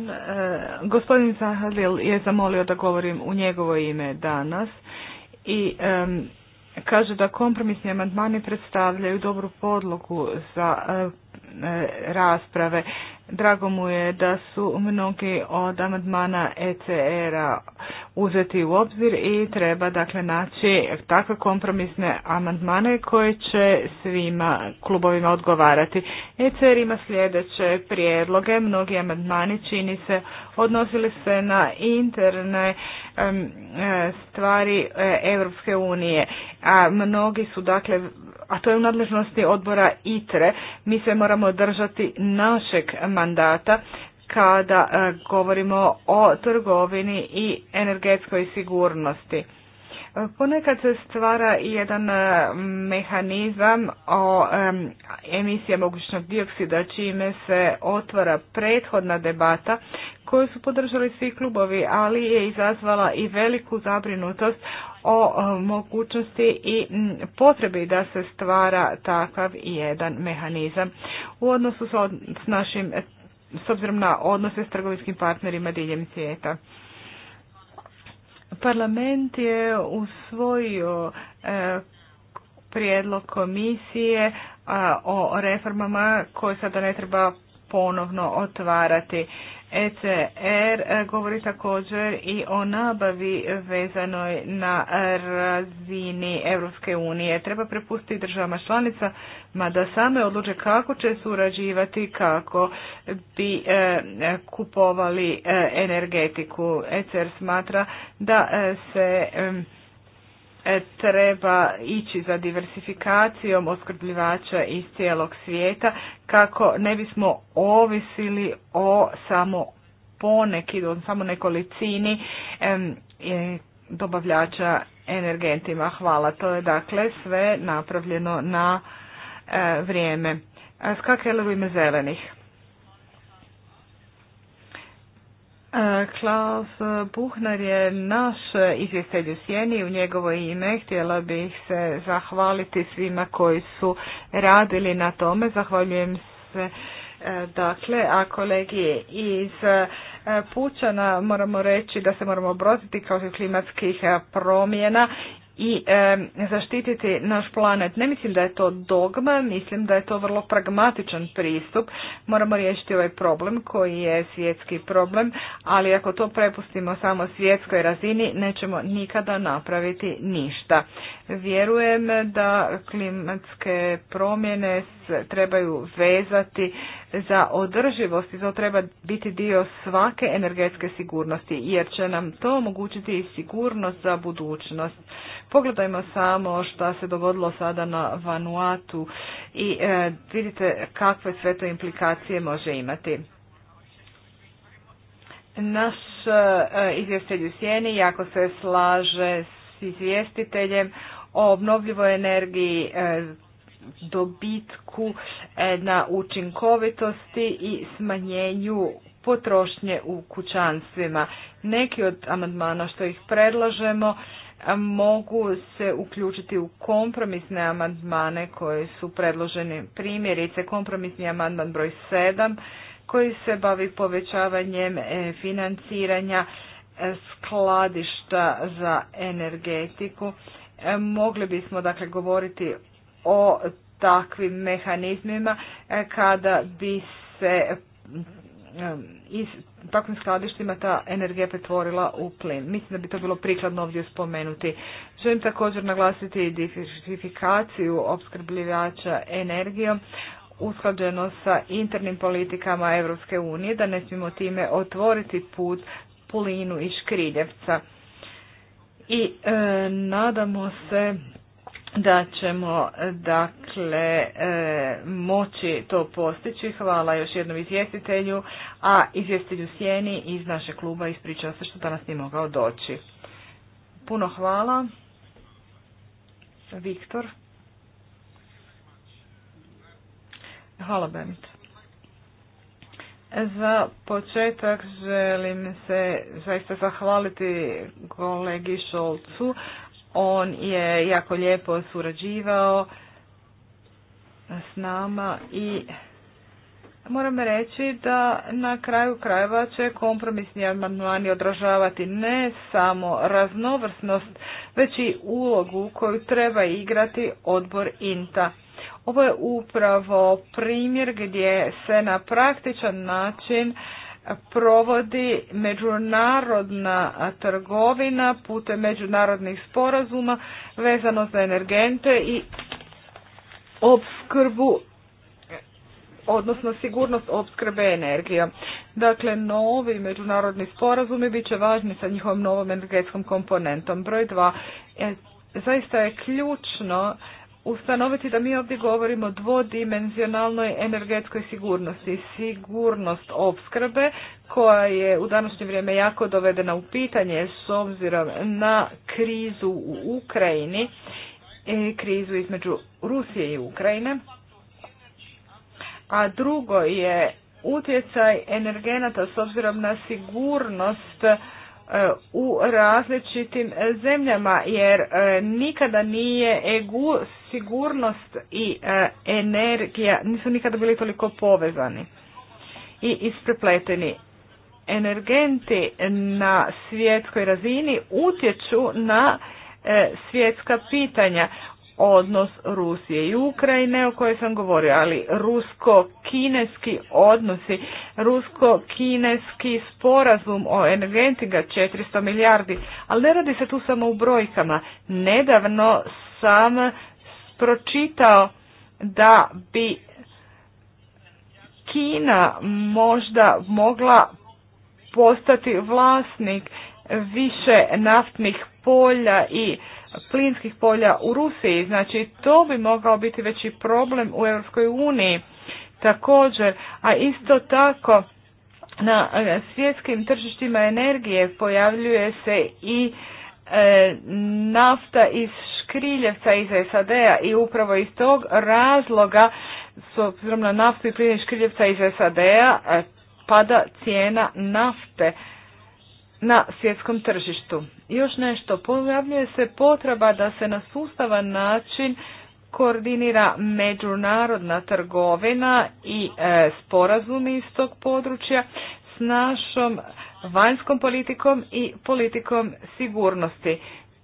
E, gospodin Zahalil je zamolio da govorim u njegovo ime danas i kaže da kompromisni amandmani predstavljaju dobru podlogu za e, e, rasprave. Drago mu je da su mnogi od amandmana ECR-a uzeti u obzir i treba dakle naći takve kompromisne amandmane koje će svima klubovima odgovarati. ECR ima sljedeće prijedloge, mnogi amandmani čini se odnosili se na interne e, stvari e, Europske unije, a mnogi su dakle a to je u nadležnosti odbora ITRE. Mi se moramo držati našeg mandata kada e, govorimo o trgovini i energetskoj sigurnosti. E, ponekad se stvara jedan e, mehanizam o emisijama ugljičnog dioksida čime se otvara prethodna debata koju su podržali svi klubovi, ali je izazvala i veliku zabrinutost o mogućnosti i potrebi da se stvara takav jedan mehanizam u odnosu s našim s obzirom na odnose s trgovinskim partnerima diljem svijeta. Parlament je usvojio e, prijedlog komisije e, o reformama koje sada ne treba ponovno otvarati. ECR e, govori također i o nabavi vezanoj na razini Europske unije. Treba prepustiti državama članica, da same odluče kako će surađivati, kako bi e, kupovali e, energetiku. ECR smatra da se E, treba ići za diversifikacijom oskrbljivača iz cijelog svijeta kako ne bismo ovisili o samo poneki, o samo nekolicini e, dobavljača energentima. Hvala. To je dakle sve napravljeno na e, vrijeme. ime zelenih. Klaus Buchner je naš izvjestelj u Sjeni u njegovo ime htjela bih se zahvaliti svima koji su radili na tome. Zahvaljujem se e, dakle, a kolegi iz e, Pučana moramo reći da se moramo obroziti kao klimatskih promjena i zaštititi naš planet. Ne mislim da je to dogma, mislim da je to vrlo pragmatičan pristup. Moramo riješiti ovaj problem koji je svjetski problem, ali ako to prepustimo samo svjetskoj razini, nećemo nikada napraviti ništa. Vjerujem da klimatske promjene trebaju vezati za održivost i to treba biti dio svake energetske sigurnosti jer će nam to omogućiti i sigurnost za budućnost. Pogledajmo samo što se dogodilo sada na Vanuatu i e, vidite kakve sve to implikacije može imati. Naš e, izvjestitelj u sjeni jako se slaže s izvjestiteljem o obnovljivoj energiji, e, dobitku, e, na učinkovitosti i smanjenju potrošnje u kućanstvima. Neki od amandmana što ih predlažemo mogu se uključiti u kompromisne amandmane koje su predloženi primjerice kompromisni amandman broj 7 koji se bavi povećavanjem e, financiranja e, skladišta za energetiku. Mogli bismo dakle govoriti o takvim mehanizmima e, kada bi se e, iz takvim skladištima ta energija pretvorila u plin. Mislim da bi to bilo prikladno ovdje spomenuti. Želim također naglasiti diversifikaciju opskrbljivača energijom usklađeno sa internim politikama Europske unije, da ne smijemo time otvoriti put plinu i škriljevca. I e, nadamo se da ćemo dakle e, moći to postići. Hvala još jednom izvjestitelju, a izvjestitelju Sjeni iz našeg kluba ispričao se što danas nije mogao doći. Puno hvala. Viktor. Hvala Za početak želim se zaista zahvaliti kolegi Šolcu on je jako lijepo surađivao s nama i moram reći da na kraju krajeva će kompromisni amandmani odražavati ne samo raznovrsnost, već i ulogu koju treba igrati odbor INTA. Ovo je upravo primjer gdje se na praktičan način provodi međunarodna trgovina putem međunarodnih sporazuma vezano za energente i opskrbu odnosno sigurnost opskrbe energijom. Dakle, novi međunarodni sporazumi bit će važni sa njihovom novom energetskom komponentom. Broj dva, e, zaista je ključno ustanoviti da mi ovdje govorimo o dvodimenzionalnoj energetskoj sigurnosti. Sigurnost opskrbe koja je u današnje vrijeme jako dovedena u pitanje s obzirom na krizu u Ukrajini, e, krizu između Rusije i Ukrajine. A drugo je utjecaj energenata s obzirom na sigurnost E, u različitim zemljama jer e, nikada nije egu sigurnost i e, energija nisu nikada bili toliko povezani i isprepleteni. Energenti na svjetskoj razini utječu na svjetska pitanja odnos Rusije i Ukrajine o kojoj sam govorio, ali rusko-kineski odnosi, rusko-kineski sporazum o energetika 400 milijardi, ali ne radi se tu samo u brojkama. Nedavno sam pročitao da bi Kina možda mogla postati vlasnik više naftnih polja i plinskih polja u Rusiji. Znači to bi mogao biti veći problem u Europskoj uniji također, a isto tako na e, svjetskim tržištima energije pojavljuje se i e, nafta iz škriljevca iz SAD-a i upravo iz tog razloga s obzirom na naftu i plin iz škriljevca iz SAD-a e, pada cijena nafte na svjetskom tržištu. Još nešto, pojavljuje se potreba da se na sustavan način koordinira međunarodna trgovina i e, sporazumi iz tog područja s našom vanjskom politikom i politikom sigurnosti.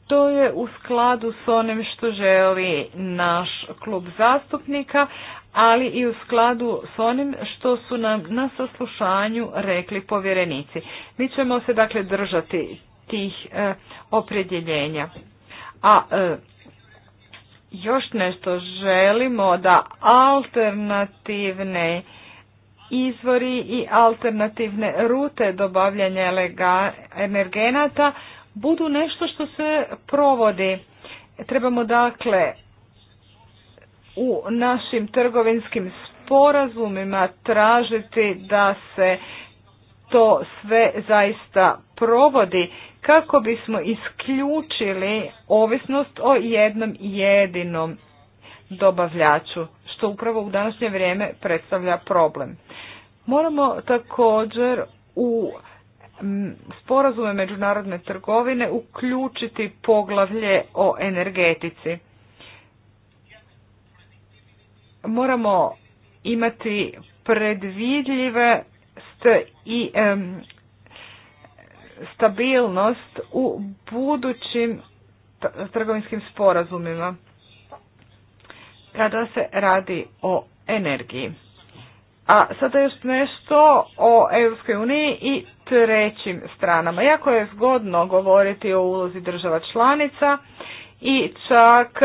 To je u skladu s onim što želi naš klub zastupnika, ali i u skladu s onim što su nam na saslušanju rekli povjerenici. Mi ćemo se dakle držati tih e, opredjeljenja. A e, još nešto želimo da alternativne izvori i alternativne rute dobavljanja energenata budu nešto što se provodi. Trebamo dakle u našim trgovinskim sporazumima tražiti da se to sve zaista provodi kako bismo isključili ovisnost o jednom jedinom dobavljaču, što upravo u današnje vrijeme predstavlja problem. Moramo također u sporazume međunarodne trgovine uključiti poglavlje o energetici. Moramo imati predvidljive i stabilnost u budućim trgovinskim sporazumima kada se radi o energiji. A sada još nešto o Europskoj uniji i trećim stranama. Jako je zgodno govoriti o ulozi država članica i čak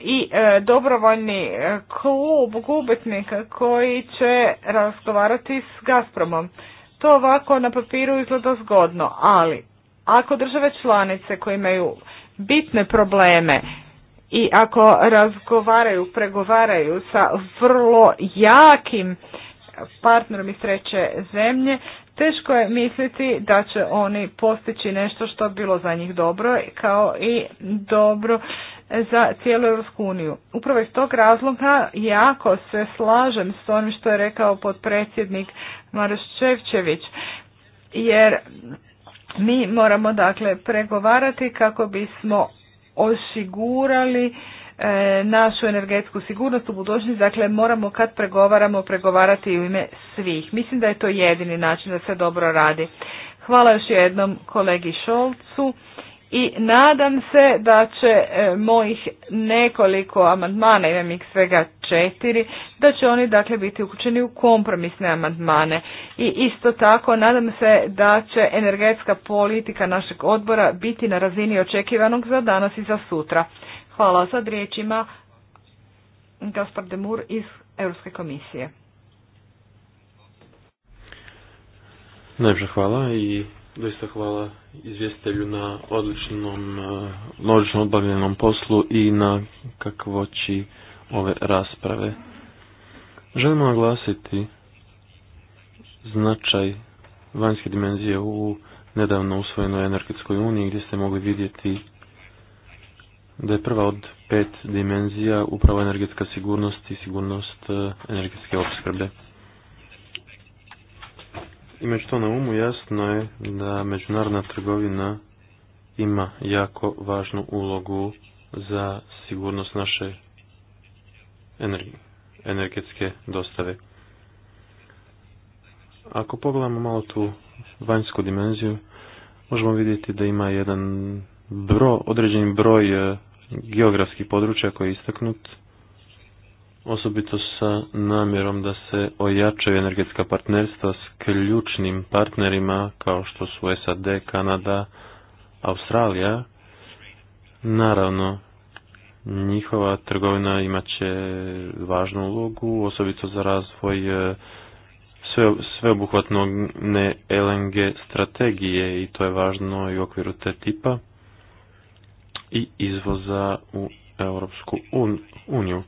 i e, dobrovoljni e, klub gubitnika koji će razgovarati s Gazpromom. To ovako na papiru izgleda zgodno, ali ako države članice koje imaju bitne probleme i ako razgovaraju, pregovaraju sa vrlo jakim partnerom iz treće zemlje, teško je misliti da će oni postići nešto što bilo za njih dobro kao i dobro za cijelu Europsku uniju. Upravo iz tog razloga jako se slažem s onim što je rekao potpredsjednik Maroš Čevčević, jer mi moramo dakle pregovarati kako bismo osigurali e, našu energetsku sigurnost u budućnosti, dakle moramo kad pregovaramo pregovarati u ime svih. Mislim da je to jedini način da se dobro radi. Hvala još jednom kolegi Šolcu i nadam se da će e, mojih nekoliko amandmana, imam ih svega četiri, da će oni dakle biti uključeni u kompromisne amandmane. I isto tako nadam se da će energetska politika našeg odbora biti na razini očekivanog za danas i za sutra. Hvala. Sad riječima, Gaspar Demur iz Europske komisije. Najprej hvala i Doista hvala izvjestitelju na odličnom, e, na odlično obavljenom poslu i na kakvoći ove rasprave. Želimo naglasiti značaj vanjske dimenzije u nedavno usvojenoj energetskoj uniji gdje ste mogli vidjeti da je prva od pet dimenzija upravo energetska sigurnost i sigurnost e, energetske opskrbe. Imajući to na umu jasno je da međunarodna trgovina ima jako važnu ulogu za sigurnost naše energetske dostave. Ako pogledamo malo tu vanjsku dimenziju, možemo vidjeti da ima jedan bro, određeni broj eh, geografskih područja koji je istaknut osobito sa namjerom da se ojačaju energetska partnerstva s ključnim partnerima kao što su SAD, Kanada, Australija. Naravno, njihova trgovina imat će važnu ulogu, osobito za razvoj e, sve, sveobuhvatnog ne LNG strategije i to je važno i u okviru te tipa i izvoza u Europsku uniju.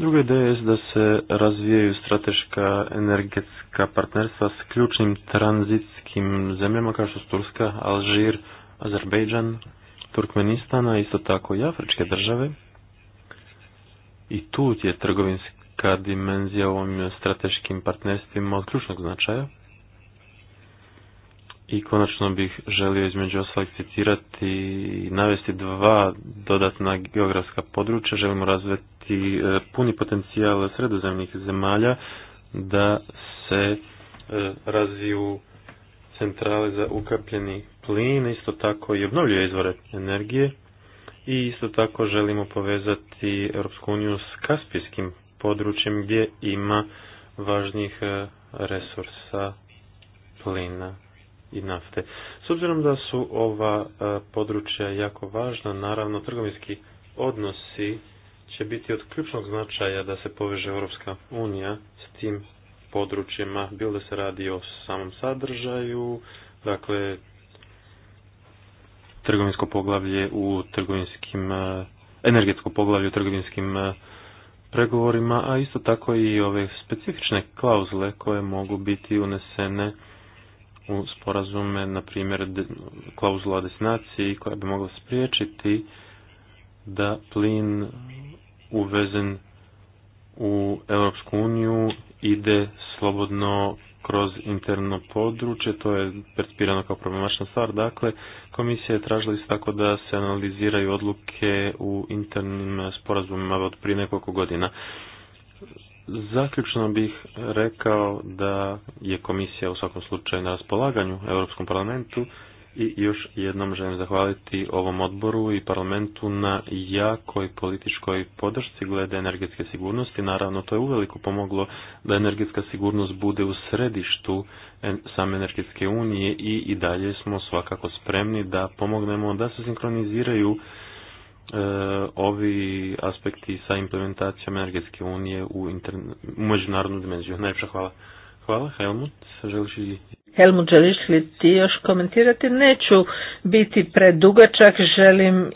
Druga ideja je da se razvijaju strateška energetska partnerstva s ključnim tranzitskim zemljama kao što su Turska, Alžir, Azerbejdžan, Turkmenistana, isto tako i afričke države. I tu je trgovinska dimenzija u ovim strateškim partnerstvima od ključnog značaja. I konačno bih želio između ostalog citirati i navesti dva dodatna geografska područja. Želimo razviti e, puni potencijal sredozemnih zemalja da se e, razviju centrale za ukapljeni plin, isto tako i obnovljive izvore energije i isto tako želimo povezati Europsku uniju s Kaspijskim područjem gdje ima važnih e, resursa plina i nafte. S obzirom da su ova e, područja jako važna, naravno trgovinski odnosi će biti od ključnog značaja da se poveže Europska unija s tim područjima, bilo da se radi o samom sadržaju, dakle trgovinsko poglavlje u trgovinskim e, energetsko poglavlje u trgovinskim e, pregovorima, a isto tako i ove specifične klauzule koje mogu biti unesene u sporazume, na primjer klauzula o destinaciji koja bi mogla spriječiti da plin uvezen u Europsku uniju ide slobodno kroz interno područje, to je percipirano kao problemačna stvar. Dakle, komisija je tražila isto tako da se analiziraju odluke u internim sporazumima od prije nekoliko godina. Zaključno bih rekao da je komisija u svakom slučaju na raspolaganju Europskom parlamentu i još jednom želim zahvaliti ovom odboru i parlamentu na jakoj političkoj podršci glede energetske sigurnosti. Naravno, to je uveliko pomoglo da energetska sigurnost bude u središtu same energetske unije i i dalje smo svakako spremni da pomognemo da se sinkroniziraju E, ovi aspekti sa implementacijom energetske unije u, interne, u međunarodnu dimenziju. hvala. Hvala. Helmut, želiš li... Helmut, želiš li ti još komentirati? Neću biti predugačak, želim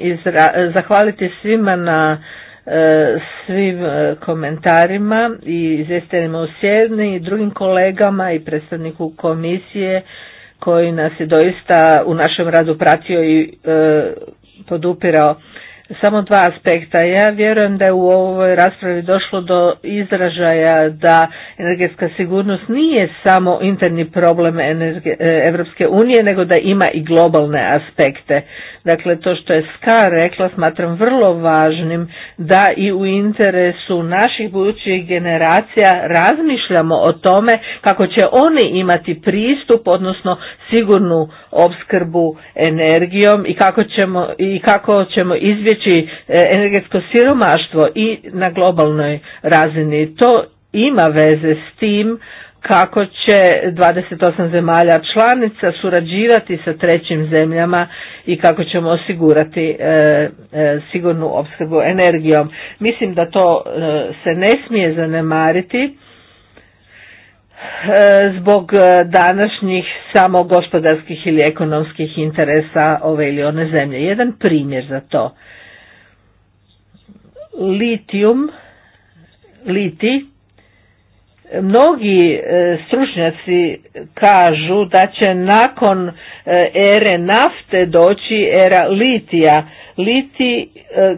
zahvaliti svima na e, svim e, komentarima i izvjestiteljima u Sjedni i drugim kolegama i predstavniku komisije koji nas je doista u našem radu pratio i podupirao samo dva aspekta. Ja vjerujem da je u ovoj raspravi došlo do izražaja da energetska sigurnost nije samo interni problem e, Evropske unije, nego da ima i globalne aspekte. Dakle, to što je Ska rekla smatram vrlo važnim da i u interesu naših budućih generacija razmišljamo o tome kako će oni imati pristup, odnosno sigurnu opskrbu energijom i kako ćemo, i kako ćemo izbjeći e, energetsko siromaštvo i na globalnoj razini. To ima veze s tim kako će 28 zemalja članica surađivati sa trećim zemljama i kako ćemo osigurati e, e, sigurnu opskrbu energijom. Mislim da to e, se ne smije zanemariti zbog današnjih samo gospodarskih ili ekonomskih interesa ove ili one zemlje. Jedan primjer za to. Litium, liti, mnogi e, stručnjaci kažu da će nakon e, ere nafte doći era litija. Liti, e,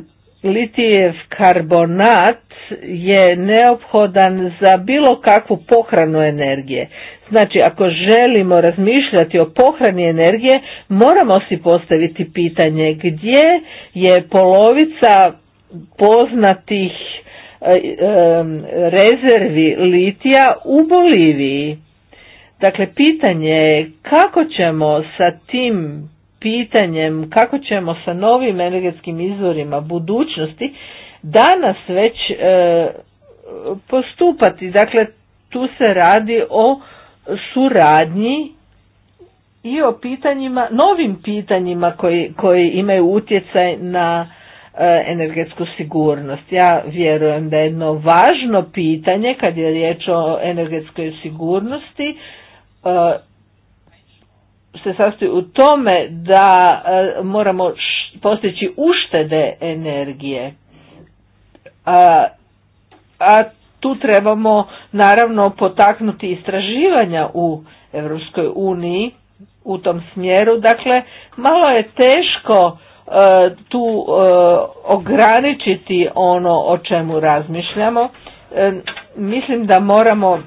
litijev karbonat je neophodan za bilo kakvu pohranu energije. Znači, ako želimo razmišljati o pohrani energije, moramo si postaviti pitanje gdje je polovica poznatih E, e, rezervi litija u Boliviji. Dakle, pitanje je kako ćemo sa tim pitanjem, kako ćemo sa novim energetskim izvorima budućnosti danas već e, postupati. Dakle, tu se radi o suradnji i o pitanjima, novim pitanjima koji, koji imaju utjecaj na E, energetsku sigurnost. Ja vjerujem da je jedno važno pitanje kad je riječ o energetskoj sigurnosti e, se sastoji u tome da e, moramo postići uštede energije. A, a tu trebamo naravno potaknuti istraživanja u Europskoj uniji u tom smjeru. Dakle, malo je teško E, tu e, ograničiti ono o čemu razmišljamo. E, mislim da moramo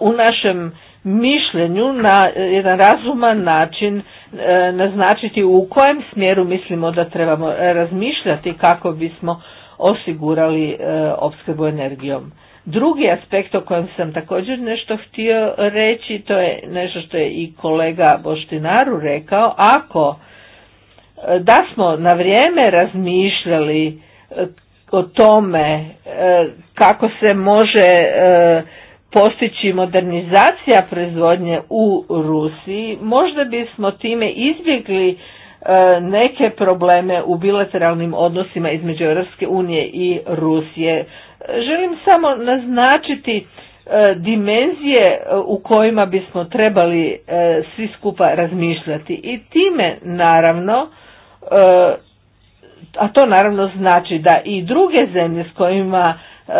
u našem mišljenju na jedan razuman način naznačiti u kojem smjeru mislimo da trebamo razmišljati kako bismo osigurali opskrbu energijom. Drugi aspekt o kojem sam također nešto htio reći, to je nešto što je i kolega Boštinaru rekao, ako da smo na vrijeme razmišljali e, o tome e, kako se može e, postići modernizacija proizvodnje u Rusiji, možda bismo time izbjegli neke probleme u bilateralnim odnosima između Europske unije i Rusije. Želim samo naznačiti dimenzije u kojima bismo trebali svi skupa razmišljati i time naravno a to naravno znači da i druge zemlje s kojima e,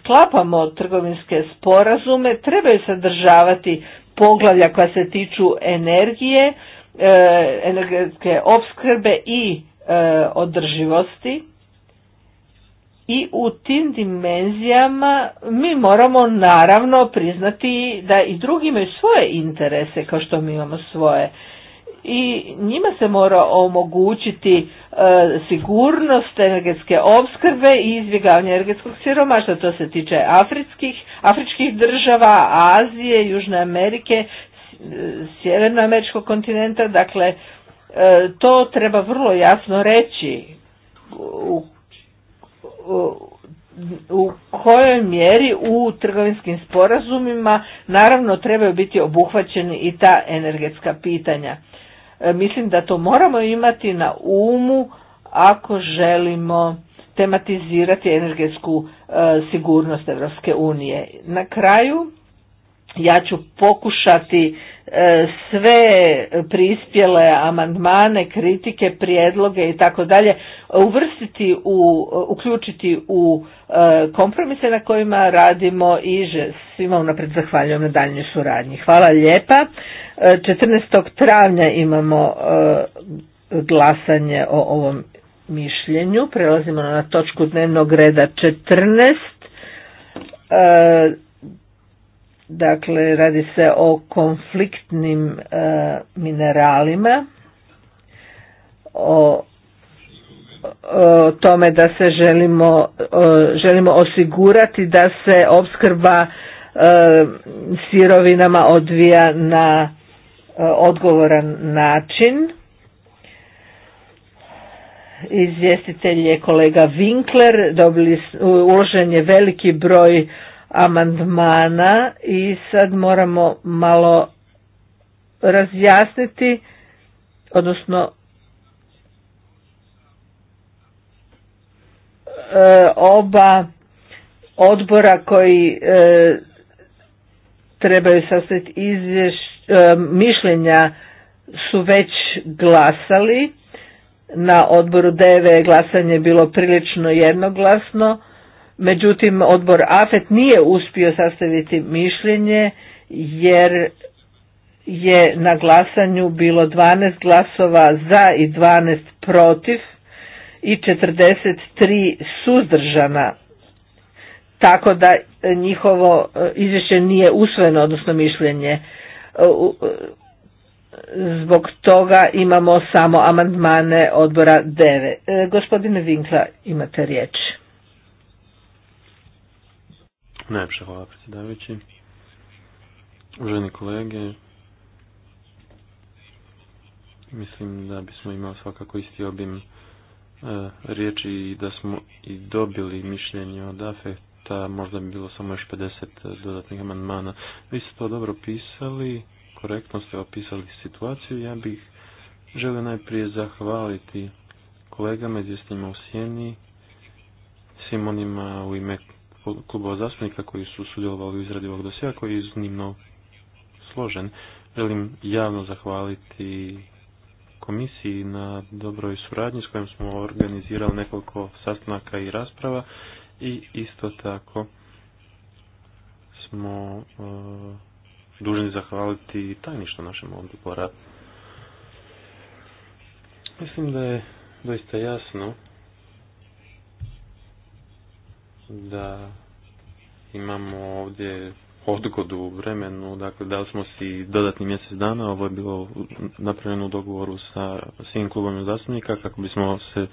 sklapamo trgovinske sporazume trebaju sadržavati poglavlja koja se tiču energije, e, energetske opskrbe i e, održivosti. I u tim dimenzijama mi moramo naravno priznati da i drugi imaju svoje interese kao što mi imamo svoje i njima se mora omogućiti e, sigurnost energetske opskrbe i izbjegavanje energetskog siromaštva. To se tiče afričkih, afričkih država, Azije, Južne Amerike, e, Sjevernoameričkog kontinenta, dakle e, to treba vrlo jasno reći u, u, u kojoj mjeri u trgovinskim sporazumima naravno trebaju biti obuhvaćeni i ta energetska pitanja. E, mislim da to moramo imati na umu ako želimo tematizirati energetsku e, sigurnost Europske unije. Na kraju ja ću pokušati E, sve prispjele amandmane, kritike, prijedloge i tako dalje uvrstiti u, uključiti u e, kompromise na kojima radimo i že svima unapred zahvaljujem na daljnjoj suradnji. Hvala lijepa. 14. E, travnja imamo glasanje o ovom mišljenju. Prelazimo na točku dnevnog reda 14. Dakle, radi se o konfliktnim e, mineralima, o, o tome da se želimo, želimo osigurati da se opskrba e, sirovinama odvija na e, odgovoran način. Izvjestitelj je kolega Winkler, dobili, uložen je veliki broj amandmana i sad moramo malo razjasniti, odnosno e, oba odbora koji e, trebaju sastaviti e, mišljenja su već glasali. Na odboru DV glasanje je bilo prilično jednoglasno. Međutim, odbor AFET nije uspio sastaviti mišljenje jer je na glasanju bilo 12 glasova za i 12 protiv i 43 suzdržana. Tako da e, njihovo e, izvješće nije usvojeno, odnosno mišljenje. E, zbog toga imamo samo amandmane odbora 9. Gospodine Vinkla, imate riječ. Najpše hvala predsjedavajući. Uvaženi kolege, mislim da bismo imali svakako isti obim e, riječi i da smo i dobili mišljenje od afekta, možda bi bilo samo još 50 dodatnih amandmana. Vi ste to dobro pisali, korektno ste opisali situaciju, ja bih želio najprije zahvaliti kolegama izvjesnima u Sjeni, svim onima u ime klubova zastupnika koji su sudjelovali u izradi ovog dosija koji je iznimno složen. Želim javno zahvaliti komisiji na dobroj suradnji s kojom smo organizirali nekoliko sastanaka i rasprava i isto tako smo e, dužni zahvaliti tajništvo našem odbora. Mislim da je doista jasno da imamo ovdje odgodu u vremenu, dakle dali smo si dodatni mjesec dana, ovo je bilo napravljeno u dogovoru sa svim klubom zastupnika kako bismo se e,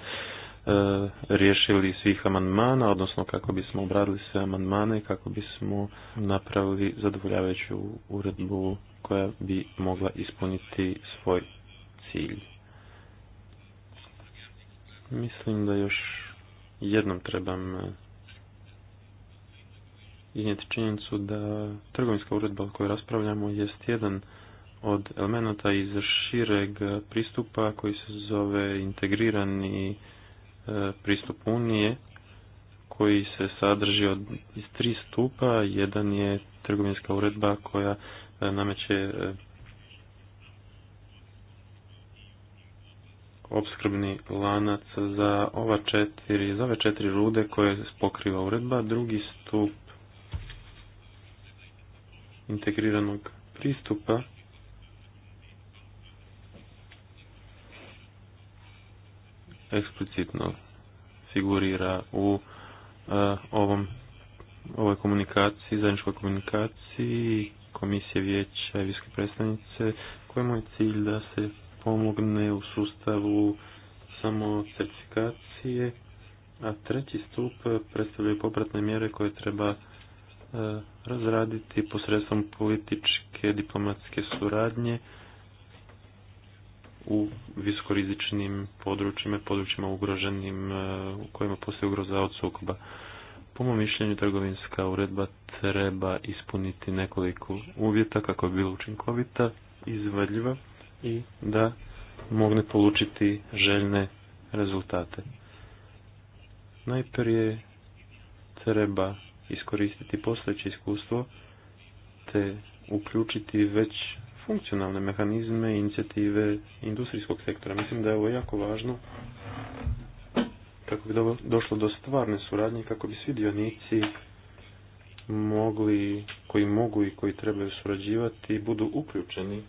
riješili svih amandmana, odnosno kako bismo obradili sve amandmane i kako bismo napravili zadovoljavajuću uredbu koja bi mogla ispuniti svoj cilj. Mislim da još jednom trebam iznijeti činjenicu da trgovinska uredba o kojoj raspravljamo jest jedan od elemenata iz šireg pristupa koji se zove integrirani e, pristup Unije koji se sadrži od, iz tri stupa. Jedan je trgovinska uredba koja e, nameće e, opskrbni lanac za ova četiri, za ove četiri rude koje pokriva uredba. Drugi stup integriranog pristupa eksplicitno figurira u e, ovom ovoj komunikaciji, zajedničkoj komunikaciji komisije vijeća i viske predstavnice kojemu je cilj da se pomogne u sustavu samocertifikacije a treći stup predstavljaju popratne mjere koje treba E, razraditi posredstvom političke diplomatske suradnje u viskorizičnim područjima, područjima ugroženim e, u kojima postoji ugroza od sukoba. Po mom mišljenju trgovinska uredba treba ispuniti nekoliko uvjeta kako bi bila učinkovita, izvedljiva i da mogne polučiti željne rezultate. Najprije treba iskoristiti postojeće iskustvo te uključiti već funkcionalne mehanizme i inicijative industrijskog sektora. Mislim da je ovo jako važno kako bi došlo do stvarne suradnje, kako bi svi dionici mogli, koji mogu i koji trebaju surađivati, budu uključeni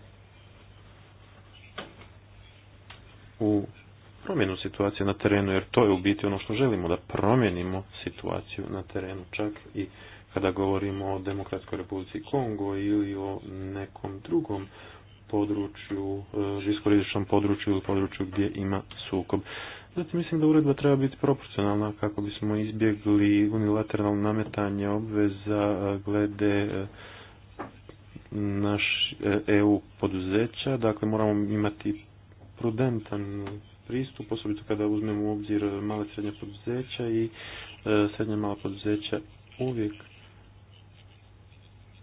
u promjenu situacije na terenu, jer to je u biti ono što želimo, da promijenimo situaciju na terenu, čak i kada govorimo o Demokratskoj republici Kongo ili o nekom drugom području, e, iskorističnom području ili području gdje ima sukob. Zatim mislim da uredba treba biti proporcionalna kako bismo izbjegli unilateralno nametanje obveza e, glede e, naš EU poduzeća, dakle moramo imati prudentan pristup, osobito kada uzmemo u obzir mala srednje poduzeća i e, srednja mala poduzeća uvijek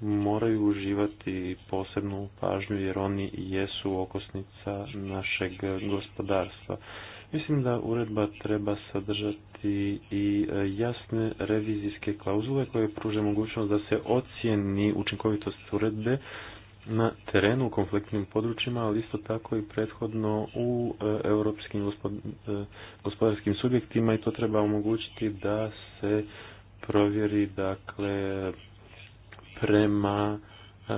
moraju uživati posebnu pažnju jer oni jesu okosnica našeg gospodarstva. Mislim da uredba treba sadržati i e, jasne revizijske klauzule koje pruže mogućnost da se ocijeni učinkovitost uredbe na terenu u konfliktnim područjima, ali isto tako i prethodno u e, europskim e, gospodarskim subjektima i to treba omogućiti da se provjeri dakle prema e,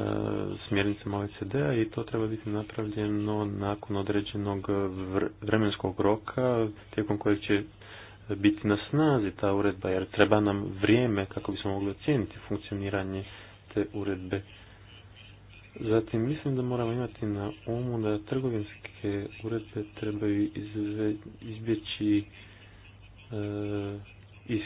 smjernicama OECD-a i to treba biti napravljeno nakon određenog vremenskog roka tijekom kojeg će biti na snazi ta uredba jer treba nam vrijeme kako bismo mogli ocijeniti funkcioniranje te uredbe Zatim mislim da moramo imati na umu da trgovinske uredbe trebaju izbjeći e,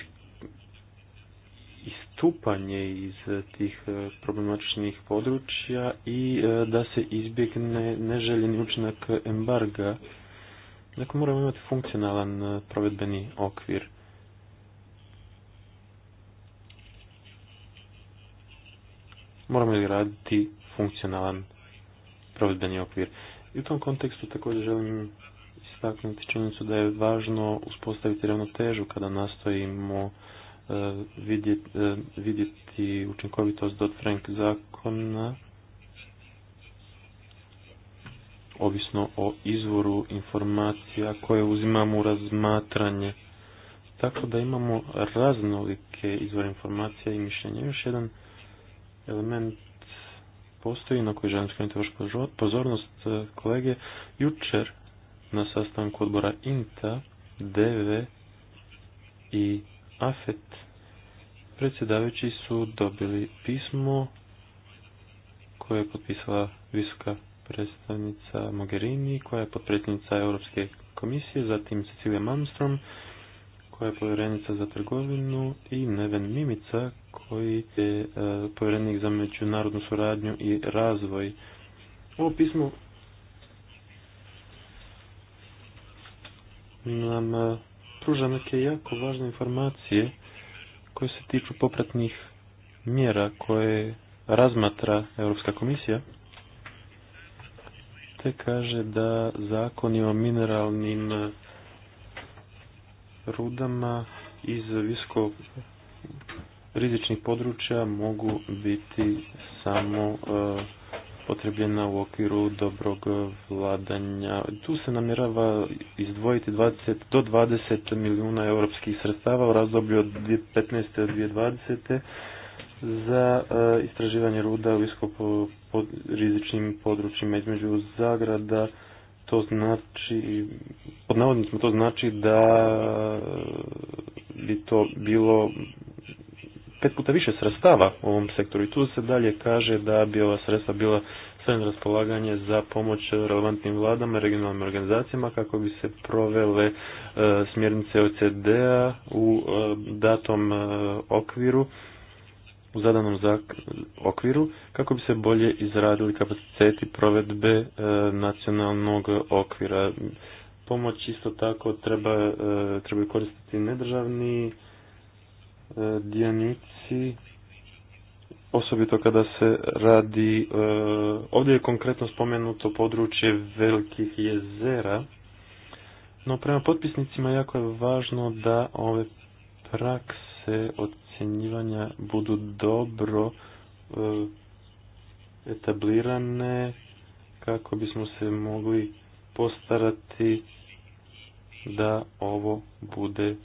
istupanje iz tih e, problematičnih područja i e, da se izbjegne neželjeni učinak embarga. Dakle, moramo imati funkcionalan provedbeni okvir. Moramo li raditi funkcionalan provedbeni okvir. I u tom kontekstu također želim istaknuti činjenicu da je važno uspostaviti ravnotežu kada nastojimo e, vidjeti, e, vidjeti učinkovitost dot Frank zakona ovisno o izvoru informacija koje uzimamo u razmatranje. Tako da imamo raznolike izvore informacija i mišljenja. Još jedan element postoji, na koji želim skrenuti vašu pozornost, e, kolege. Jučer na sastanku odbora INTA, DV i AFET predsjedavajući su dobili pismo koje je potpisala visoka predstavnica Mogherini, koja je potpredsjednica Europske komisije, zatim Cecilija Malmström koja je povjerenica za trgovinu i Neven Mimica, koji je e, povjerenik za međunarodnu suradnju i razvoj. Ovo pismo nam e, pruža neke jako važne informacije koje se tiču popratnih mjera koje razmatra Europska komisija te kaže da zakoni o mineralnim e, rudama iz visko rizičnih područja mogu biti samo e, potrebljena u okviru dobrog vladanja. Tu se namjerava izdvojiti 20, do 20 milijuna europskih sredstava u razdoblju od 2015. do 2020. za e, istraživanje ruda u iskopu pod rizičnim područjima između zagrada. To znači, pod to znači da bi to bilo pet puta više sredstava u ovom sektoru i tu se dalje kaže da bi ova sredstva bila stavljena raspolaganje za pomoć relevantnim vladama i regionalnim organizacijama kako bi se provele e, smjernice OCD-a u e, datom e, okviru u zadanom okviru kako bi se bolje izradili kapaciteti provedbe nacionalnog okvira. Pomoć isto tako treba, treba koristiti nedržavni E, dionici osobito kada se radi e, ovdje je konkretno spomenuto područje velikih jezera no prema potpisnicima jako je važno da ove prakse ocjenjivanja budu dobro e, etablirane kako bismo se mogli postarati da ovo bude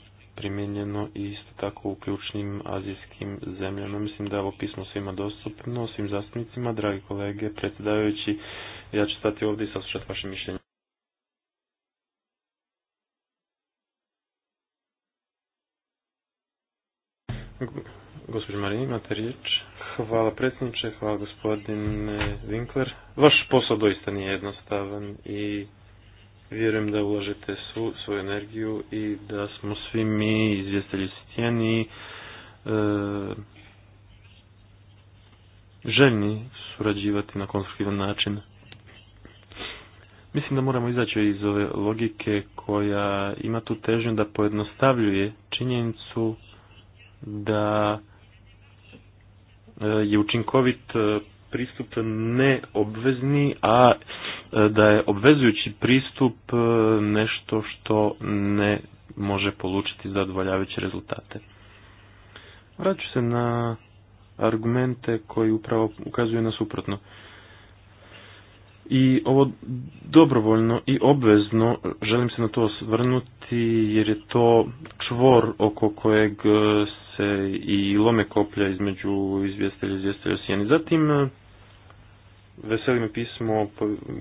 primijenjeno i isto tako u ključnim azijskim zemljama. Mislim da je ovo pismo svima dostupno, svim zastupnicima, dragi kolege, predsjedavajući, ja ću stati ovdje i saslušati vaše mišljenje. Gospodin Marin, imate riječ. Hvala predsjedniče, hvala gospodine Winkler. Vaš posao doista nije jednostavan i Vjerujem da ulažete svu svoju energiju i da smo svi mi izvjestelji i e, željni surađivati na konstruktivan način. Mislim da moramo izaći iz ove logike koja ima tu težnju da pojednostavljuje činjenicu da e, je učinkovit e, pristup neobvezni, a da je obvezujući pristup e, nešto što ne može polučiti zadovoljavajuće rezultate. Vraću se na argumente koji upravo ukazuju na suprotno. I ovo dobrovoljno i obvezno, želim se na to osvrnuti jer je to čvor oko kojeg e, se i lome koplja između izvjestelja i izvjestelja sjeni. Zatim Veseli me pismo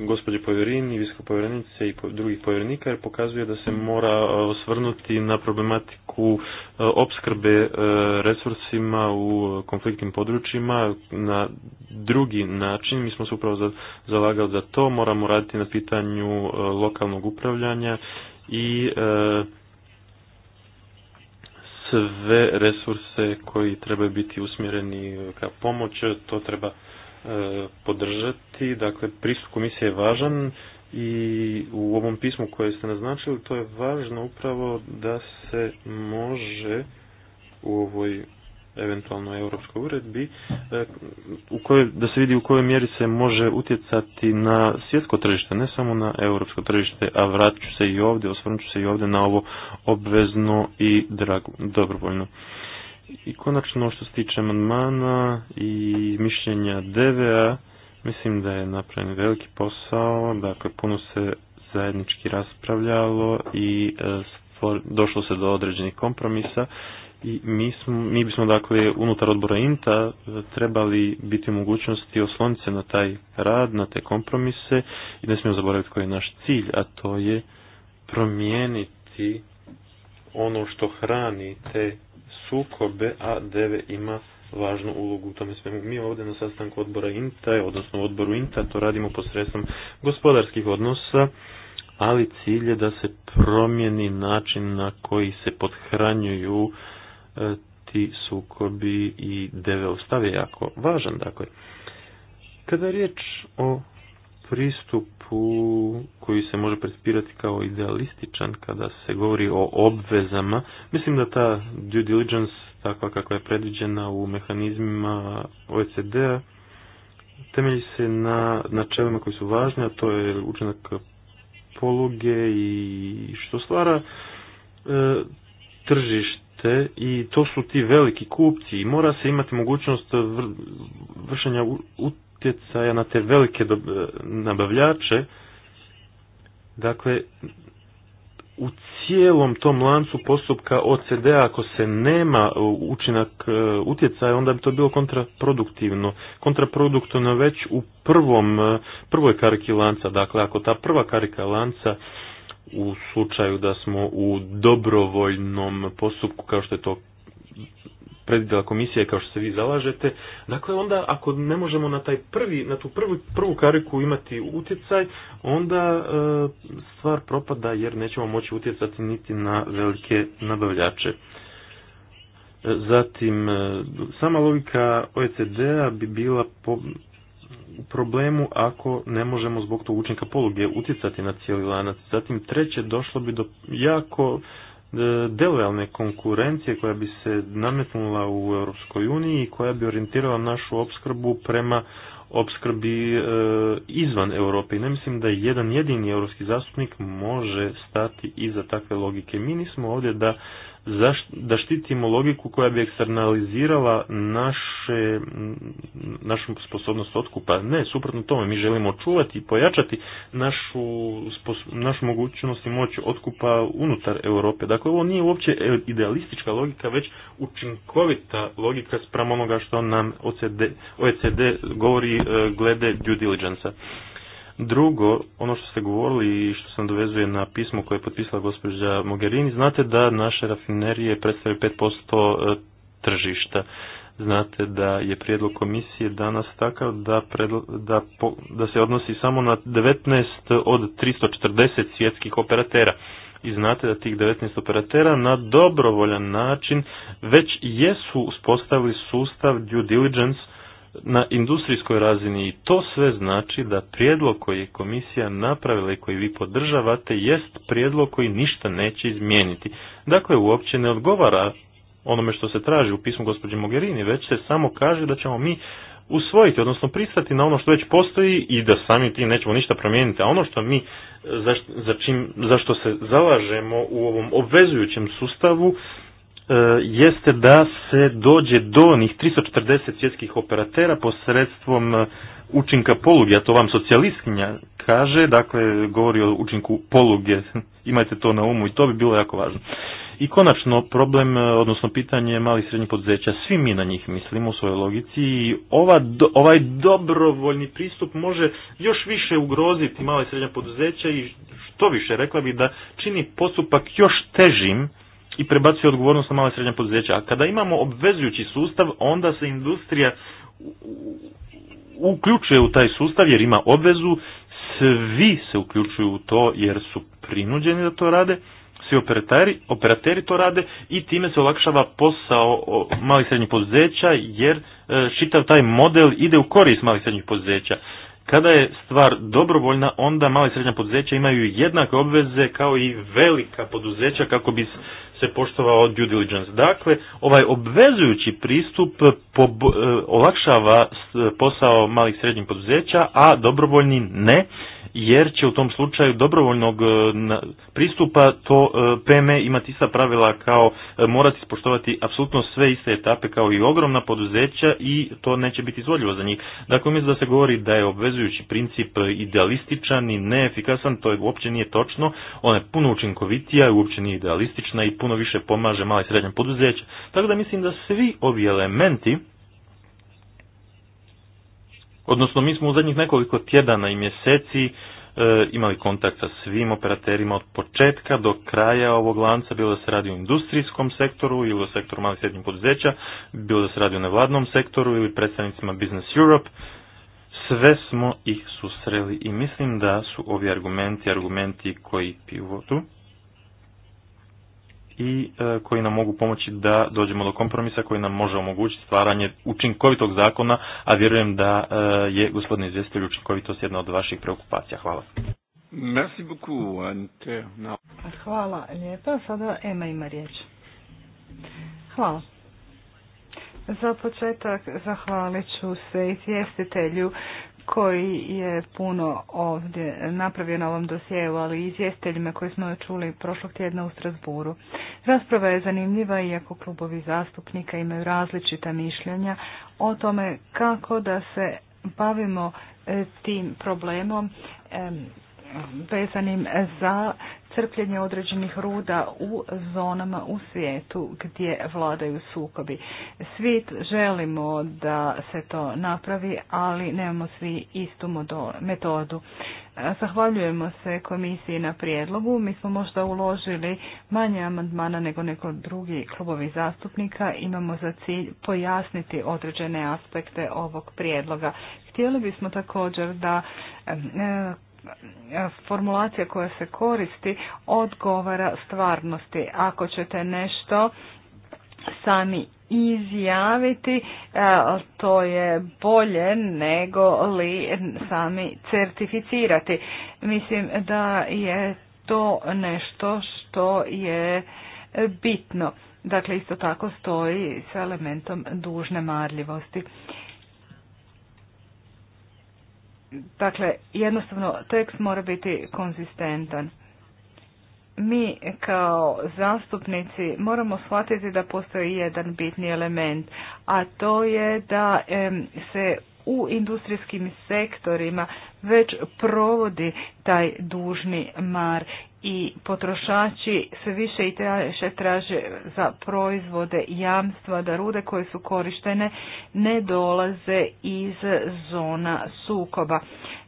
gospođe povjerini, visoke povjerenice i drugih povjerenika jer pokazuje da se mora e, osvrnuti na problematiku e, opskrbe e, resursima u konfliktnim područjima na drugi način. Mi smo se upravo zalagali za to. Moramo raditi na pitanju lokalnog upravljanja i sve resurse koji trebaju biti usmjereni ka pomoć, to treba podržati. Dakle, pristup komisije je važan i u ovom pismu koje ste naznačili to je važno upravo da se može u ovoj eventualno europskoj uredbi e, u kojoj, da se vidi u kojoj mjeri se može utjecati na svjetsko tržište, ne samo na europsko tržište, a vratit ću se i ovdje, osvrnut ću se i ovdje na ovo obvezno i drago, dobrovoljno. I konačno što se tiče amandmana i mišljenja DVA, mislim da je napravljen veliki posao, dakle puno se zajednički raspravljalo i e, došlo se do određenih kompromisa i mi, smo, mi bismo dakle unutar odbora INTA e, trebali biti u mogućnosti osloniti se na taj rad, na te kompromise i ne smijemo zaboraviti koji je naš cilj, a to je promijeniti ono što hrani te sukobe, a deve ima važnu ulogu u tome svemu. Mi ovdje na sastanku odbora INTA, odnosno odboru INTA, to radimo posredstvom gospodarskih odnosa, ali cilj je da se promijeni način na koji se podhranjuju e, ti sukobi i deve ostave jako važan. Dakle, kada je riječ o pristupu koji se može predspirati kao idealističan kada se govori o obvezama. Mislim da ta due diligence, takva kakva je predviđena u mehanizmima OECD-a, temelji se na načelima koji su važni, a to je učinak poluge i što stvara e, tržište i to su ti veliki kupci i mora se imati mogućnost vršenja u utjecaja na te velike nabavljače, dakle, u cijelom tom lancu postupka OCD-a, ako se nema učinak e, utjecaja, onda bi to bilo kontraproduktivno. Kontraproduktivno već u prvom, e, prvoj kariki lanca, dakle, ako ta prva karika lanca u slučaju da smo u dobrovoljnom postupku, kao što je to predvidjela komisija kao što se vi zalažete. Dakle, onda ako ne možemo na taj prvi, na tu prvu, prvu kariku imati utjecaj, onda e, stvar propada jer nećemo moći utjecati niti na velike nabavljače. E, zatim, e, sama logika OECD-a bi bila po problemu ako ne možemo zbog tog učinka poluge utjecati na cijeli lanac. Zatim, treće, došlo bi do jako E, delojalne konkurencije koja bi se nametnula u Europskoj uniji i koja bi orijentirala našu opskrbu prema opskrbi e, izvan Europe. I ne mislim da jedan jedini europski zastupnik može stati iza takve logike. Mi nismo ovdje da da štitimo logiku koja bi eksternalizirala naše, našu sposobnost otkupa. Ne, suprotno tome, mi želimo čuvati i pojačati našu, našu mogućnost i moć otkupa unutar Europe. Dakle, ovo nije uopće idealistička logika, već učinkovita logika spram onoga što nam OECD e govori e, glede due diligence -a. Drugo, ono što ste govorili i što sam dovezuje na pismo koje je potpisala gospođa Mogherini, znate da naše rafinerije predstavljaju 5% e, tržišta. Znate da je prijedlog komisije danas takav da, predlo, da, da se odnosi samo na 19 od 340 svjetskih operatera. I znate da tih 19 operatera na dobrovoljan način već jesu uspostavili sustav due diligence na industrijskoj razini i to sve znači da prijedlog koji je komisija napravila i koji vi podržavate jest prijedlog koji ništa neće izmijeniti. Dakle, uopće ne odgovara onome što se traži u pismu gospođe Mogherini, već se samo kaže da ćemo mi usvojiti, odnosno pristati na ono što već postoji i da sami tim nećemo ništa promijeniti. A ono što mi, za, za zašto se zalažemo u ovom obvezujućem sustavu E, jeste da se dođe do onih 340 svjetskih operatera posredstvom e, učinka poluge, a to vam socijalistkinja kaže, dakle govori o učinku poluge, imajte to na umu i to bi bilo jako važno. I konačno problem, e, odnosno pitanje malih srednjih poduzeća, svi mi na njih mislimo u svojoj logici i ova, ovaj dobrovoljni pristup može još više ugroziti mala i srednja poduzeća i što više rekla bi da čini postupak još težim i prebacuje odgovornost na mala i srednja poduzeća. A kada imamo obvezujući sustav, onda se industrija uključuje u taj sustav jer ima obvezu, svi se uključuju u to jer su prinuđeni da to rade, svi operateri, operateri to rade i time se olakšava posao malih srednjih poduzeća jer e, čitav taj model ide u korist malih srednjih poduzeća. Kada je stvar dobrovoljna, onda mala i srednja poduzeća imaju jednake obveze kao i velika poduzeća kako bi se poštovao due diligence. Dakle, ovaj obvezujući pristup e, olakšava e, posao malih srednjih poduzeća, a dobrovoljni ne, jer će u tom slučaju dobrovoljnog e, pristupa to PME imati ista pravila kao morati ispoštovati apsolutno sve iste etape kao i ogromna poduzeća i to neće biti izvodljivo za njih. Dakle, umjesto da se govori da je obvezujući princip idealističan i neefikasan, to je uopće nije točno, ona je puno učinkovitija, uopće nije idealistična i puno više pomaže malo i srednje poduzeća. Tako da mislim da svi ovi elementi, odnosno mi smo u zadnjih nekoliko tjedana i mjeseci e, imali kontakt sa svim operaterima od početka do kraja ovog lanca, bilo da se radi o industrijskom sektoru ili o sektoru malih i srednjih poduzeća, bilo da se radi o nevladnom sektoru ili predstavnicima Business Europe, sve smo ih susreli i mislim da su ovi argumenti, argumenti koji pivotu, i e, koji nam mogu pomoći da dođemo do kompromisa koji nam može omogućiti stvaranje učinkovitog zakona, a vjerujem da e, je gospodin izvjestitelj učinkovitost jedna od vaših preokupacija. Hvala. Merci beaucoup, Ante. No. Hvala lijepa. Sada Ema ima riječ. Hvala. Za početak zahvalit ću se izvjestitelju koji je puno ovdje napravio na ovom dosjeu, ali i izvjestiteljima koje smo čuli prošlog tjedna u Strasburu. Rasprava je zanimljiva iako klubovi zastupnika imaju različita mišljenja o tome kako da se bavimo e, tim problemom vezanim za crpljenje određenih ruda u zonama u svijetu gdje vladaju sukobi. Svi želimo da se to napravi, ali nemamo svi istu metodu. Zahvaljujemo se komisiji na prijedlogu. Mi smo možda uložili manje amandmana nego neko drugi klubovi zastupnika. Imamo za cilj pojasniti određene aspekte ovog prijedloga. Htjeli bismo također da formulacija koja se koristi odgovara stvarnosti. Ako ćete nešto sami izjaviti, e, to je bolje nego li sami certificirati. Mislim da je to nešto što je bitno. Dakle, isto tako stoji sa elementom dužne marljivosti. Dakle, jednostavno tekst mora biti konzistentan. Mi kao zastupnici moramo shvatiti da postoji jedan bitni element, a to je da se u industrijskim sektorima već provodi taj dužni mar i potrošači sve više i više traže za proizvode jamstva da rude koje su korištene ne dolaze iz zona sukoba.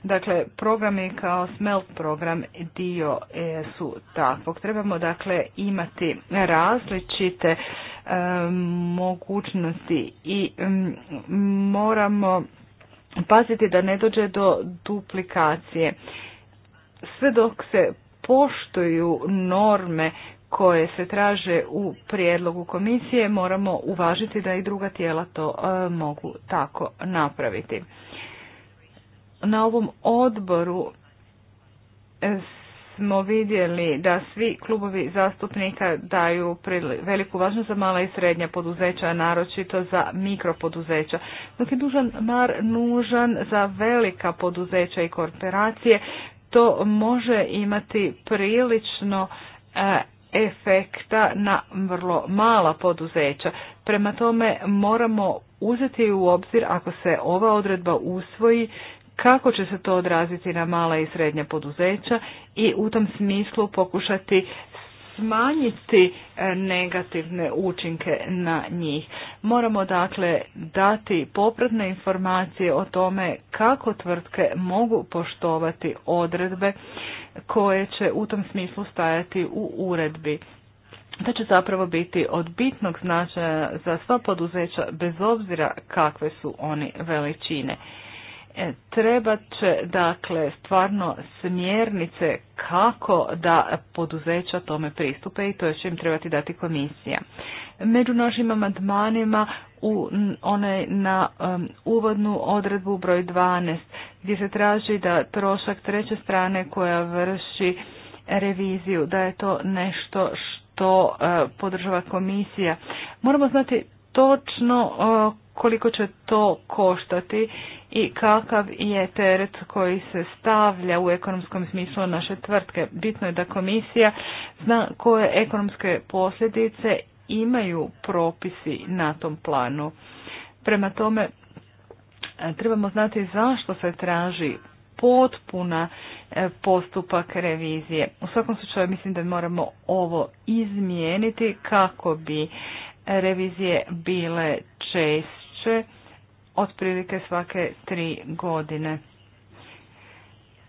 Dakle, programi kao SMELT program dio e, su takvog. Trebamo dakle imati različite e, mogućnosti i moramo paziti da ne dođe do duplikacije sve dok se poštuju norme koje se traže u prijedlogu komisije, moramo uvažiti da i druga tijela to e, mogu tako napraviti. Na ovom odboru e, smo vidjeli da svi klubovi zastupnika daju veliku važnost za mala i srednja poduzeća, naročito za mikropoduzeća, dok je dužan mar nužan za velika poduzeća i korporacije to može imati prilično e, efekta na vrlo mala poduzeća. Prema tome moramo uzeti u obzir ako se ova odredba usvoji kako će se to odraziti na mala i srednja poduzeća i u tom smislu pokušati smanjiti e, negativne učinke na njih. Moramo dakle dati popratne informacije o tome kako tvrtke mogu poštovati odredbe koje će u tom smislu stajati u uredbi. Da će zapravo biti od bitnog značaja za sva poduzeća bez obzira kakve su oni veličine. E, Treba će dakle stvarno smjernice kako da poduzeća tome pristupe i to će im trebati dati komisija. Među našim amandmanima u onaj na um, uvodnu odredbu broj 12 gdje se traži da trošak treće strane koja vrši reviziju da je to nešto što e, podržava komisija. Moramo znati točno koliko će to koštati i kakav je teret koji se stavlja u ekonomskom smislu naše tvrtke. Bitno je da komisija zna koje ekonomske posljedice imaju propisi na tom planu. Prema tome, e, trebamo znati zašto se traži potpuna e, postupak revizije. U svakom slučaju mislim da moramo ovo izmijeniti kako bi revizije bile češće otprilike svake tri godine.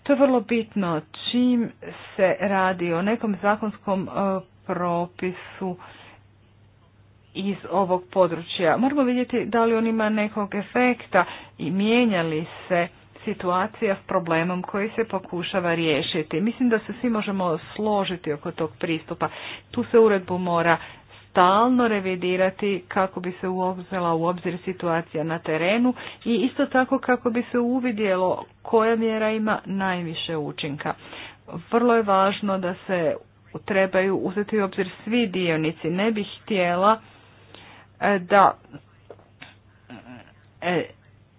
To je vrlo bitno. Čim se radi o nekom zakonskom e, propisu iz ovog područja, moramo vidjeti da li on ima nekog efekta i mijenja li se situacija s problemom koji se pokušava riješiti. Mislim da se svi možemo složiti oko tog pristupa. Tu se uredbu mora stalno revidirati kako bi se uzela u obzir situacija na terenu i isto tako kako bi se uvidjelo koja mjera ima najviše učinka. Vrlo je važno da se trebaju uzeti u obzir svi dionici. Ne bih htjela e, da e,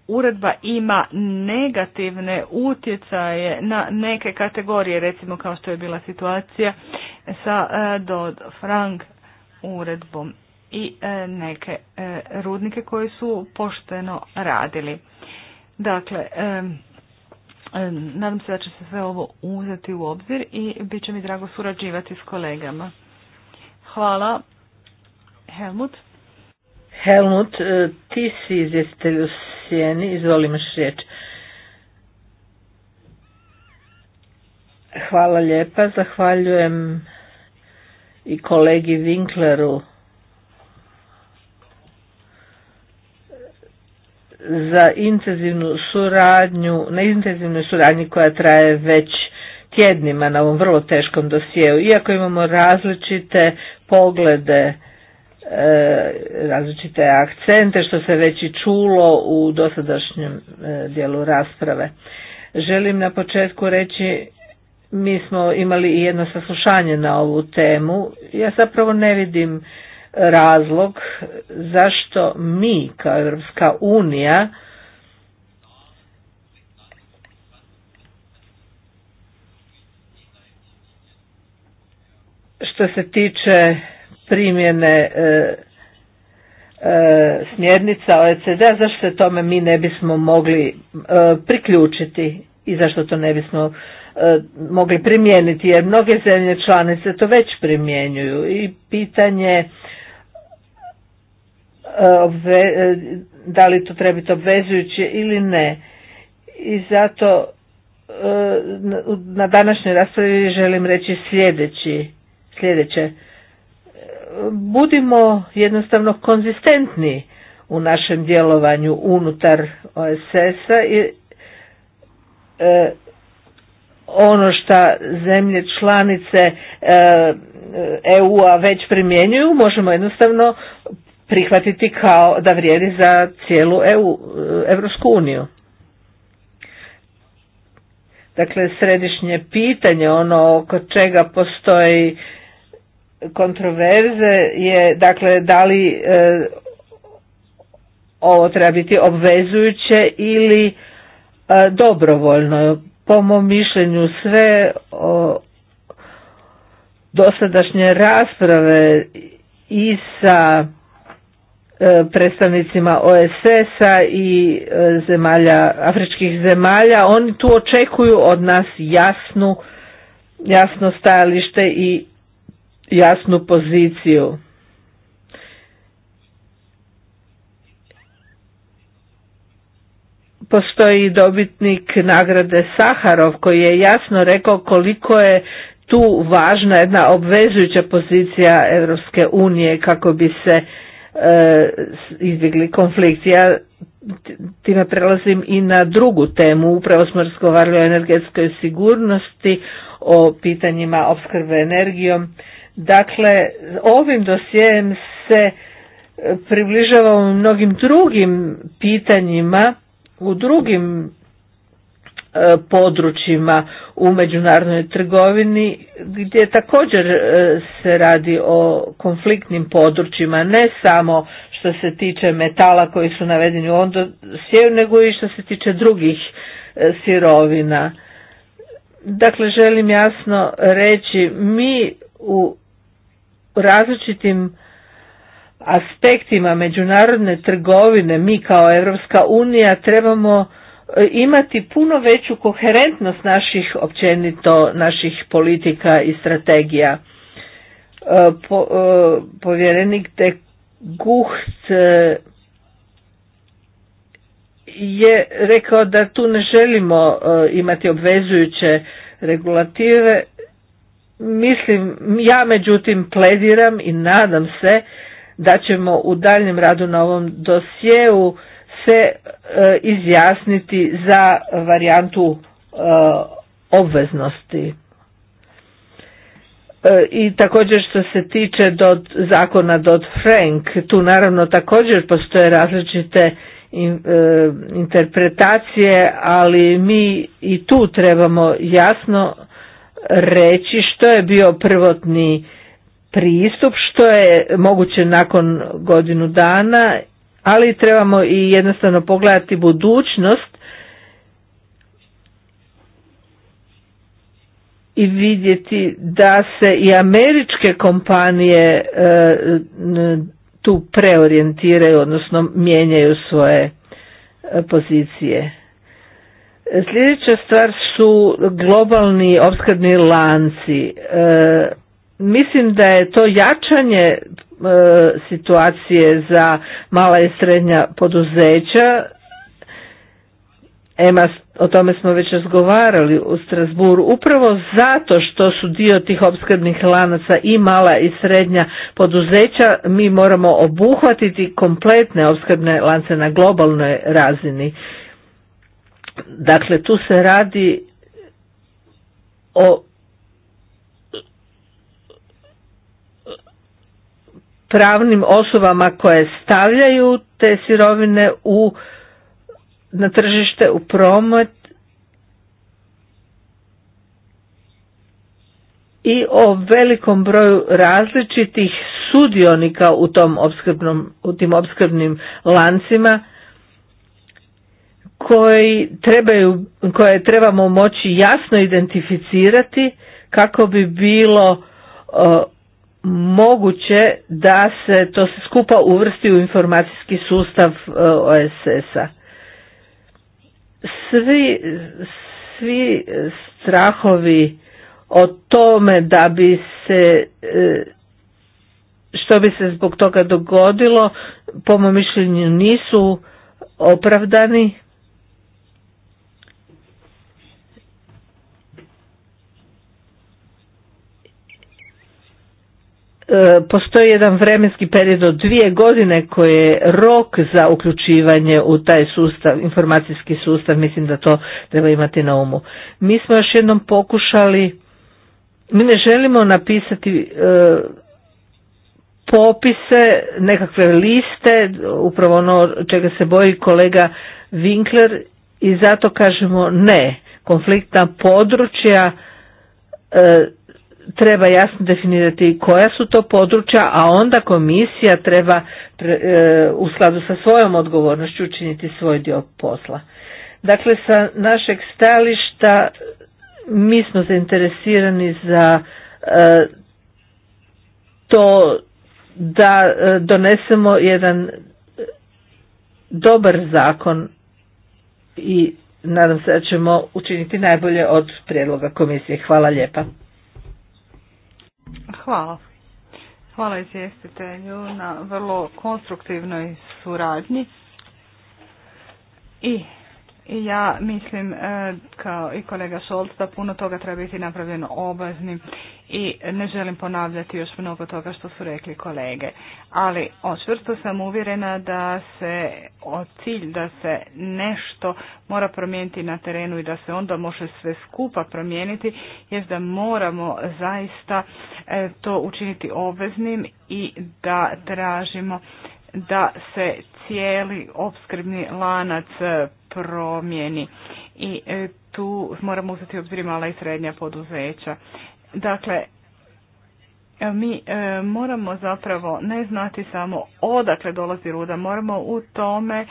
uredba ima negativne utjecaje na neke kategorije, recimo kao što je bila situacija sa e, Dodd Frank uredbom i e, neke e, rudnike koji su pošteno radili. Dakle, e, nadam se da će se sve ovo uzeti u obzir i bit će mi drago surađivati s kolegama. Hvala. Helmut? Helmut, ti si izvjestitelj u sjeni. riječ. Hvala lijepa, zahvaljujem i kolegi Winkleru za intenzivnu suradnju, na intenzivnoj suradnji koja traje već tjednima na ovom vrlo teškom dosjeu. Iako imamo različite poglede, e, različite akcente što se već i čulo u dosadašnjem e, dijelu rasprave. Želim na početku reći mi smo imali i jedno saslušanje na ovu temu. Ja zapravo ne vidim razlog zašto mi kao Europska unija što se tiče primjene e, e, smjernica OECD, zašto se tome mi ne bismo mogli e, priključiti i zašto to ne bismo Eh, mogli primijeniti jer mnoge zemlje članice to već primjenjuju i pitanje eh, eh, da li to treba biti obvezujuće ili ne. I zato na današnjoj raspravi želim reći sljedeći, sljedeće. Budimo jednostavno konzistentni u našem djelovanju unutar OSS-a i ono što zemlje članice EU-a e već primjenjuju možemo jednostavno prihvatiti kao da vrijedi za cijelu EU, e, Evropsku uniju. Dakle, središnje pitanje, ono oko čega postoji kontroverze je, dakle, da li e, ovo treba biti obvezujuće ili e, dobrovoljno po mom mišljenju sve o dosadašnje rasprave i sa e, predstavnicima OSS-a i e, zemalja, afričkih zemalja, oni tu očekuju od nas jasnu, jasno stajalište i jasnu poziciju. postoji dobitnik nagrade Saharov koji je jasno rekao koliko je tu važna jedna obvezujuća pozicija Europske unije kako bi se e, izbjegli konflikt. Ja time prelazim i na drugu temu. Upravo smo razgovarali o energetskoj sigurnosti, o pitanjima opskrbe energijom. Dakle, ovim dosjejem se približavamo mnogim drugim pitanjima u drugim e, područjima u međunarodnoj trgovini gdje također e, se radi o konfliktnim područjima ne samo što se tiče metala koji su navedeni u sjeu nego i što se tiče drugih e, sirovina. Dakle, želim jasno reći, mi u različitim aspektima međunarodne trgovine mi kao Europska unija trebamo e, imati puno veću koherentnost naših općenito naših politika i strategija. E, e, povjerenik de Guht je rekao da tu ne želimo imati obvezujuće regulative. Mislim, ja međutim plediram i nadam se da ćemo u daljem radu na ovom dosjeu se e, izjasniti za varijantu e, obveznosti. E, I također što se tiče dot, zakona dot frank tu naravno također postoje različite interpretacije, ali mi i tu trebamo jasno reći što je bio prvotni pristup što je moguće nakon godinu dana, ali trebamo i jednostavno pogledati budućnost i vidjeti da se i američke kompanije e, tu preorijentiraju, odnosno mijenjaju svoje e, pozicije. Sljedeća stvar su globalni opskrbni lanci. E, Mislim da je to jačanje e, situacije za mala i srednja poduzeća. Ema, o tome smo već razgovarali u Strasburu, upravo zato što su dio tih opskrbnih lanaca i mala i srednja poduzeća, mi moramo obuhvatiti kompletne opskrbne lance na globalnoj razini. Dakle, tu se radi o pravnim osobama koje stavljaju te sirovine u na tržište u promet i o velikom broju različitih sudionika u tom u tim opskrbnim lancima koji trebaju, koje trebamo moći jasno identificirati kako bi bilo moguće da se to se skupa uvrsti u informacijski sustav e, OSS-a. Svi, svi strahovi o tome da bi se e, što bi se zbog toga dogodilo po mom mišljenju nisu opravdani E, postoji jedan vremenski period od dvije godine koji je rok za uključivanje u taj sustav, informacijski sustav, mislim da to treba imati na umu. Mi smo još jednom pokušali, mi ne želimo napisati e, popise, nekakve liste, upravo ono čega se boji kolega Winkler i zato kažemo ne, konfliktna područja e, treba jasno definirati koja su to područja, a onda komisija treba e, u skladu sa svojom odgovornošću učiniti svoj dio posla. Dakle, sa našeg stajališta mi smo zainteresirani za e, to da e, donesemo jedan dobar zakon i nadam se da ćemo učiniti najbolje od prijedloga komisije. Hvala lijepa. Hvala. Hvala izvjestitelju na vrlo konstruktivnoj suradnji i ja mislim, e, kao i kolega Šolt, da puno toga treba biti napravljeno obaznim i ne želim ponavljati još mnogo toga što su rekli kolege. Ali očvrsto sam uvjerena da se o cilj da se nešto mora promijeniti na terenu i da se onda može sve skupa promijeniti, jest da moramo zaista e, to učiniti obveznim i da tražimo da se cijeli opskrbni lanac e, promijeni i e, tu moramo uzeti obzir mala i srednja poduzeća. Dakle, e, mi moramo zapravo ne znati samo odakle dolazi ruda, moramo u tome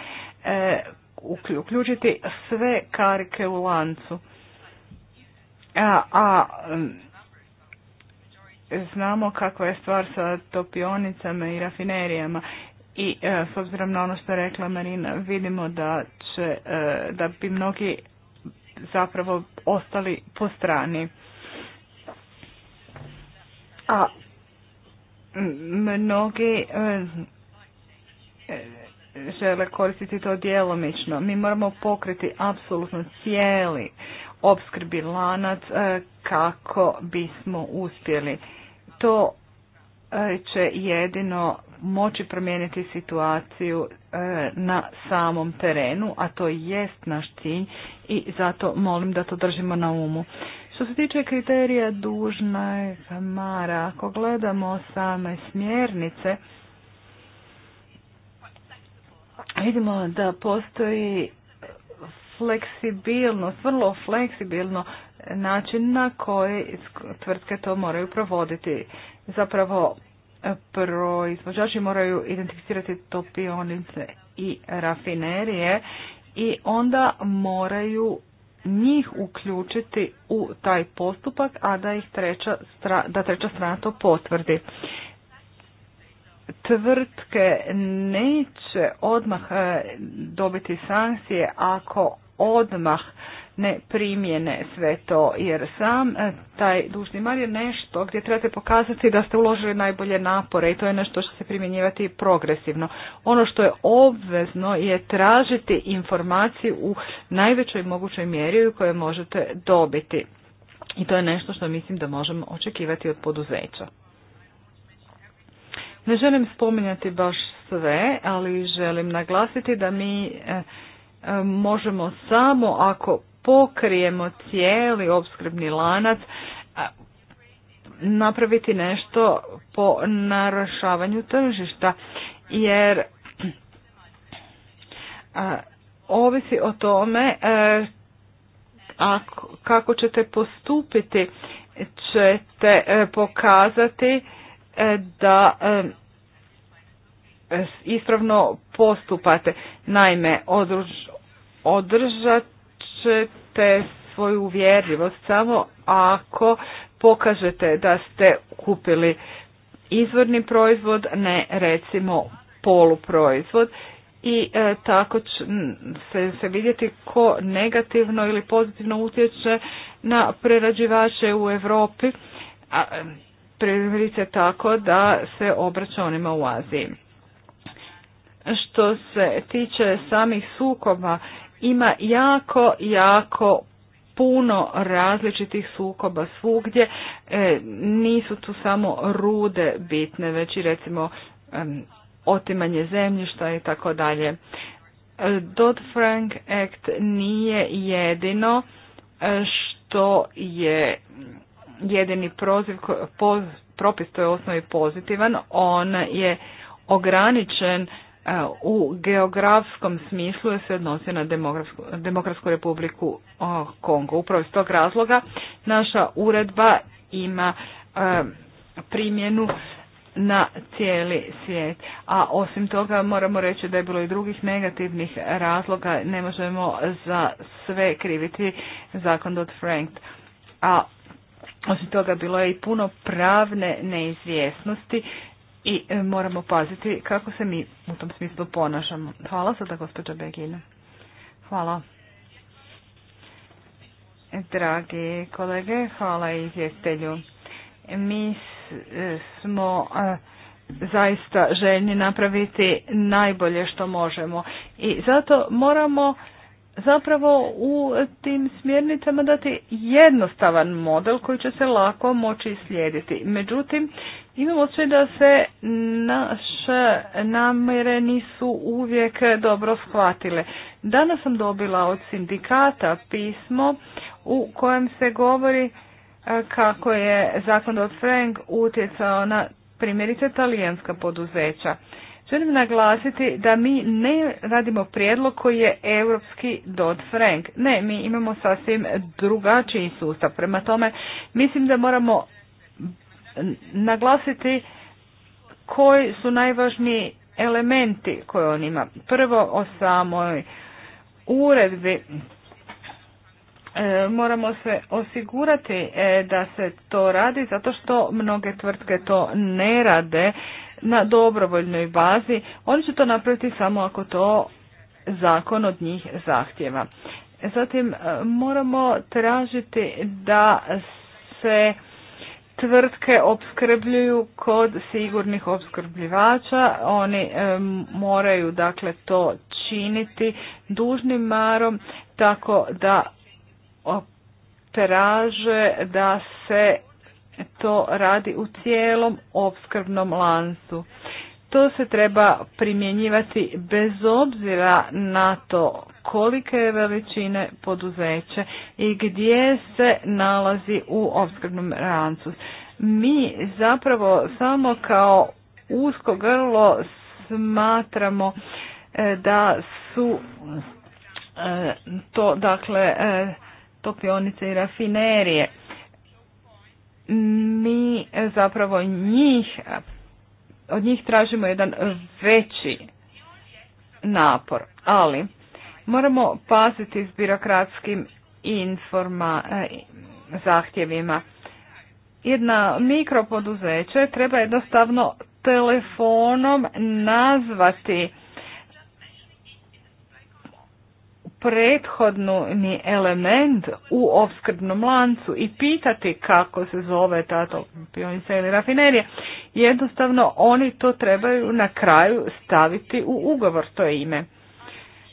uključiti sve karike u lancu. A, a znamo kakva je stvar sa topionicama i rafinerijama i e, s obzirom na ono što je rekla Marina, vidimo da će, e, da bi mnogi zapravo ostali po strani. A mnogi e, žele koristiti to djelomično. Mi moramo pokriti apsolutno cijeli obskrbi lanac kako bismo uspjeli. To će jedino moći promijeniti situaciju e, na samom terenu, a to jest naš cilj i zato molim da to držimo na umu. Što se tiče kriterija dužna je ako gledamo same smjernice, vidimo da postoji fleksibilnost, vrlo fleksibilno način na koji tvrtke to moraju provoditi. Zapravo proizvođači moraju identificirati topionice i rafinerije i onda moraju njih uključiti u taj postupak, a da ih treća, da treća strana to potvrdi. Tvrtke neće odmah eh, dobiti sankcije ako odmah ne primjene sve to jer sam e, taj dužni mar je nešto gdje trebate pokazati da ste uložili najbolje napore i to je nešto što se primjenjivati progresivno. Ono što je obvezno je tražiti informaciju u najvećoj mogućoj mjeri u kojoj možete dobiti. I to je nešto što mislim da možemo očekivati od poduzeća. Ne želim spominjati baš sve, ali želim naglasiti da mi e, e, možemo samo ako pokrijemo cijeli opskrbni lanac, napraviti nešto po narušavanju tržišta, jer ovisi o tome e, kako ćete postupiti, ćete e, pokazati e, da ispravno postupate. Naime, održati pokažete svoju uvjerljivost samo ako pokažete da ste kupili izvorni proizvod, ne recimo poluproizvod i e, tako će se, se vidjeti ko negativno ili pozitivno utječe na prerađivače u Europi, a primjerice tako da se obraća onima u Aziji. Što se tiče samih sukoba ima jako, jako puno različitih sukoba svugdje. E, nisu tu samo rude bitne, već i recimo otimanje zemljišta i tako dalje. E, Dodd-Frank Act nije jedino e, što je jedini proziv, poz, propis to je osnovi pozitivan, on je ograničen u geografskom smislu se odnosi na Demokratsku republiku Kongo. Upravo iz tog razloga naša uredba ima primjenu na cijeli svijet. A osim toga moramo reći da je bilo i drugih negativnih razloga. Ne možemo za sve kriviti zakon dot Frank. A osim toga bilo je i puno pravne neizvjesnosti i e, moramo paziti kako se mi u tom smislu ponašamo. Hvala sada gospođa Begina. Hvala. E, dragi kolege, hvala izvjestelju. Mi e, smo zaista željni napraviti najbolje što možemo i zato moramo zapravo u tim smjernicama dati jednostavan model koji će se lako moći slijediti. Međutim, imamo sve da se naše namjere nisu uvijek dobro shvatile. Danas sam dobila od sindikata pismo u kojem se govori e, kako je zakon od Frank utjecao na primjerice talijanska poduzeća. Želim naglasiti da mi ne radimo prijedlog koji je europski Dodd-Frank. Ne, mi imamo sasvim drugačiji sustav. Prema tome, mislim da moramo naglasiti koji su najvažniji elementi koje on ima. Prvo o samoj uredbi. E, moramo se osigurati e, da se to radi zato što mnoge tvrtke to ne rade na dobrovoljnoj bazi. Oni će to napraviti samo ako to zakon od njih zahtjeva. Zatim e, moramo tražiti da se tvrtke opskrbljuju kod sigurnih opskrbljivača. Oni e, moraju dakle to činiti dužnim marom tako da traže da se to radi u cijelom opskrbnom lancu. To se treba primjenjivati bez obzira na to kolike je veličine poduzeće i gdje se nalazi u opskrbnom lancu. Mi zapravo samo kao usko grlo smatramo e, da su e, to dakle e, topionice i rafinerije mi zapravo njih, od njih tražimo jedan veći napor, ali moramo paziti s birokratskim informa, eh, zahtjevima. Jedna mikropoduzeće treba jednostavno telefonom nazvati prethodni element u opskrbnom lancu i pitati kako se zove ta topionica ili rafinerija, jednostavno oni to trebaju na kraju staviti u ugovor to ime.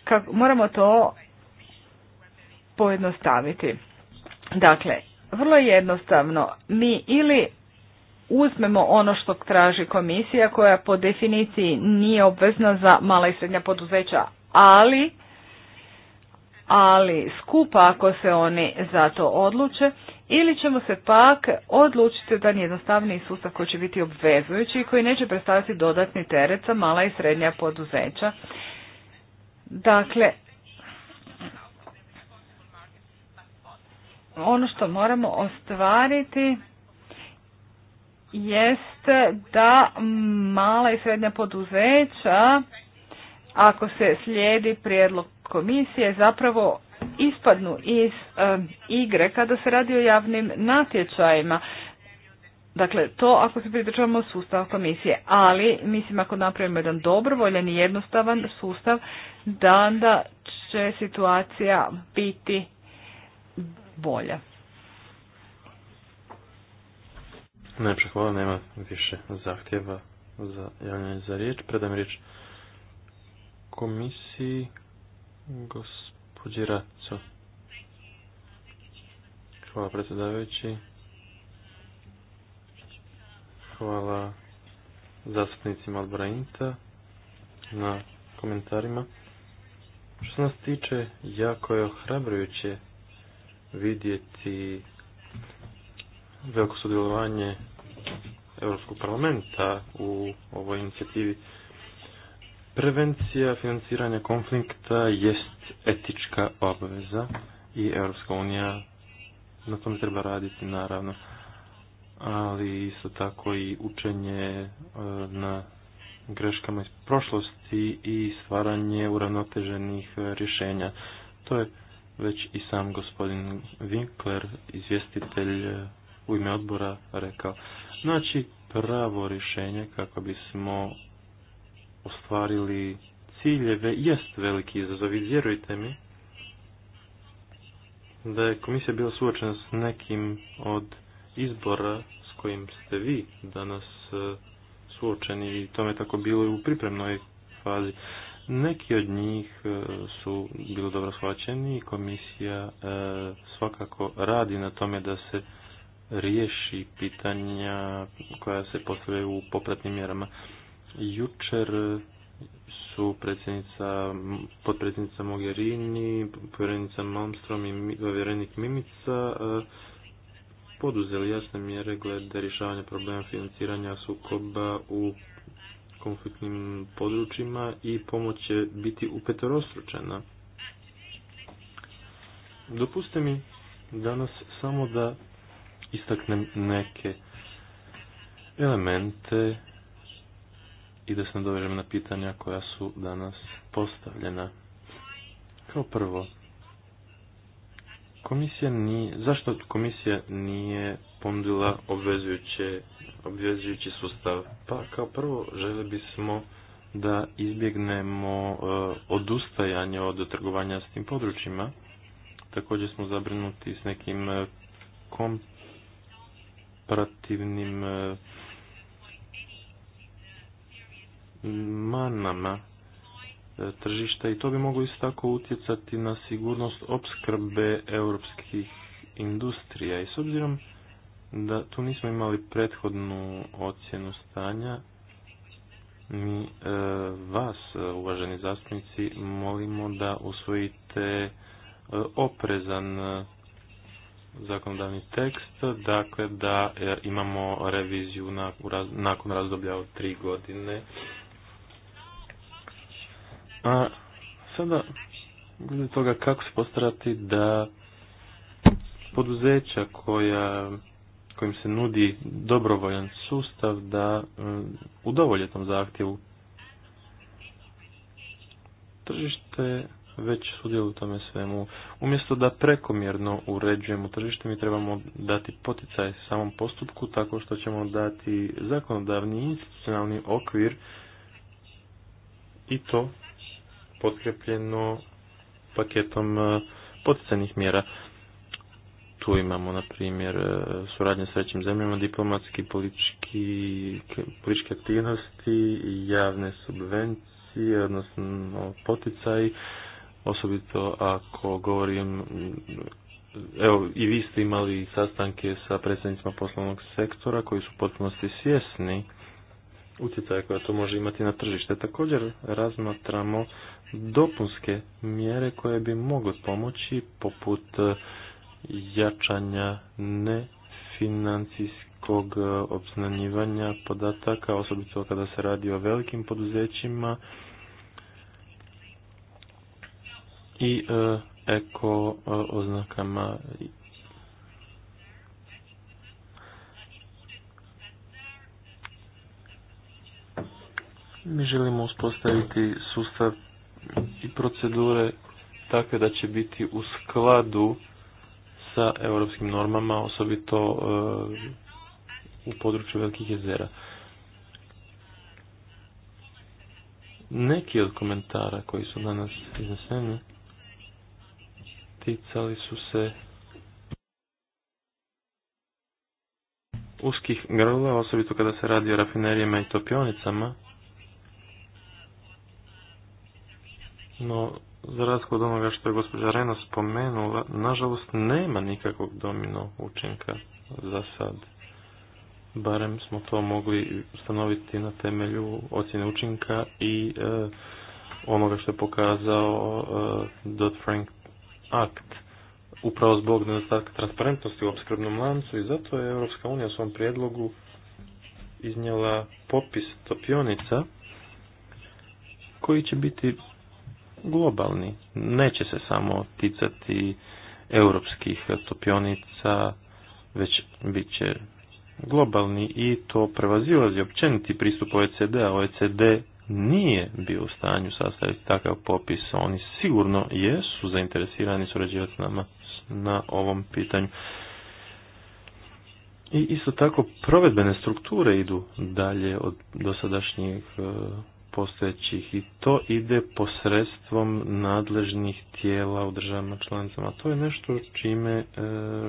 Kako, moramo to pojednostaviti. Dakle, vrlo jednostavno, mi ili uzmemo ono što traži komisija koja po definiciji nije obvezna za mala i srednja poduzeća, ali ali skupa ako se oni za to odluče, ili ćemo se pak odlučiti da jednostavniji sustav koji će biti obvezujući i koji neće predstaviti dodatni teret za mala i srednja poduzeća. Dakle, ono što moramo ostvariti jeste da mala i srednja poduzeća, ako se slijedi prijedlog komisije zapravo ispadnu iz igre kada se radi o javnim natječajima. Dakle, to ako se pridržavamo sustava komisije, ali mislim ako napravimo jedan dobrovoljan i jednostavan sustav, da onda će situacija biti bolja. Najprej nema više zahtjeva za javljanje za riječ. Predam riječ komisiji Gospodin Raco. Hvala predsjedavajući. Hvala zastupnicima odbora na komentarima. Što se nas tiče, jako je ohrabrujuće vidjeti veliko sudjelovanje Europskog parlamenta u ovoj inicijativi Prevencija financiranja konflikta jest etička obveza i Europska unija na tom treba raditi naravno, ali isto tako i učenje e, na greškama iz prošlosti i stvaranje uravnoteženih e, rješenja. To je već i sam gospodin Winkler, izvjestitelj e, u ime odbora, rekao. Znači, pravo rješenje kako bismo ostvarili ciljeve jest veliki izazov i vjerujte mi da je komisija bila suočena s nekim od izbora s kojim ste vi danas e, suočeni i tome tako bilo i u pripremnoj fazi. Neki od njih e, su bilo dobro shvaćeni i komisija e, svakako radi na tome da se riješi pitanja koja se postavljaju u popratnim mjerama. Jučer su predsjednica, potpredsjednica Mogherini, povjerenica Malmstrom i povjerenik Mimica e, poduzeli jasne mjere glede rješavanja problema financiranja sukoba u konfliktnim područjima i pomoć će biti upetorostručena. Dopuste mi danas samo da istaknem neke elemente i da se nadovežem na pitanja koja su danas postavljena. Kao prvo, komisija zašto komisija nije ponudila obvezujuće, obvezujući sustav? Pa kao prvo žele bismo da izbjegnemo eh, odustajanje od trgovanja s tim područjima. Također smo zabrinuti s nekim eh, komparativnim eh, manama e, tržišta i to bi moglo isto tako utjecati na sigurnost opskrbe europskih industrija i s obzirom da tu nismo imali prethodnu ocjenu stanja mi e, vas e, uvaženi zastupnici molimo da usvojite oprezan zakonodavni tekst, dakle da imamo reviziju nakon razdoblja od tri godine a sada, glede toga kako se postarati da poduzeća koja kojim se nudi dobrovoljan sustav da mm, udovolje tom zahtjevu. Tržište već sudjeluje u tome svemu. Umjesto da prekomjerno uređujemo tržište, mi trebamo dati poticaj samom postupku tako što ćemo dati zakonodavni institucionalni okvir i to potkrepljeno paketom e, poticajnih mjera. Tu imamo, na primjer, e, suradnje s većim zemljama, diplomatski, politički, političke aktivnosti, javne subvencije, odnosno poticaj, osobito ako govorim, evo i vi ste imali sastanke sa predsjednicima poslovnog sektora koji su potpunosti svjesni utjecaja koja to može imati na tržište. Također razmatramo dopunske mjere koje bi mogle pomoći poput e, jačanja nefinancijskog e, obznanjivanja podataka, osobito kada se radi o velikim poduzećima i e, eko oznakama Mi želimo uspostaviti sustav i procedure takve da će biti u skladu sa europskim normama, osobito e, u području velikih jezera. Neki od komentara koji su danas izneseni ticali su se uskih grla, osobito kada se radi o rafinerijama i topionicama, No, za razliku od onoga što je gospođa Reno spomenula, nažalost nema nikakvog domino učinka za sad. Barem smo to mogli ustanoviti na temelju ocjene učinka i e, onoga što je pokazao e, Dodd-Frank akt upravo zbog nedostatka transparentnosti u obskrbnom lancu i zato je Europska unija u svom prijedlogu iznijela popis topionica koji će biti globalni. Neće se samo ticati europskih topionica, već bit će globalni i to prevazilazi općeniti pristup OECD-a. OECD nije bio u stanju sastaviti takav popis. Oni sigurno jesu zainteresirani surađivati s nama na ovom pitanju. I isto tako provedbene strukture idu dalje od dosadašnjih e, postojećih i to ide posredstvom nadležnih tijela u državama članicama. To je nešto čime, e,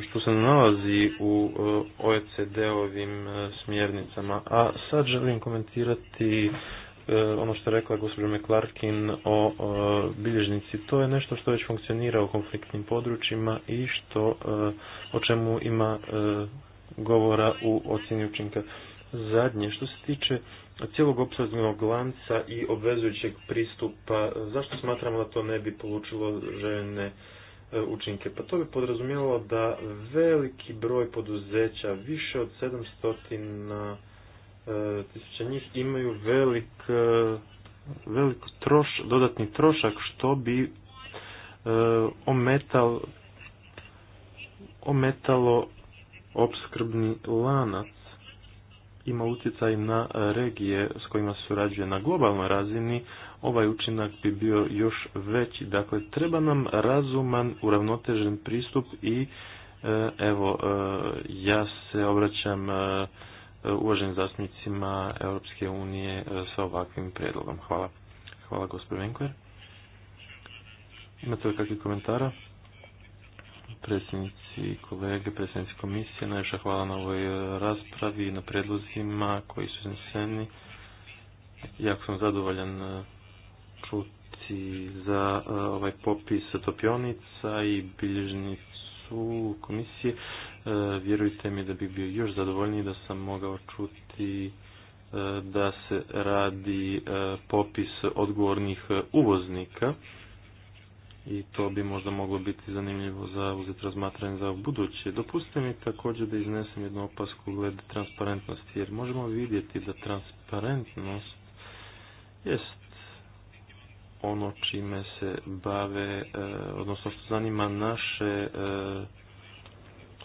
što se nalazi u e, OECD-ovim e, smjernicama. A sad želim komentirati ono što je rekla gospođa McClarkin o bilježnici. To je nešto što već funkcionira u konfliktnim područjima i što o čemu ima govora u ocjeni učinka. Zadnje, što se tiče cijelog opsaznog lanca i obvezujućeg pristupa, zašto smatramo da to ne bi polučilo željene e, učinke? Pa to bi podrazumijelo da veliki broj poduzeća, više od 700 e, tisuća njih imaju velik, e, velik troš, dodatni trošak što bi ometal, ometalo opskrbni lanac ima utjecaj na e, regije s kojima se surađuje na globalnoj razini, ovaj učinak bi bio još veći. Dakle, treba nam razuman, uravnotežen pristup i e, evo, e, ja se obraćam uvaženim zastupnicima Europske unije sa ovakvim predlogom. Hvala. Hvala, gospodin Venkler. Imate li kakvih komentara? predsjednici kolege, predsjednici komisije. Najviše hvala na ovoj e, raspravi i na predlozima koji su izneseni. Jako sam zadovoljan e, čuti za e, ovaj popis topionica i bilježnicu komisije. Vjerujte mi da bih bio još zadovoljniji da sam mogao čuti da se radi popis odgovornih uvoznika i to bi možda moglo biti zanimljivo za uzet razmatranje za buduće. Dopustite mi također da iznesem jednu opasku glede transparentnosti, jer možemo vidjeti da transparentnost jest ono čime se bave, e, odnosno što zanima naše e,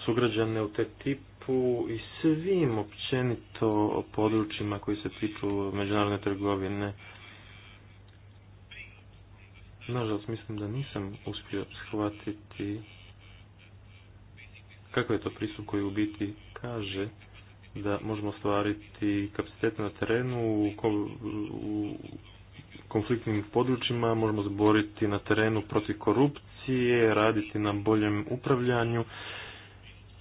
sugrađane u te tipu i svim općenito područjima koji se tiču međunarodne trgovine Nažalost, mislim da nisam uspio shvatiti kako je to pristup koji u biti kaže da možemo stvariti kapacitet na terenu u konfliktnim područjima, možemo zboriti na terenu protiv korupcije, raditi na boljem upravljanju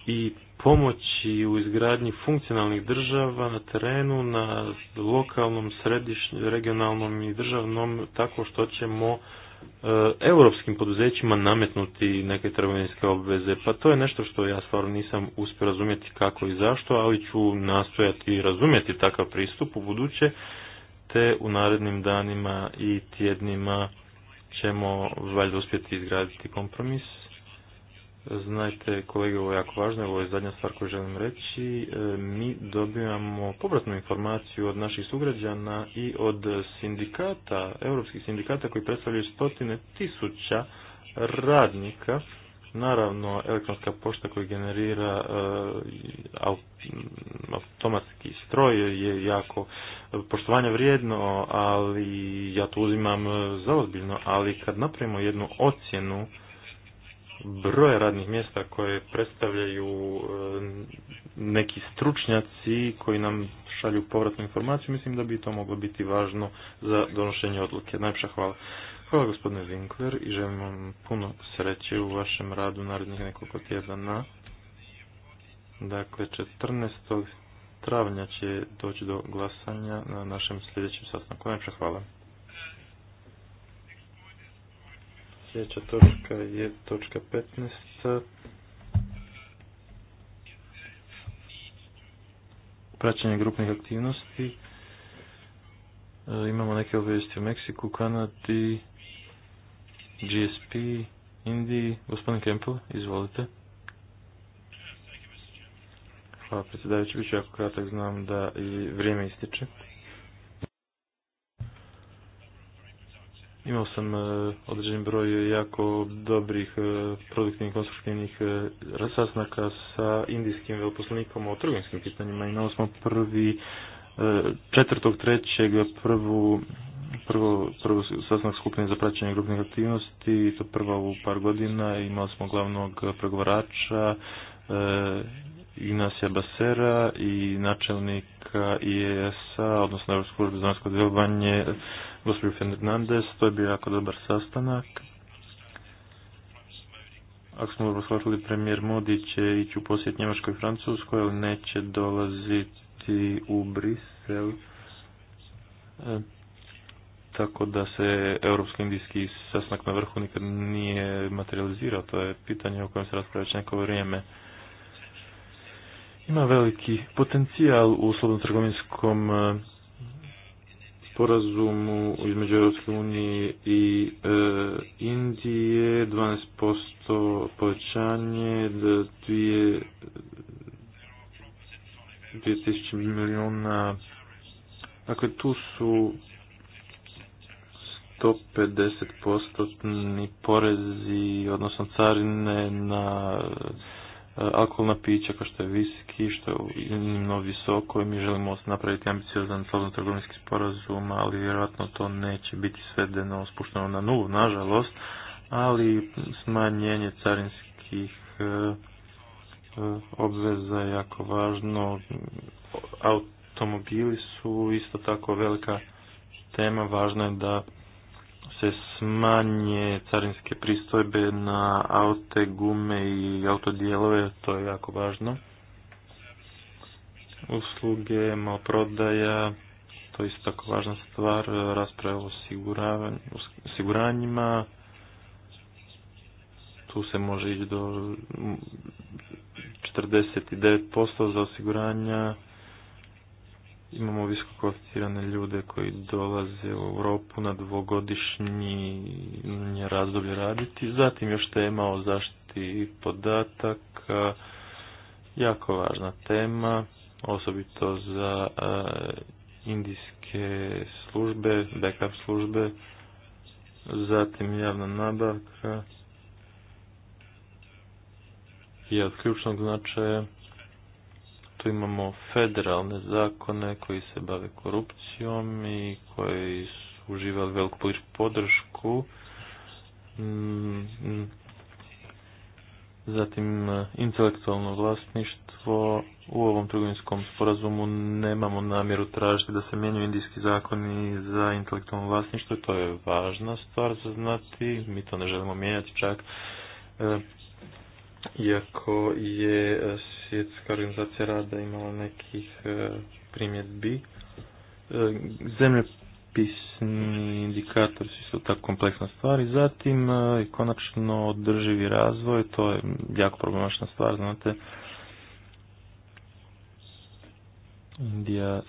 i pomoći u izgradnji funkcionalnih država na terenu, na lokalnom, središnjem, regionalnom i državnom, tako što ćemo E, europskim poduzećima nametnuti neke trgovinske obveze. Pa to je nešto što ja stvarno nisam uspio razumjeti kako i zašto, ali ću nastojati razumjeti takav pristup u buduće, te u narednim danima i tjednima ćemo valjda uspjeti izgraditi kompromis Znajte, kolege, ovo je jako važno, ovo je zadnja stvar koju želim reći. E, mi dobivamo povratnu informaciju od naših sugrađana i od sindikata, europskih sindikata koji predstavljaju stotine tisuća radnika. Naravno, elektronska pošta koja generira e, automatski stroj je jako poštovanje vrijedno, ali ja to uzimam e, zaozbiljno, ali kad napravimo jednu ocjenu broja radnih mjesta koje predstavljaju e, neki stručnjaci koji nam šalju povratnu informaciju, mislim da bi to moglo biti važno za donošenje odluke. Najpša hvala. Hvala gospodine Winkler i želim vam puno sreće u vašem radu narednih nekoliko tjedana. Dakle, 14. travnja će doći do glasanja na našem sljedećem sastanku. Najpša hvala. Sljedeća točka je točka 15. Praćenje grupnih aktivnosti. E, imamo neke obavijesti u Meksiku, Kanadi, GSP, Indiji. Gospodin Kempel, izvolite. Hvala predsjedavajući, bit ću jako kratak, znam da i vrijeme ističe. Imao sam e, određen broj jako dobrih, e, produktivnih, konstruktivnih e, sastanaka sa indijskim veleposlanikom o trgovinskim pitanjima. Imali smo prvi četvrtog trećeg prvu prvo, prvo sastanak skupine za praćenje grupnih aktivnosti, to prva u par godina, imali smo glavnog pregovarača e, Ignacija Basera i načelnika IESA odnosno Europske za nasko djelovanje gospođu Fernandez, to je bio jako dobar sastanak. Ako smo dobro shvatili, premijer Modi će ići u posjet Njemačkoj i Francuskoj, ali neće dolaziti u Brisel. E, tako da se europski indijski sastanak na vrhu nikad nije materializirao. To je pitanje o kojem se raspravlja neko vrijeme. Ima veliki potencijal u slobodno trgovinskom e, sporazumu između Europske unije i e, Indije 12% povećanje 2000 milijuna dakle tu su 150% ni porezi odnosno carine na E, alkoholna pića kao što je viski, što je iznimno visoko i mi želimo napraviti ambiciozan slobodno trgovinski sporazum, ali vjerojatno to neće biti svedeno spušteno na nulu, nažalost, ali smanjenje carinskih e, e, obveza je jako važno. Automobili su isto tako velika tema, važno je da se smanje carinske pristojbe na aute, gume i autodijelove, to je jako važno. Usluge, prodaja, to je isto tako važna stvar, rasprava o osiguranjima, tu se može ići do 49% za osiguranja, imamo visko kvalificirane ljude koji dolaze u Europu na dvogodišnji razdoblje raditi. Zatim još tema o zaštiti podataka, jako važna tema, osobito za e, indijske službe, backup službe, zatim javna nabavka i od ključnog značaja tu imamo federalne zakone koji se bave korupcijom i koji su uživali veliku podršku. Mm, zatim intelektualno vlasništvo. U ovom trgovinskom sporazumu nemamo namjeru tražiti da se mijenju indijski zakoni za intelektualno vlasništvo. To je važna stvar za znati. Mi to ne želimo mijenjati čak. E, iako je svjetska organizacija rada imala nekih e, primjedbi. E, Zemljepisni indikator su isto tako kompleksna stvar i zatim e, i konačno održivi razvoj, to je jako problemačna stvar, znate. Indija,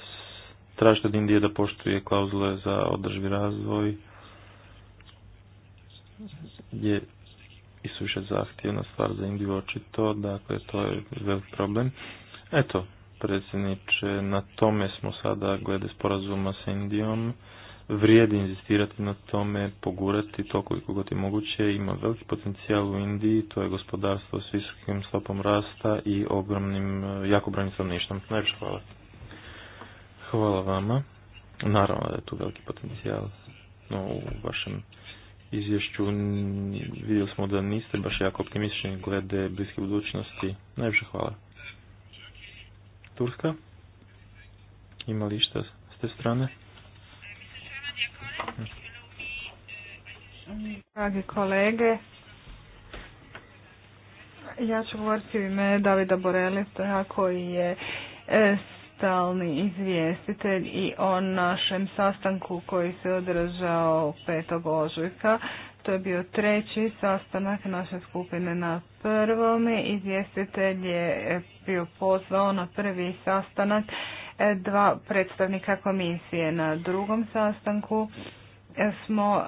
tražite od Indije da poštuje klauzule za održivi razvoj je i suviše zahtjevna stvar za Indiju očito, dakle to je velik problem. Eto, predsjedniče, na tome smo sada glede sporazuma sa Indijom. Vrijedi inzistirati na tome, pogurati to koliko god je moguće. Ima veliki potencijal u Indiji, to je gospodarstvo s visokim stopom rasta i ogromnim, jako brojnim stavništom. Najviše hvala. Hvala vama. Naravno da je tu veliki potencijal u vašem izvješću vidjeli smo da niste baš jako optimistični glede bliske budućnosti. Najviše hvala. Turska? Ima li šta s te strane? Dragi kolege, ja ću govoriti u ime Davida Borelista koji je e, stalni izvjestitelj i o našem sastanku koji se održao 5. ožujka. To je bio treći sastanak naše skupine na prvom. Izvjestitelj je bio pozvao na prvi sastanak e, dva predstavnika komisije. Na drugom sastanku e, smo e,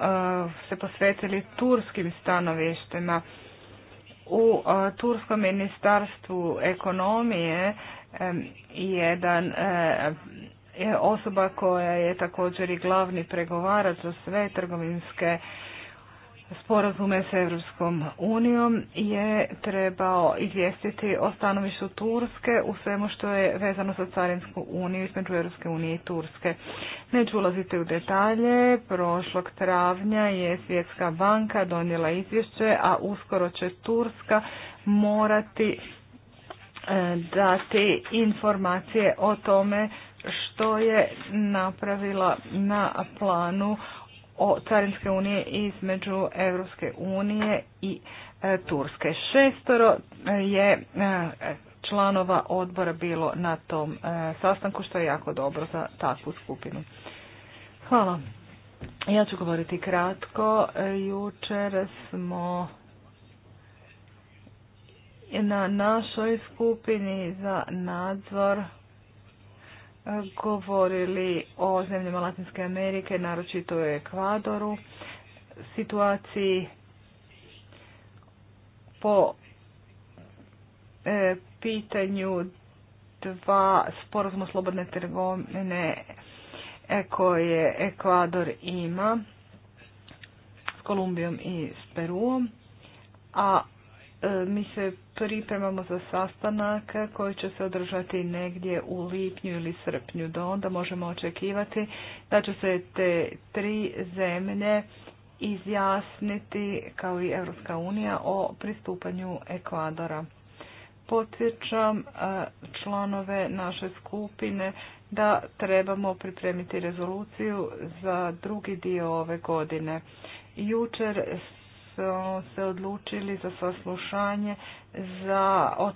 se posvetili turskim stanovištima u e, Turskom ministarstvu ekonomije e, jedan e, osoba koja je također i glavni pregovarač za sve trgovinske sporazume s Europskom unijom je trebao izvijestiti o stanovištu Turske u svemu što je vezano za Carinsku uniju između Europske unije i Turske. Neću ulaziti u detalje, prošlog travnja je Svjetska banka donijela izvješće, a uskoro će Turska morati e, dati informacije o tome što je napravila na planu o carinske unije između Europske unije i e, Turske. Šestoro e, je e, članova odbora bilo na tom sastanku što je jako dobro za takvu skupinu. Hvala. Ja ću govoriti kratko. Jučer smo na našoj skupini za nadzor govorili o zemljama Latinske Amerike, naročito o Ekvadoru, situaciji po e, pitanju dva sporazuma slobodne trgovine e, koje Ekvador ima s Kolumbijom i s Peruom, a E, mi se pripremamo za sastanak koji će se održati negdje u lipnju ili srpnju. Do onda možemo očekivati da će se te tri zemlje izjasniti kao i Europska unija o pristupanju Ekvadora. Podsjećam e, članove naše skupine da trebamo pripremiti rezoluciju za drugi dio ove godine. Jučer se odlučili za saslušanje za, o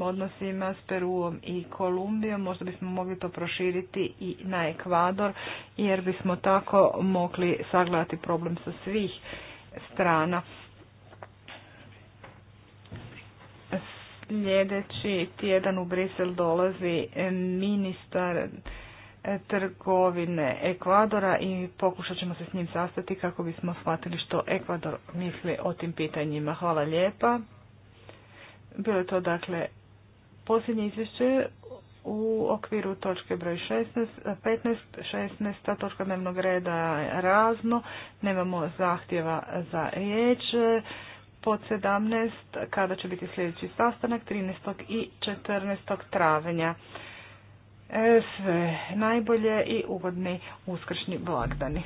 odnosima s Peruom i Kolumbijom. Možda bismo mogli to proširiti i na Ekvador jer bismo tako mogli sagledati problem sa svih strana. Sljedeći tjedan u Brisel dolazi ministar trgovine Ekvadora i pokušat ćemo se s njim sastati kako bismo shvatili što Ekvador misli o tim pitanjima. Hvala lijepa. Bilo je to dakle posljednje izvješće u okviru točke broj 16, 15, 16. točka dnevnog reda razno, nemamo zahtjeva za riječ. Pod 17, kada će biti sljedeći sastanak, 13. i 14. travenja. E, sve najbolje i ugodni uskršnji blagdani.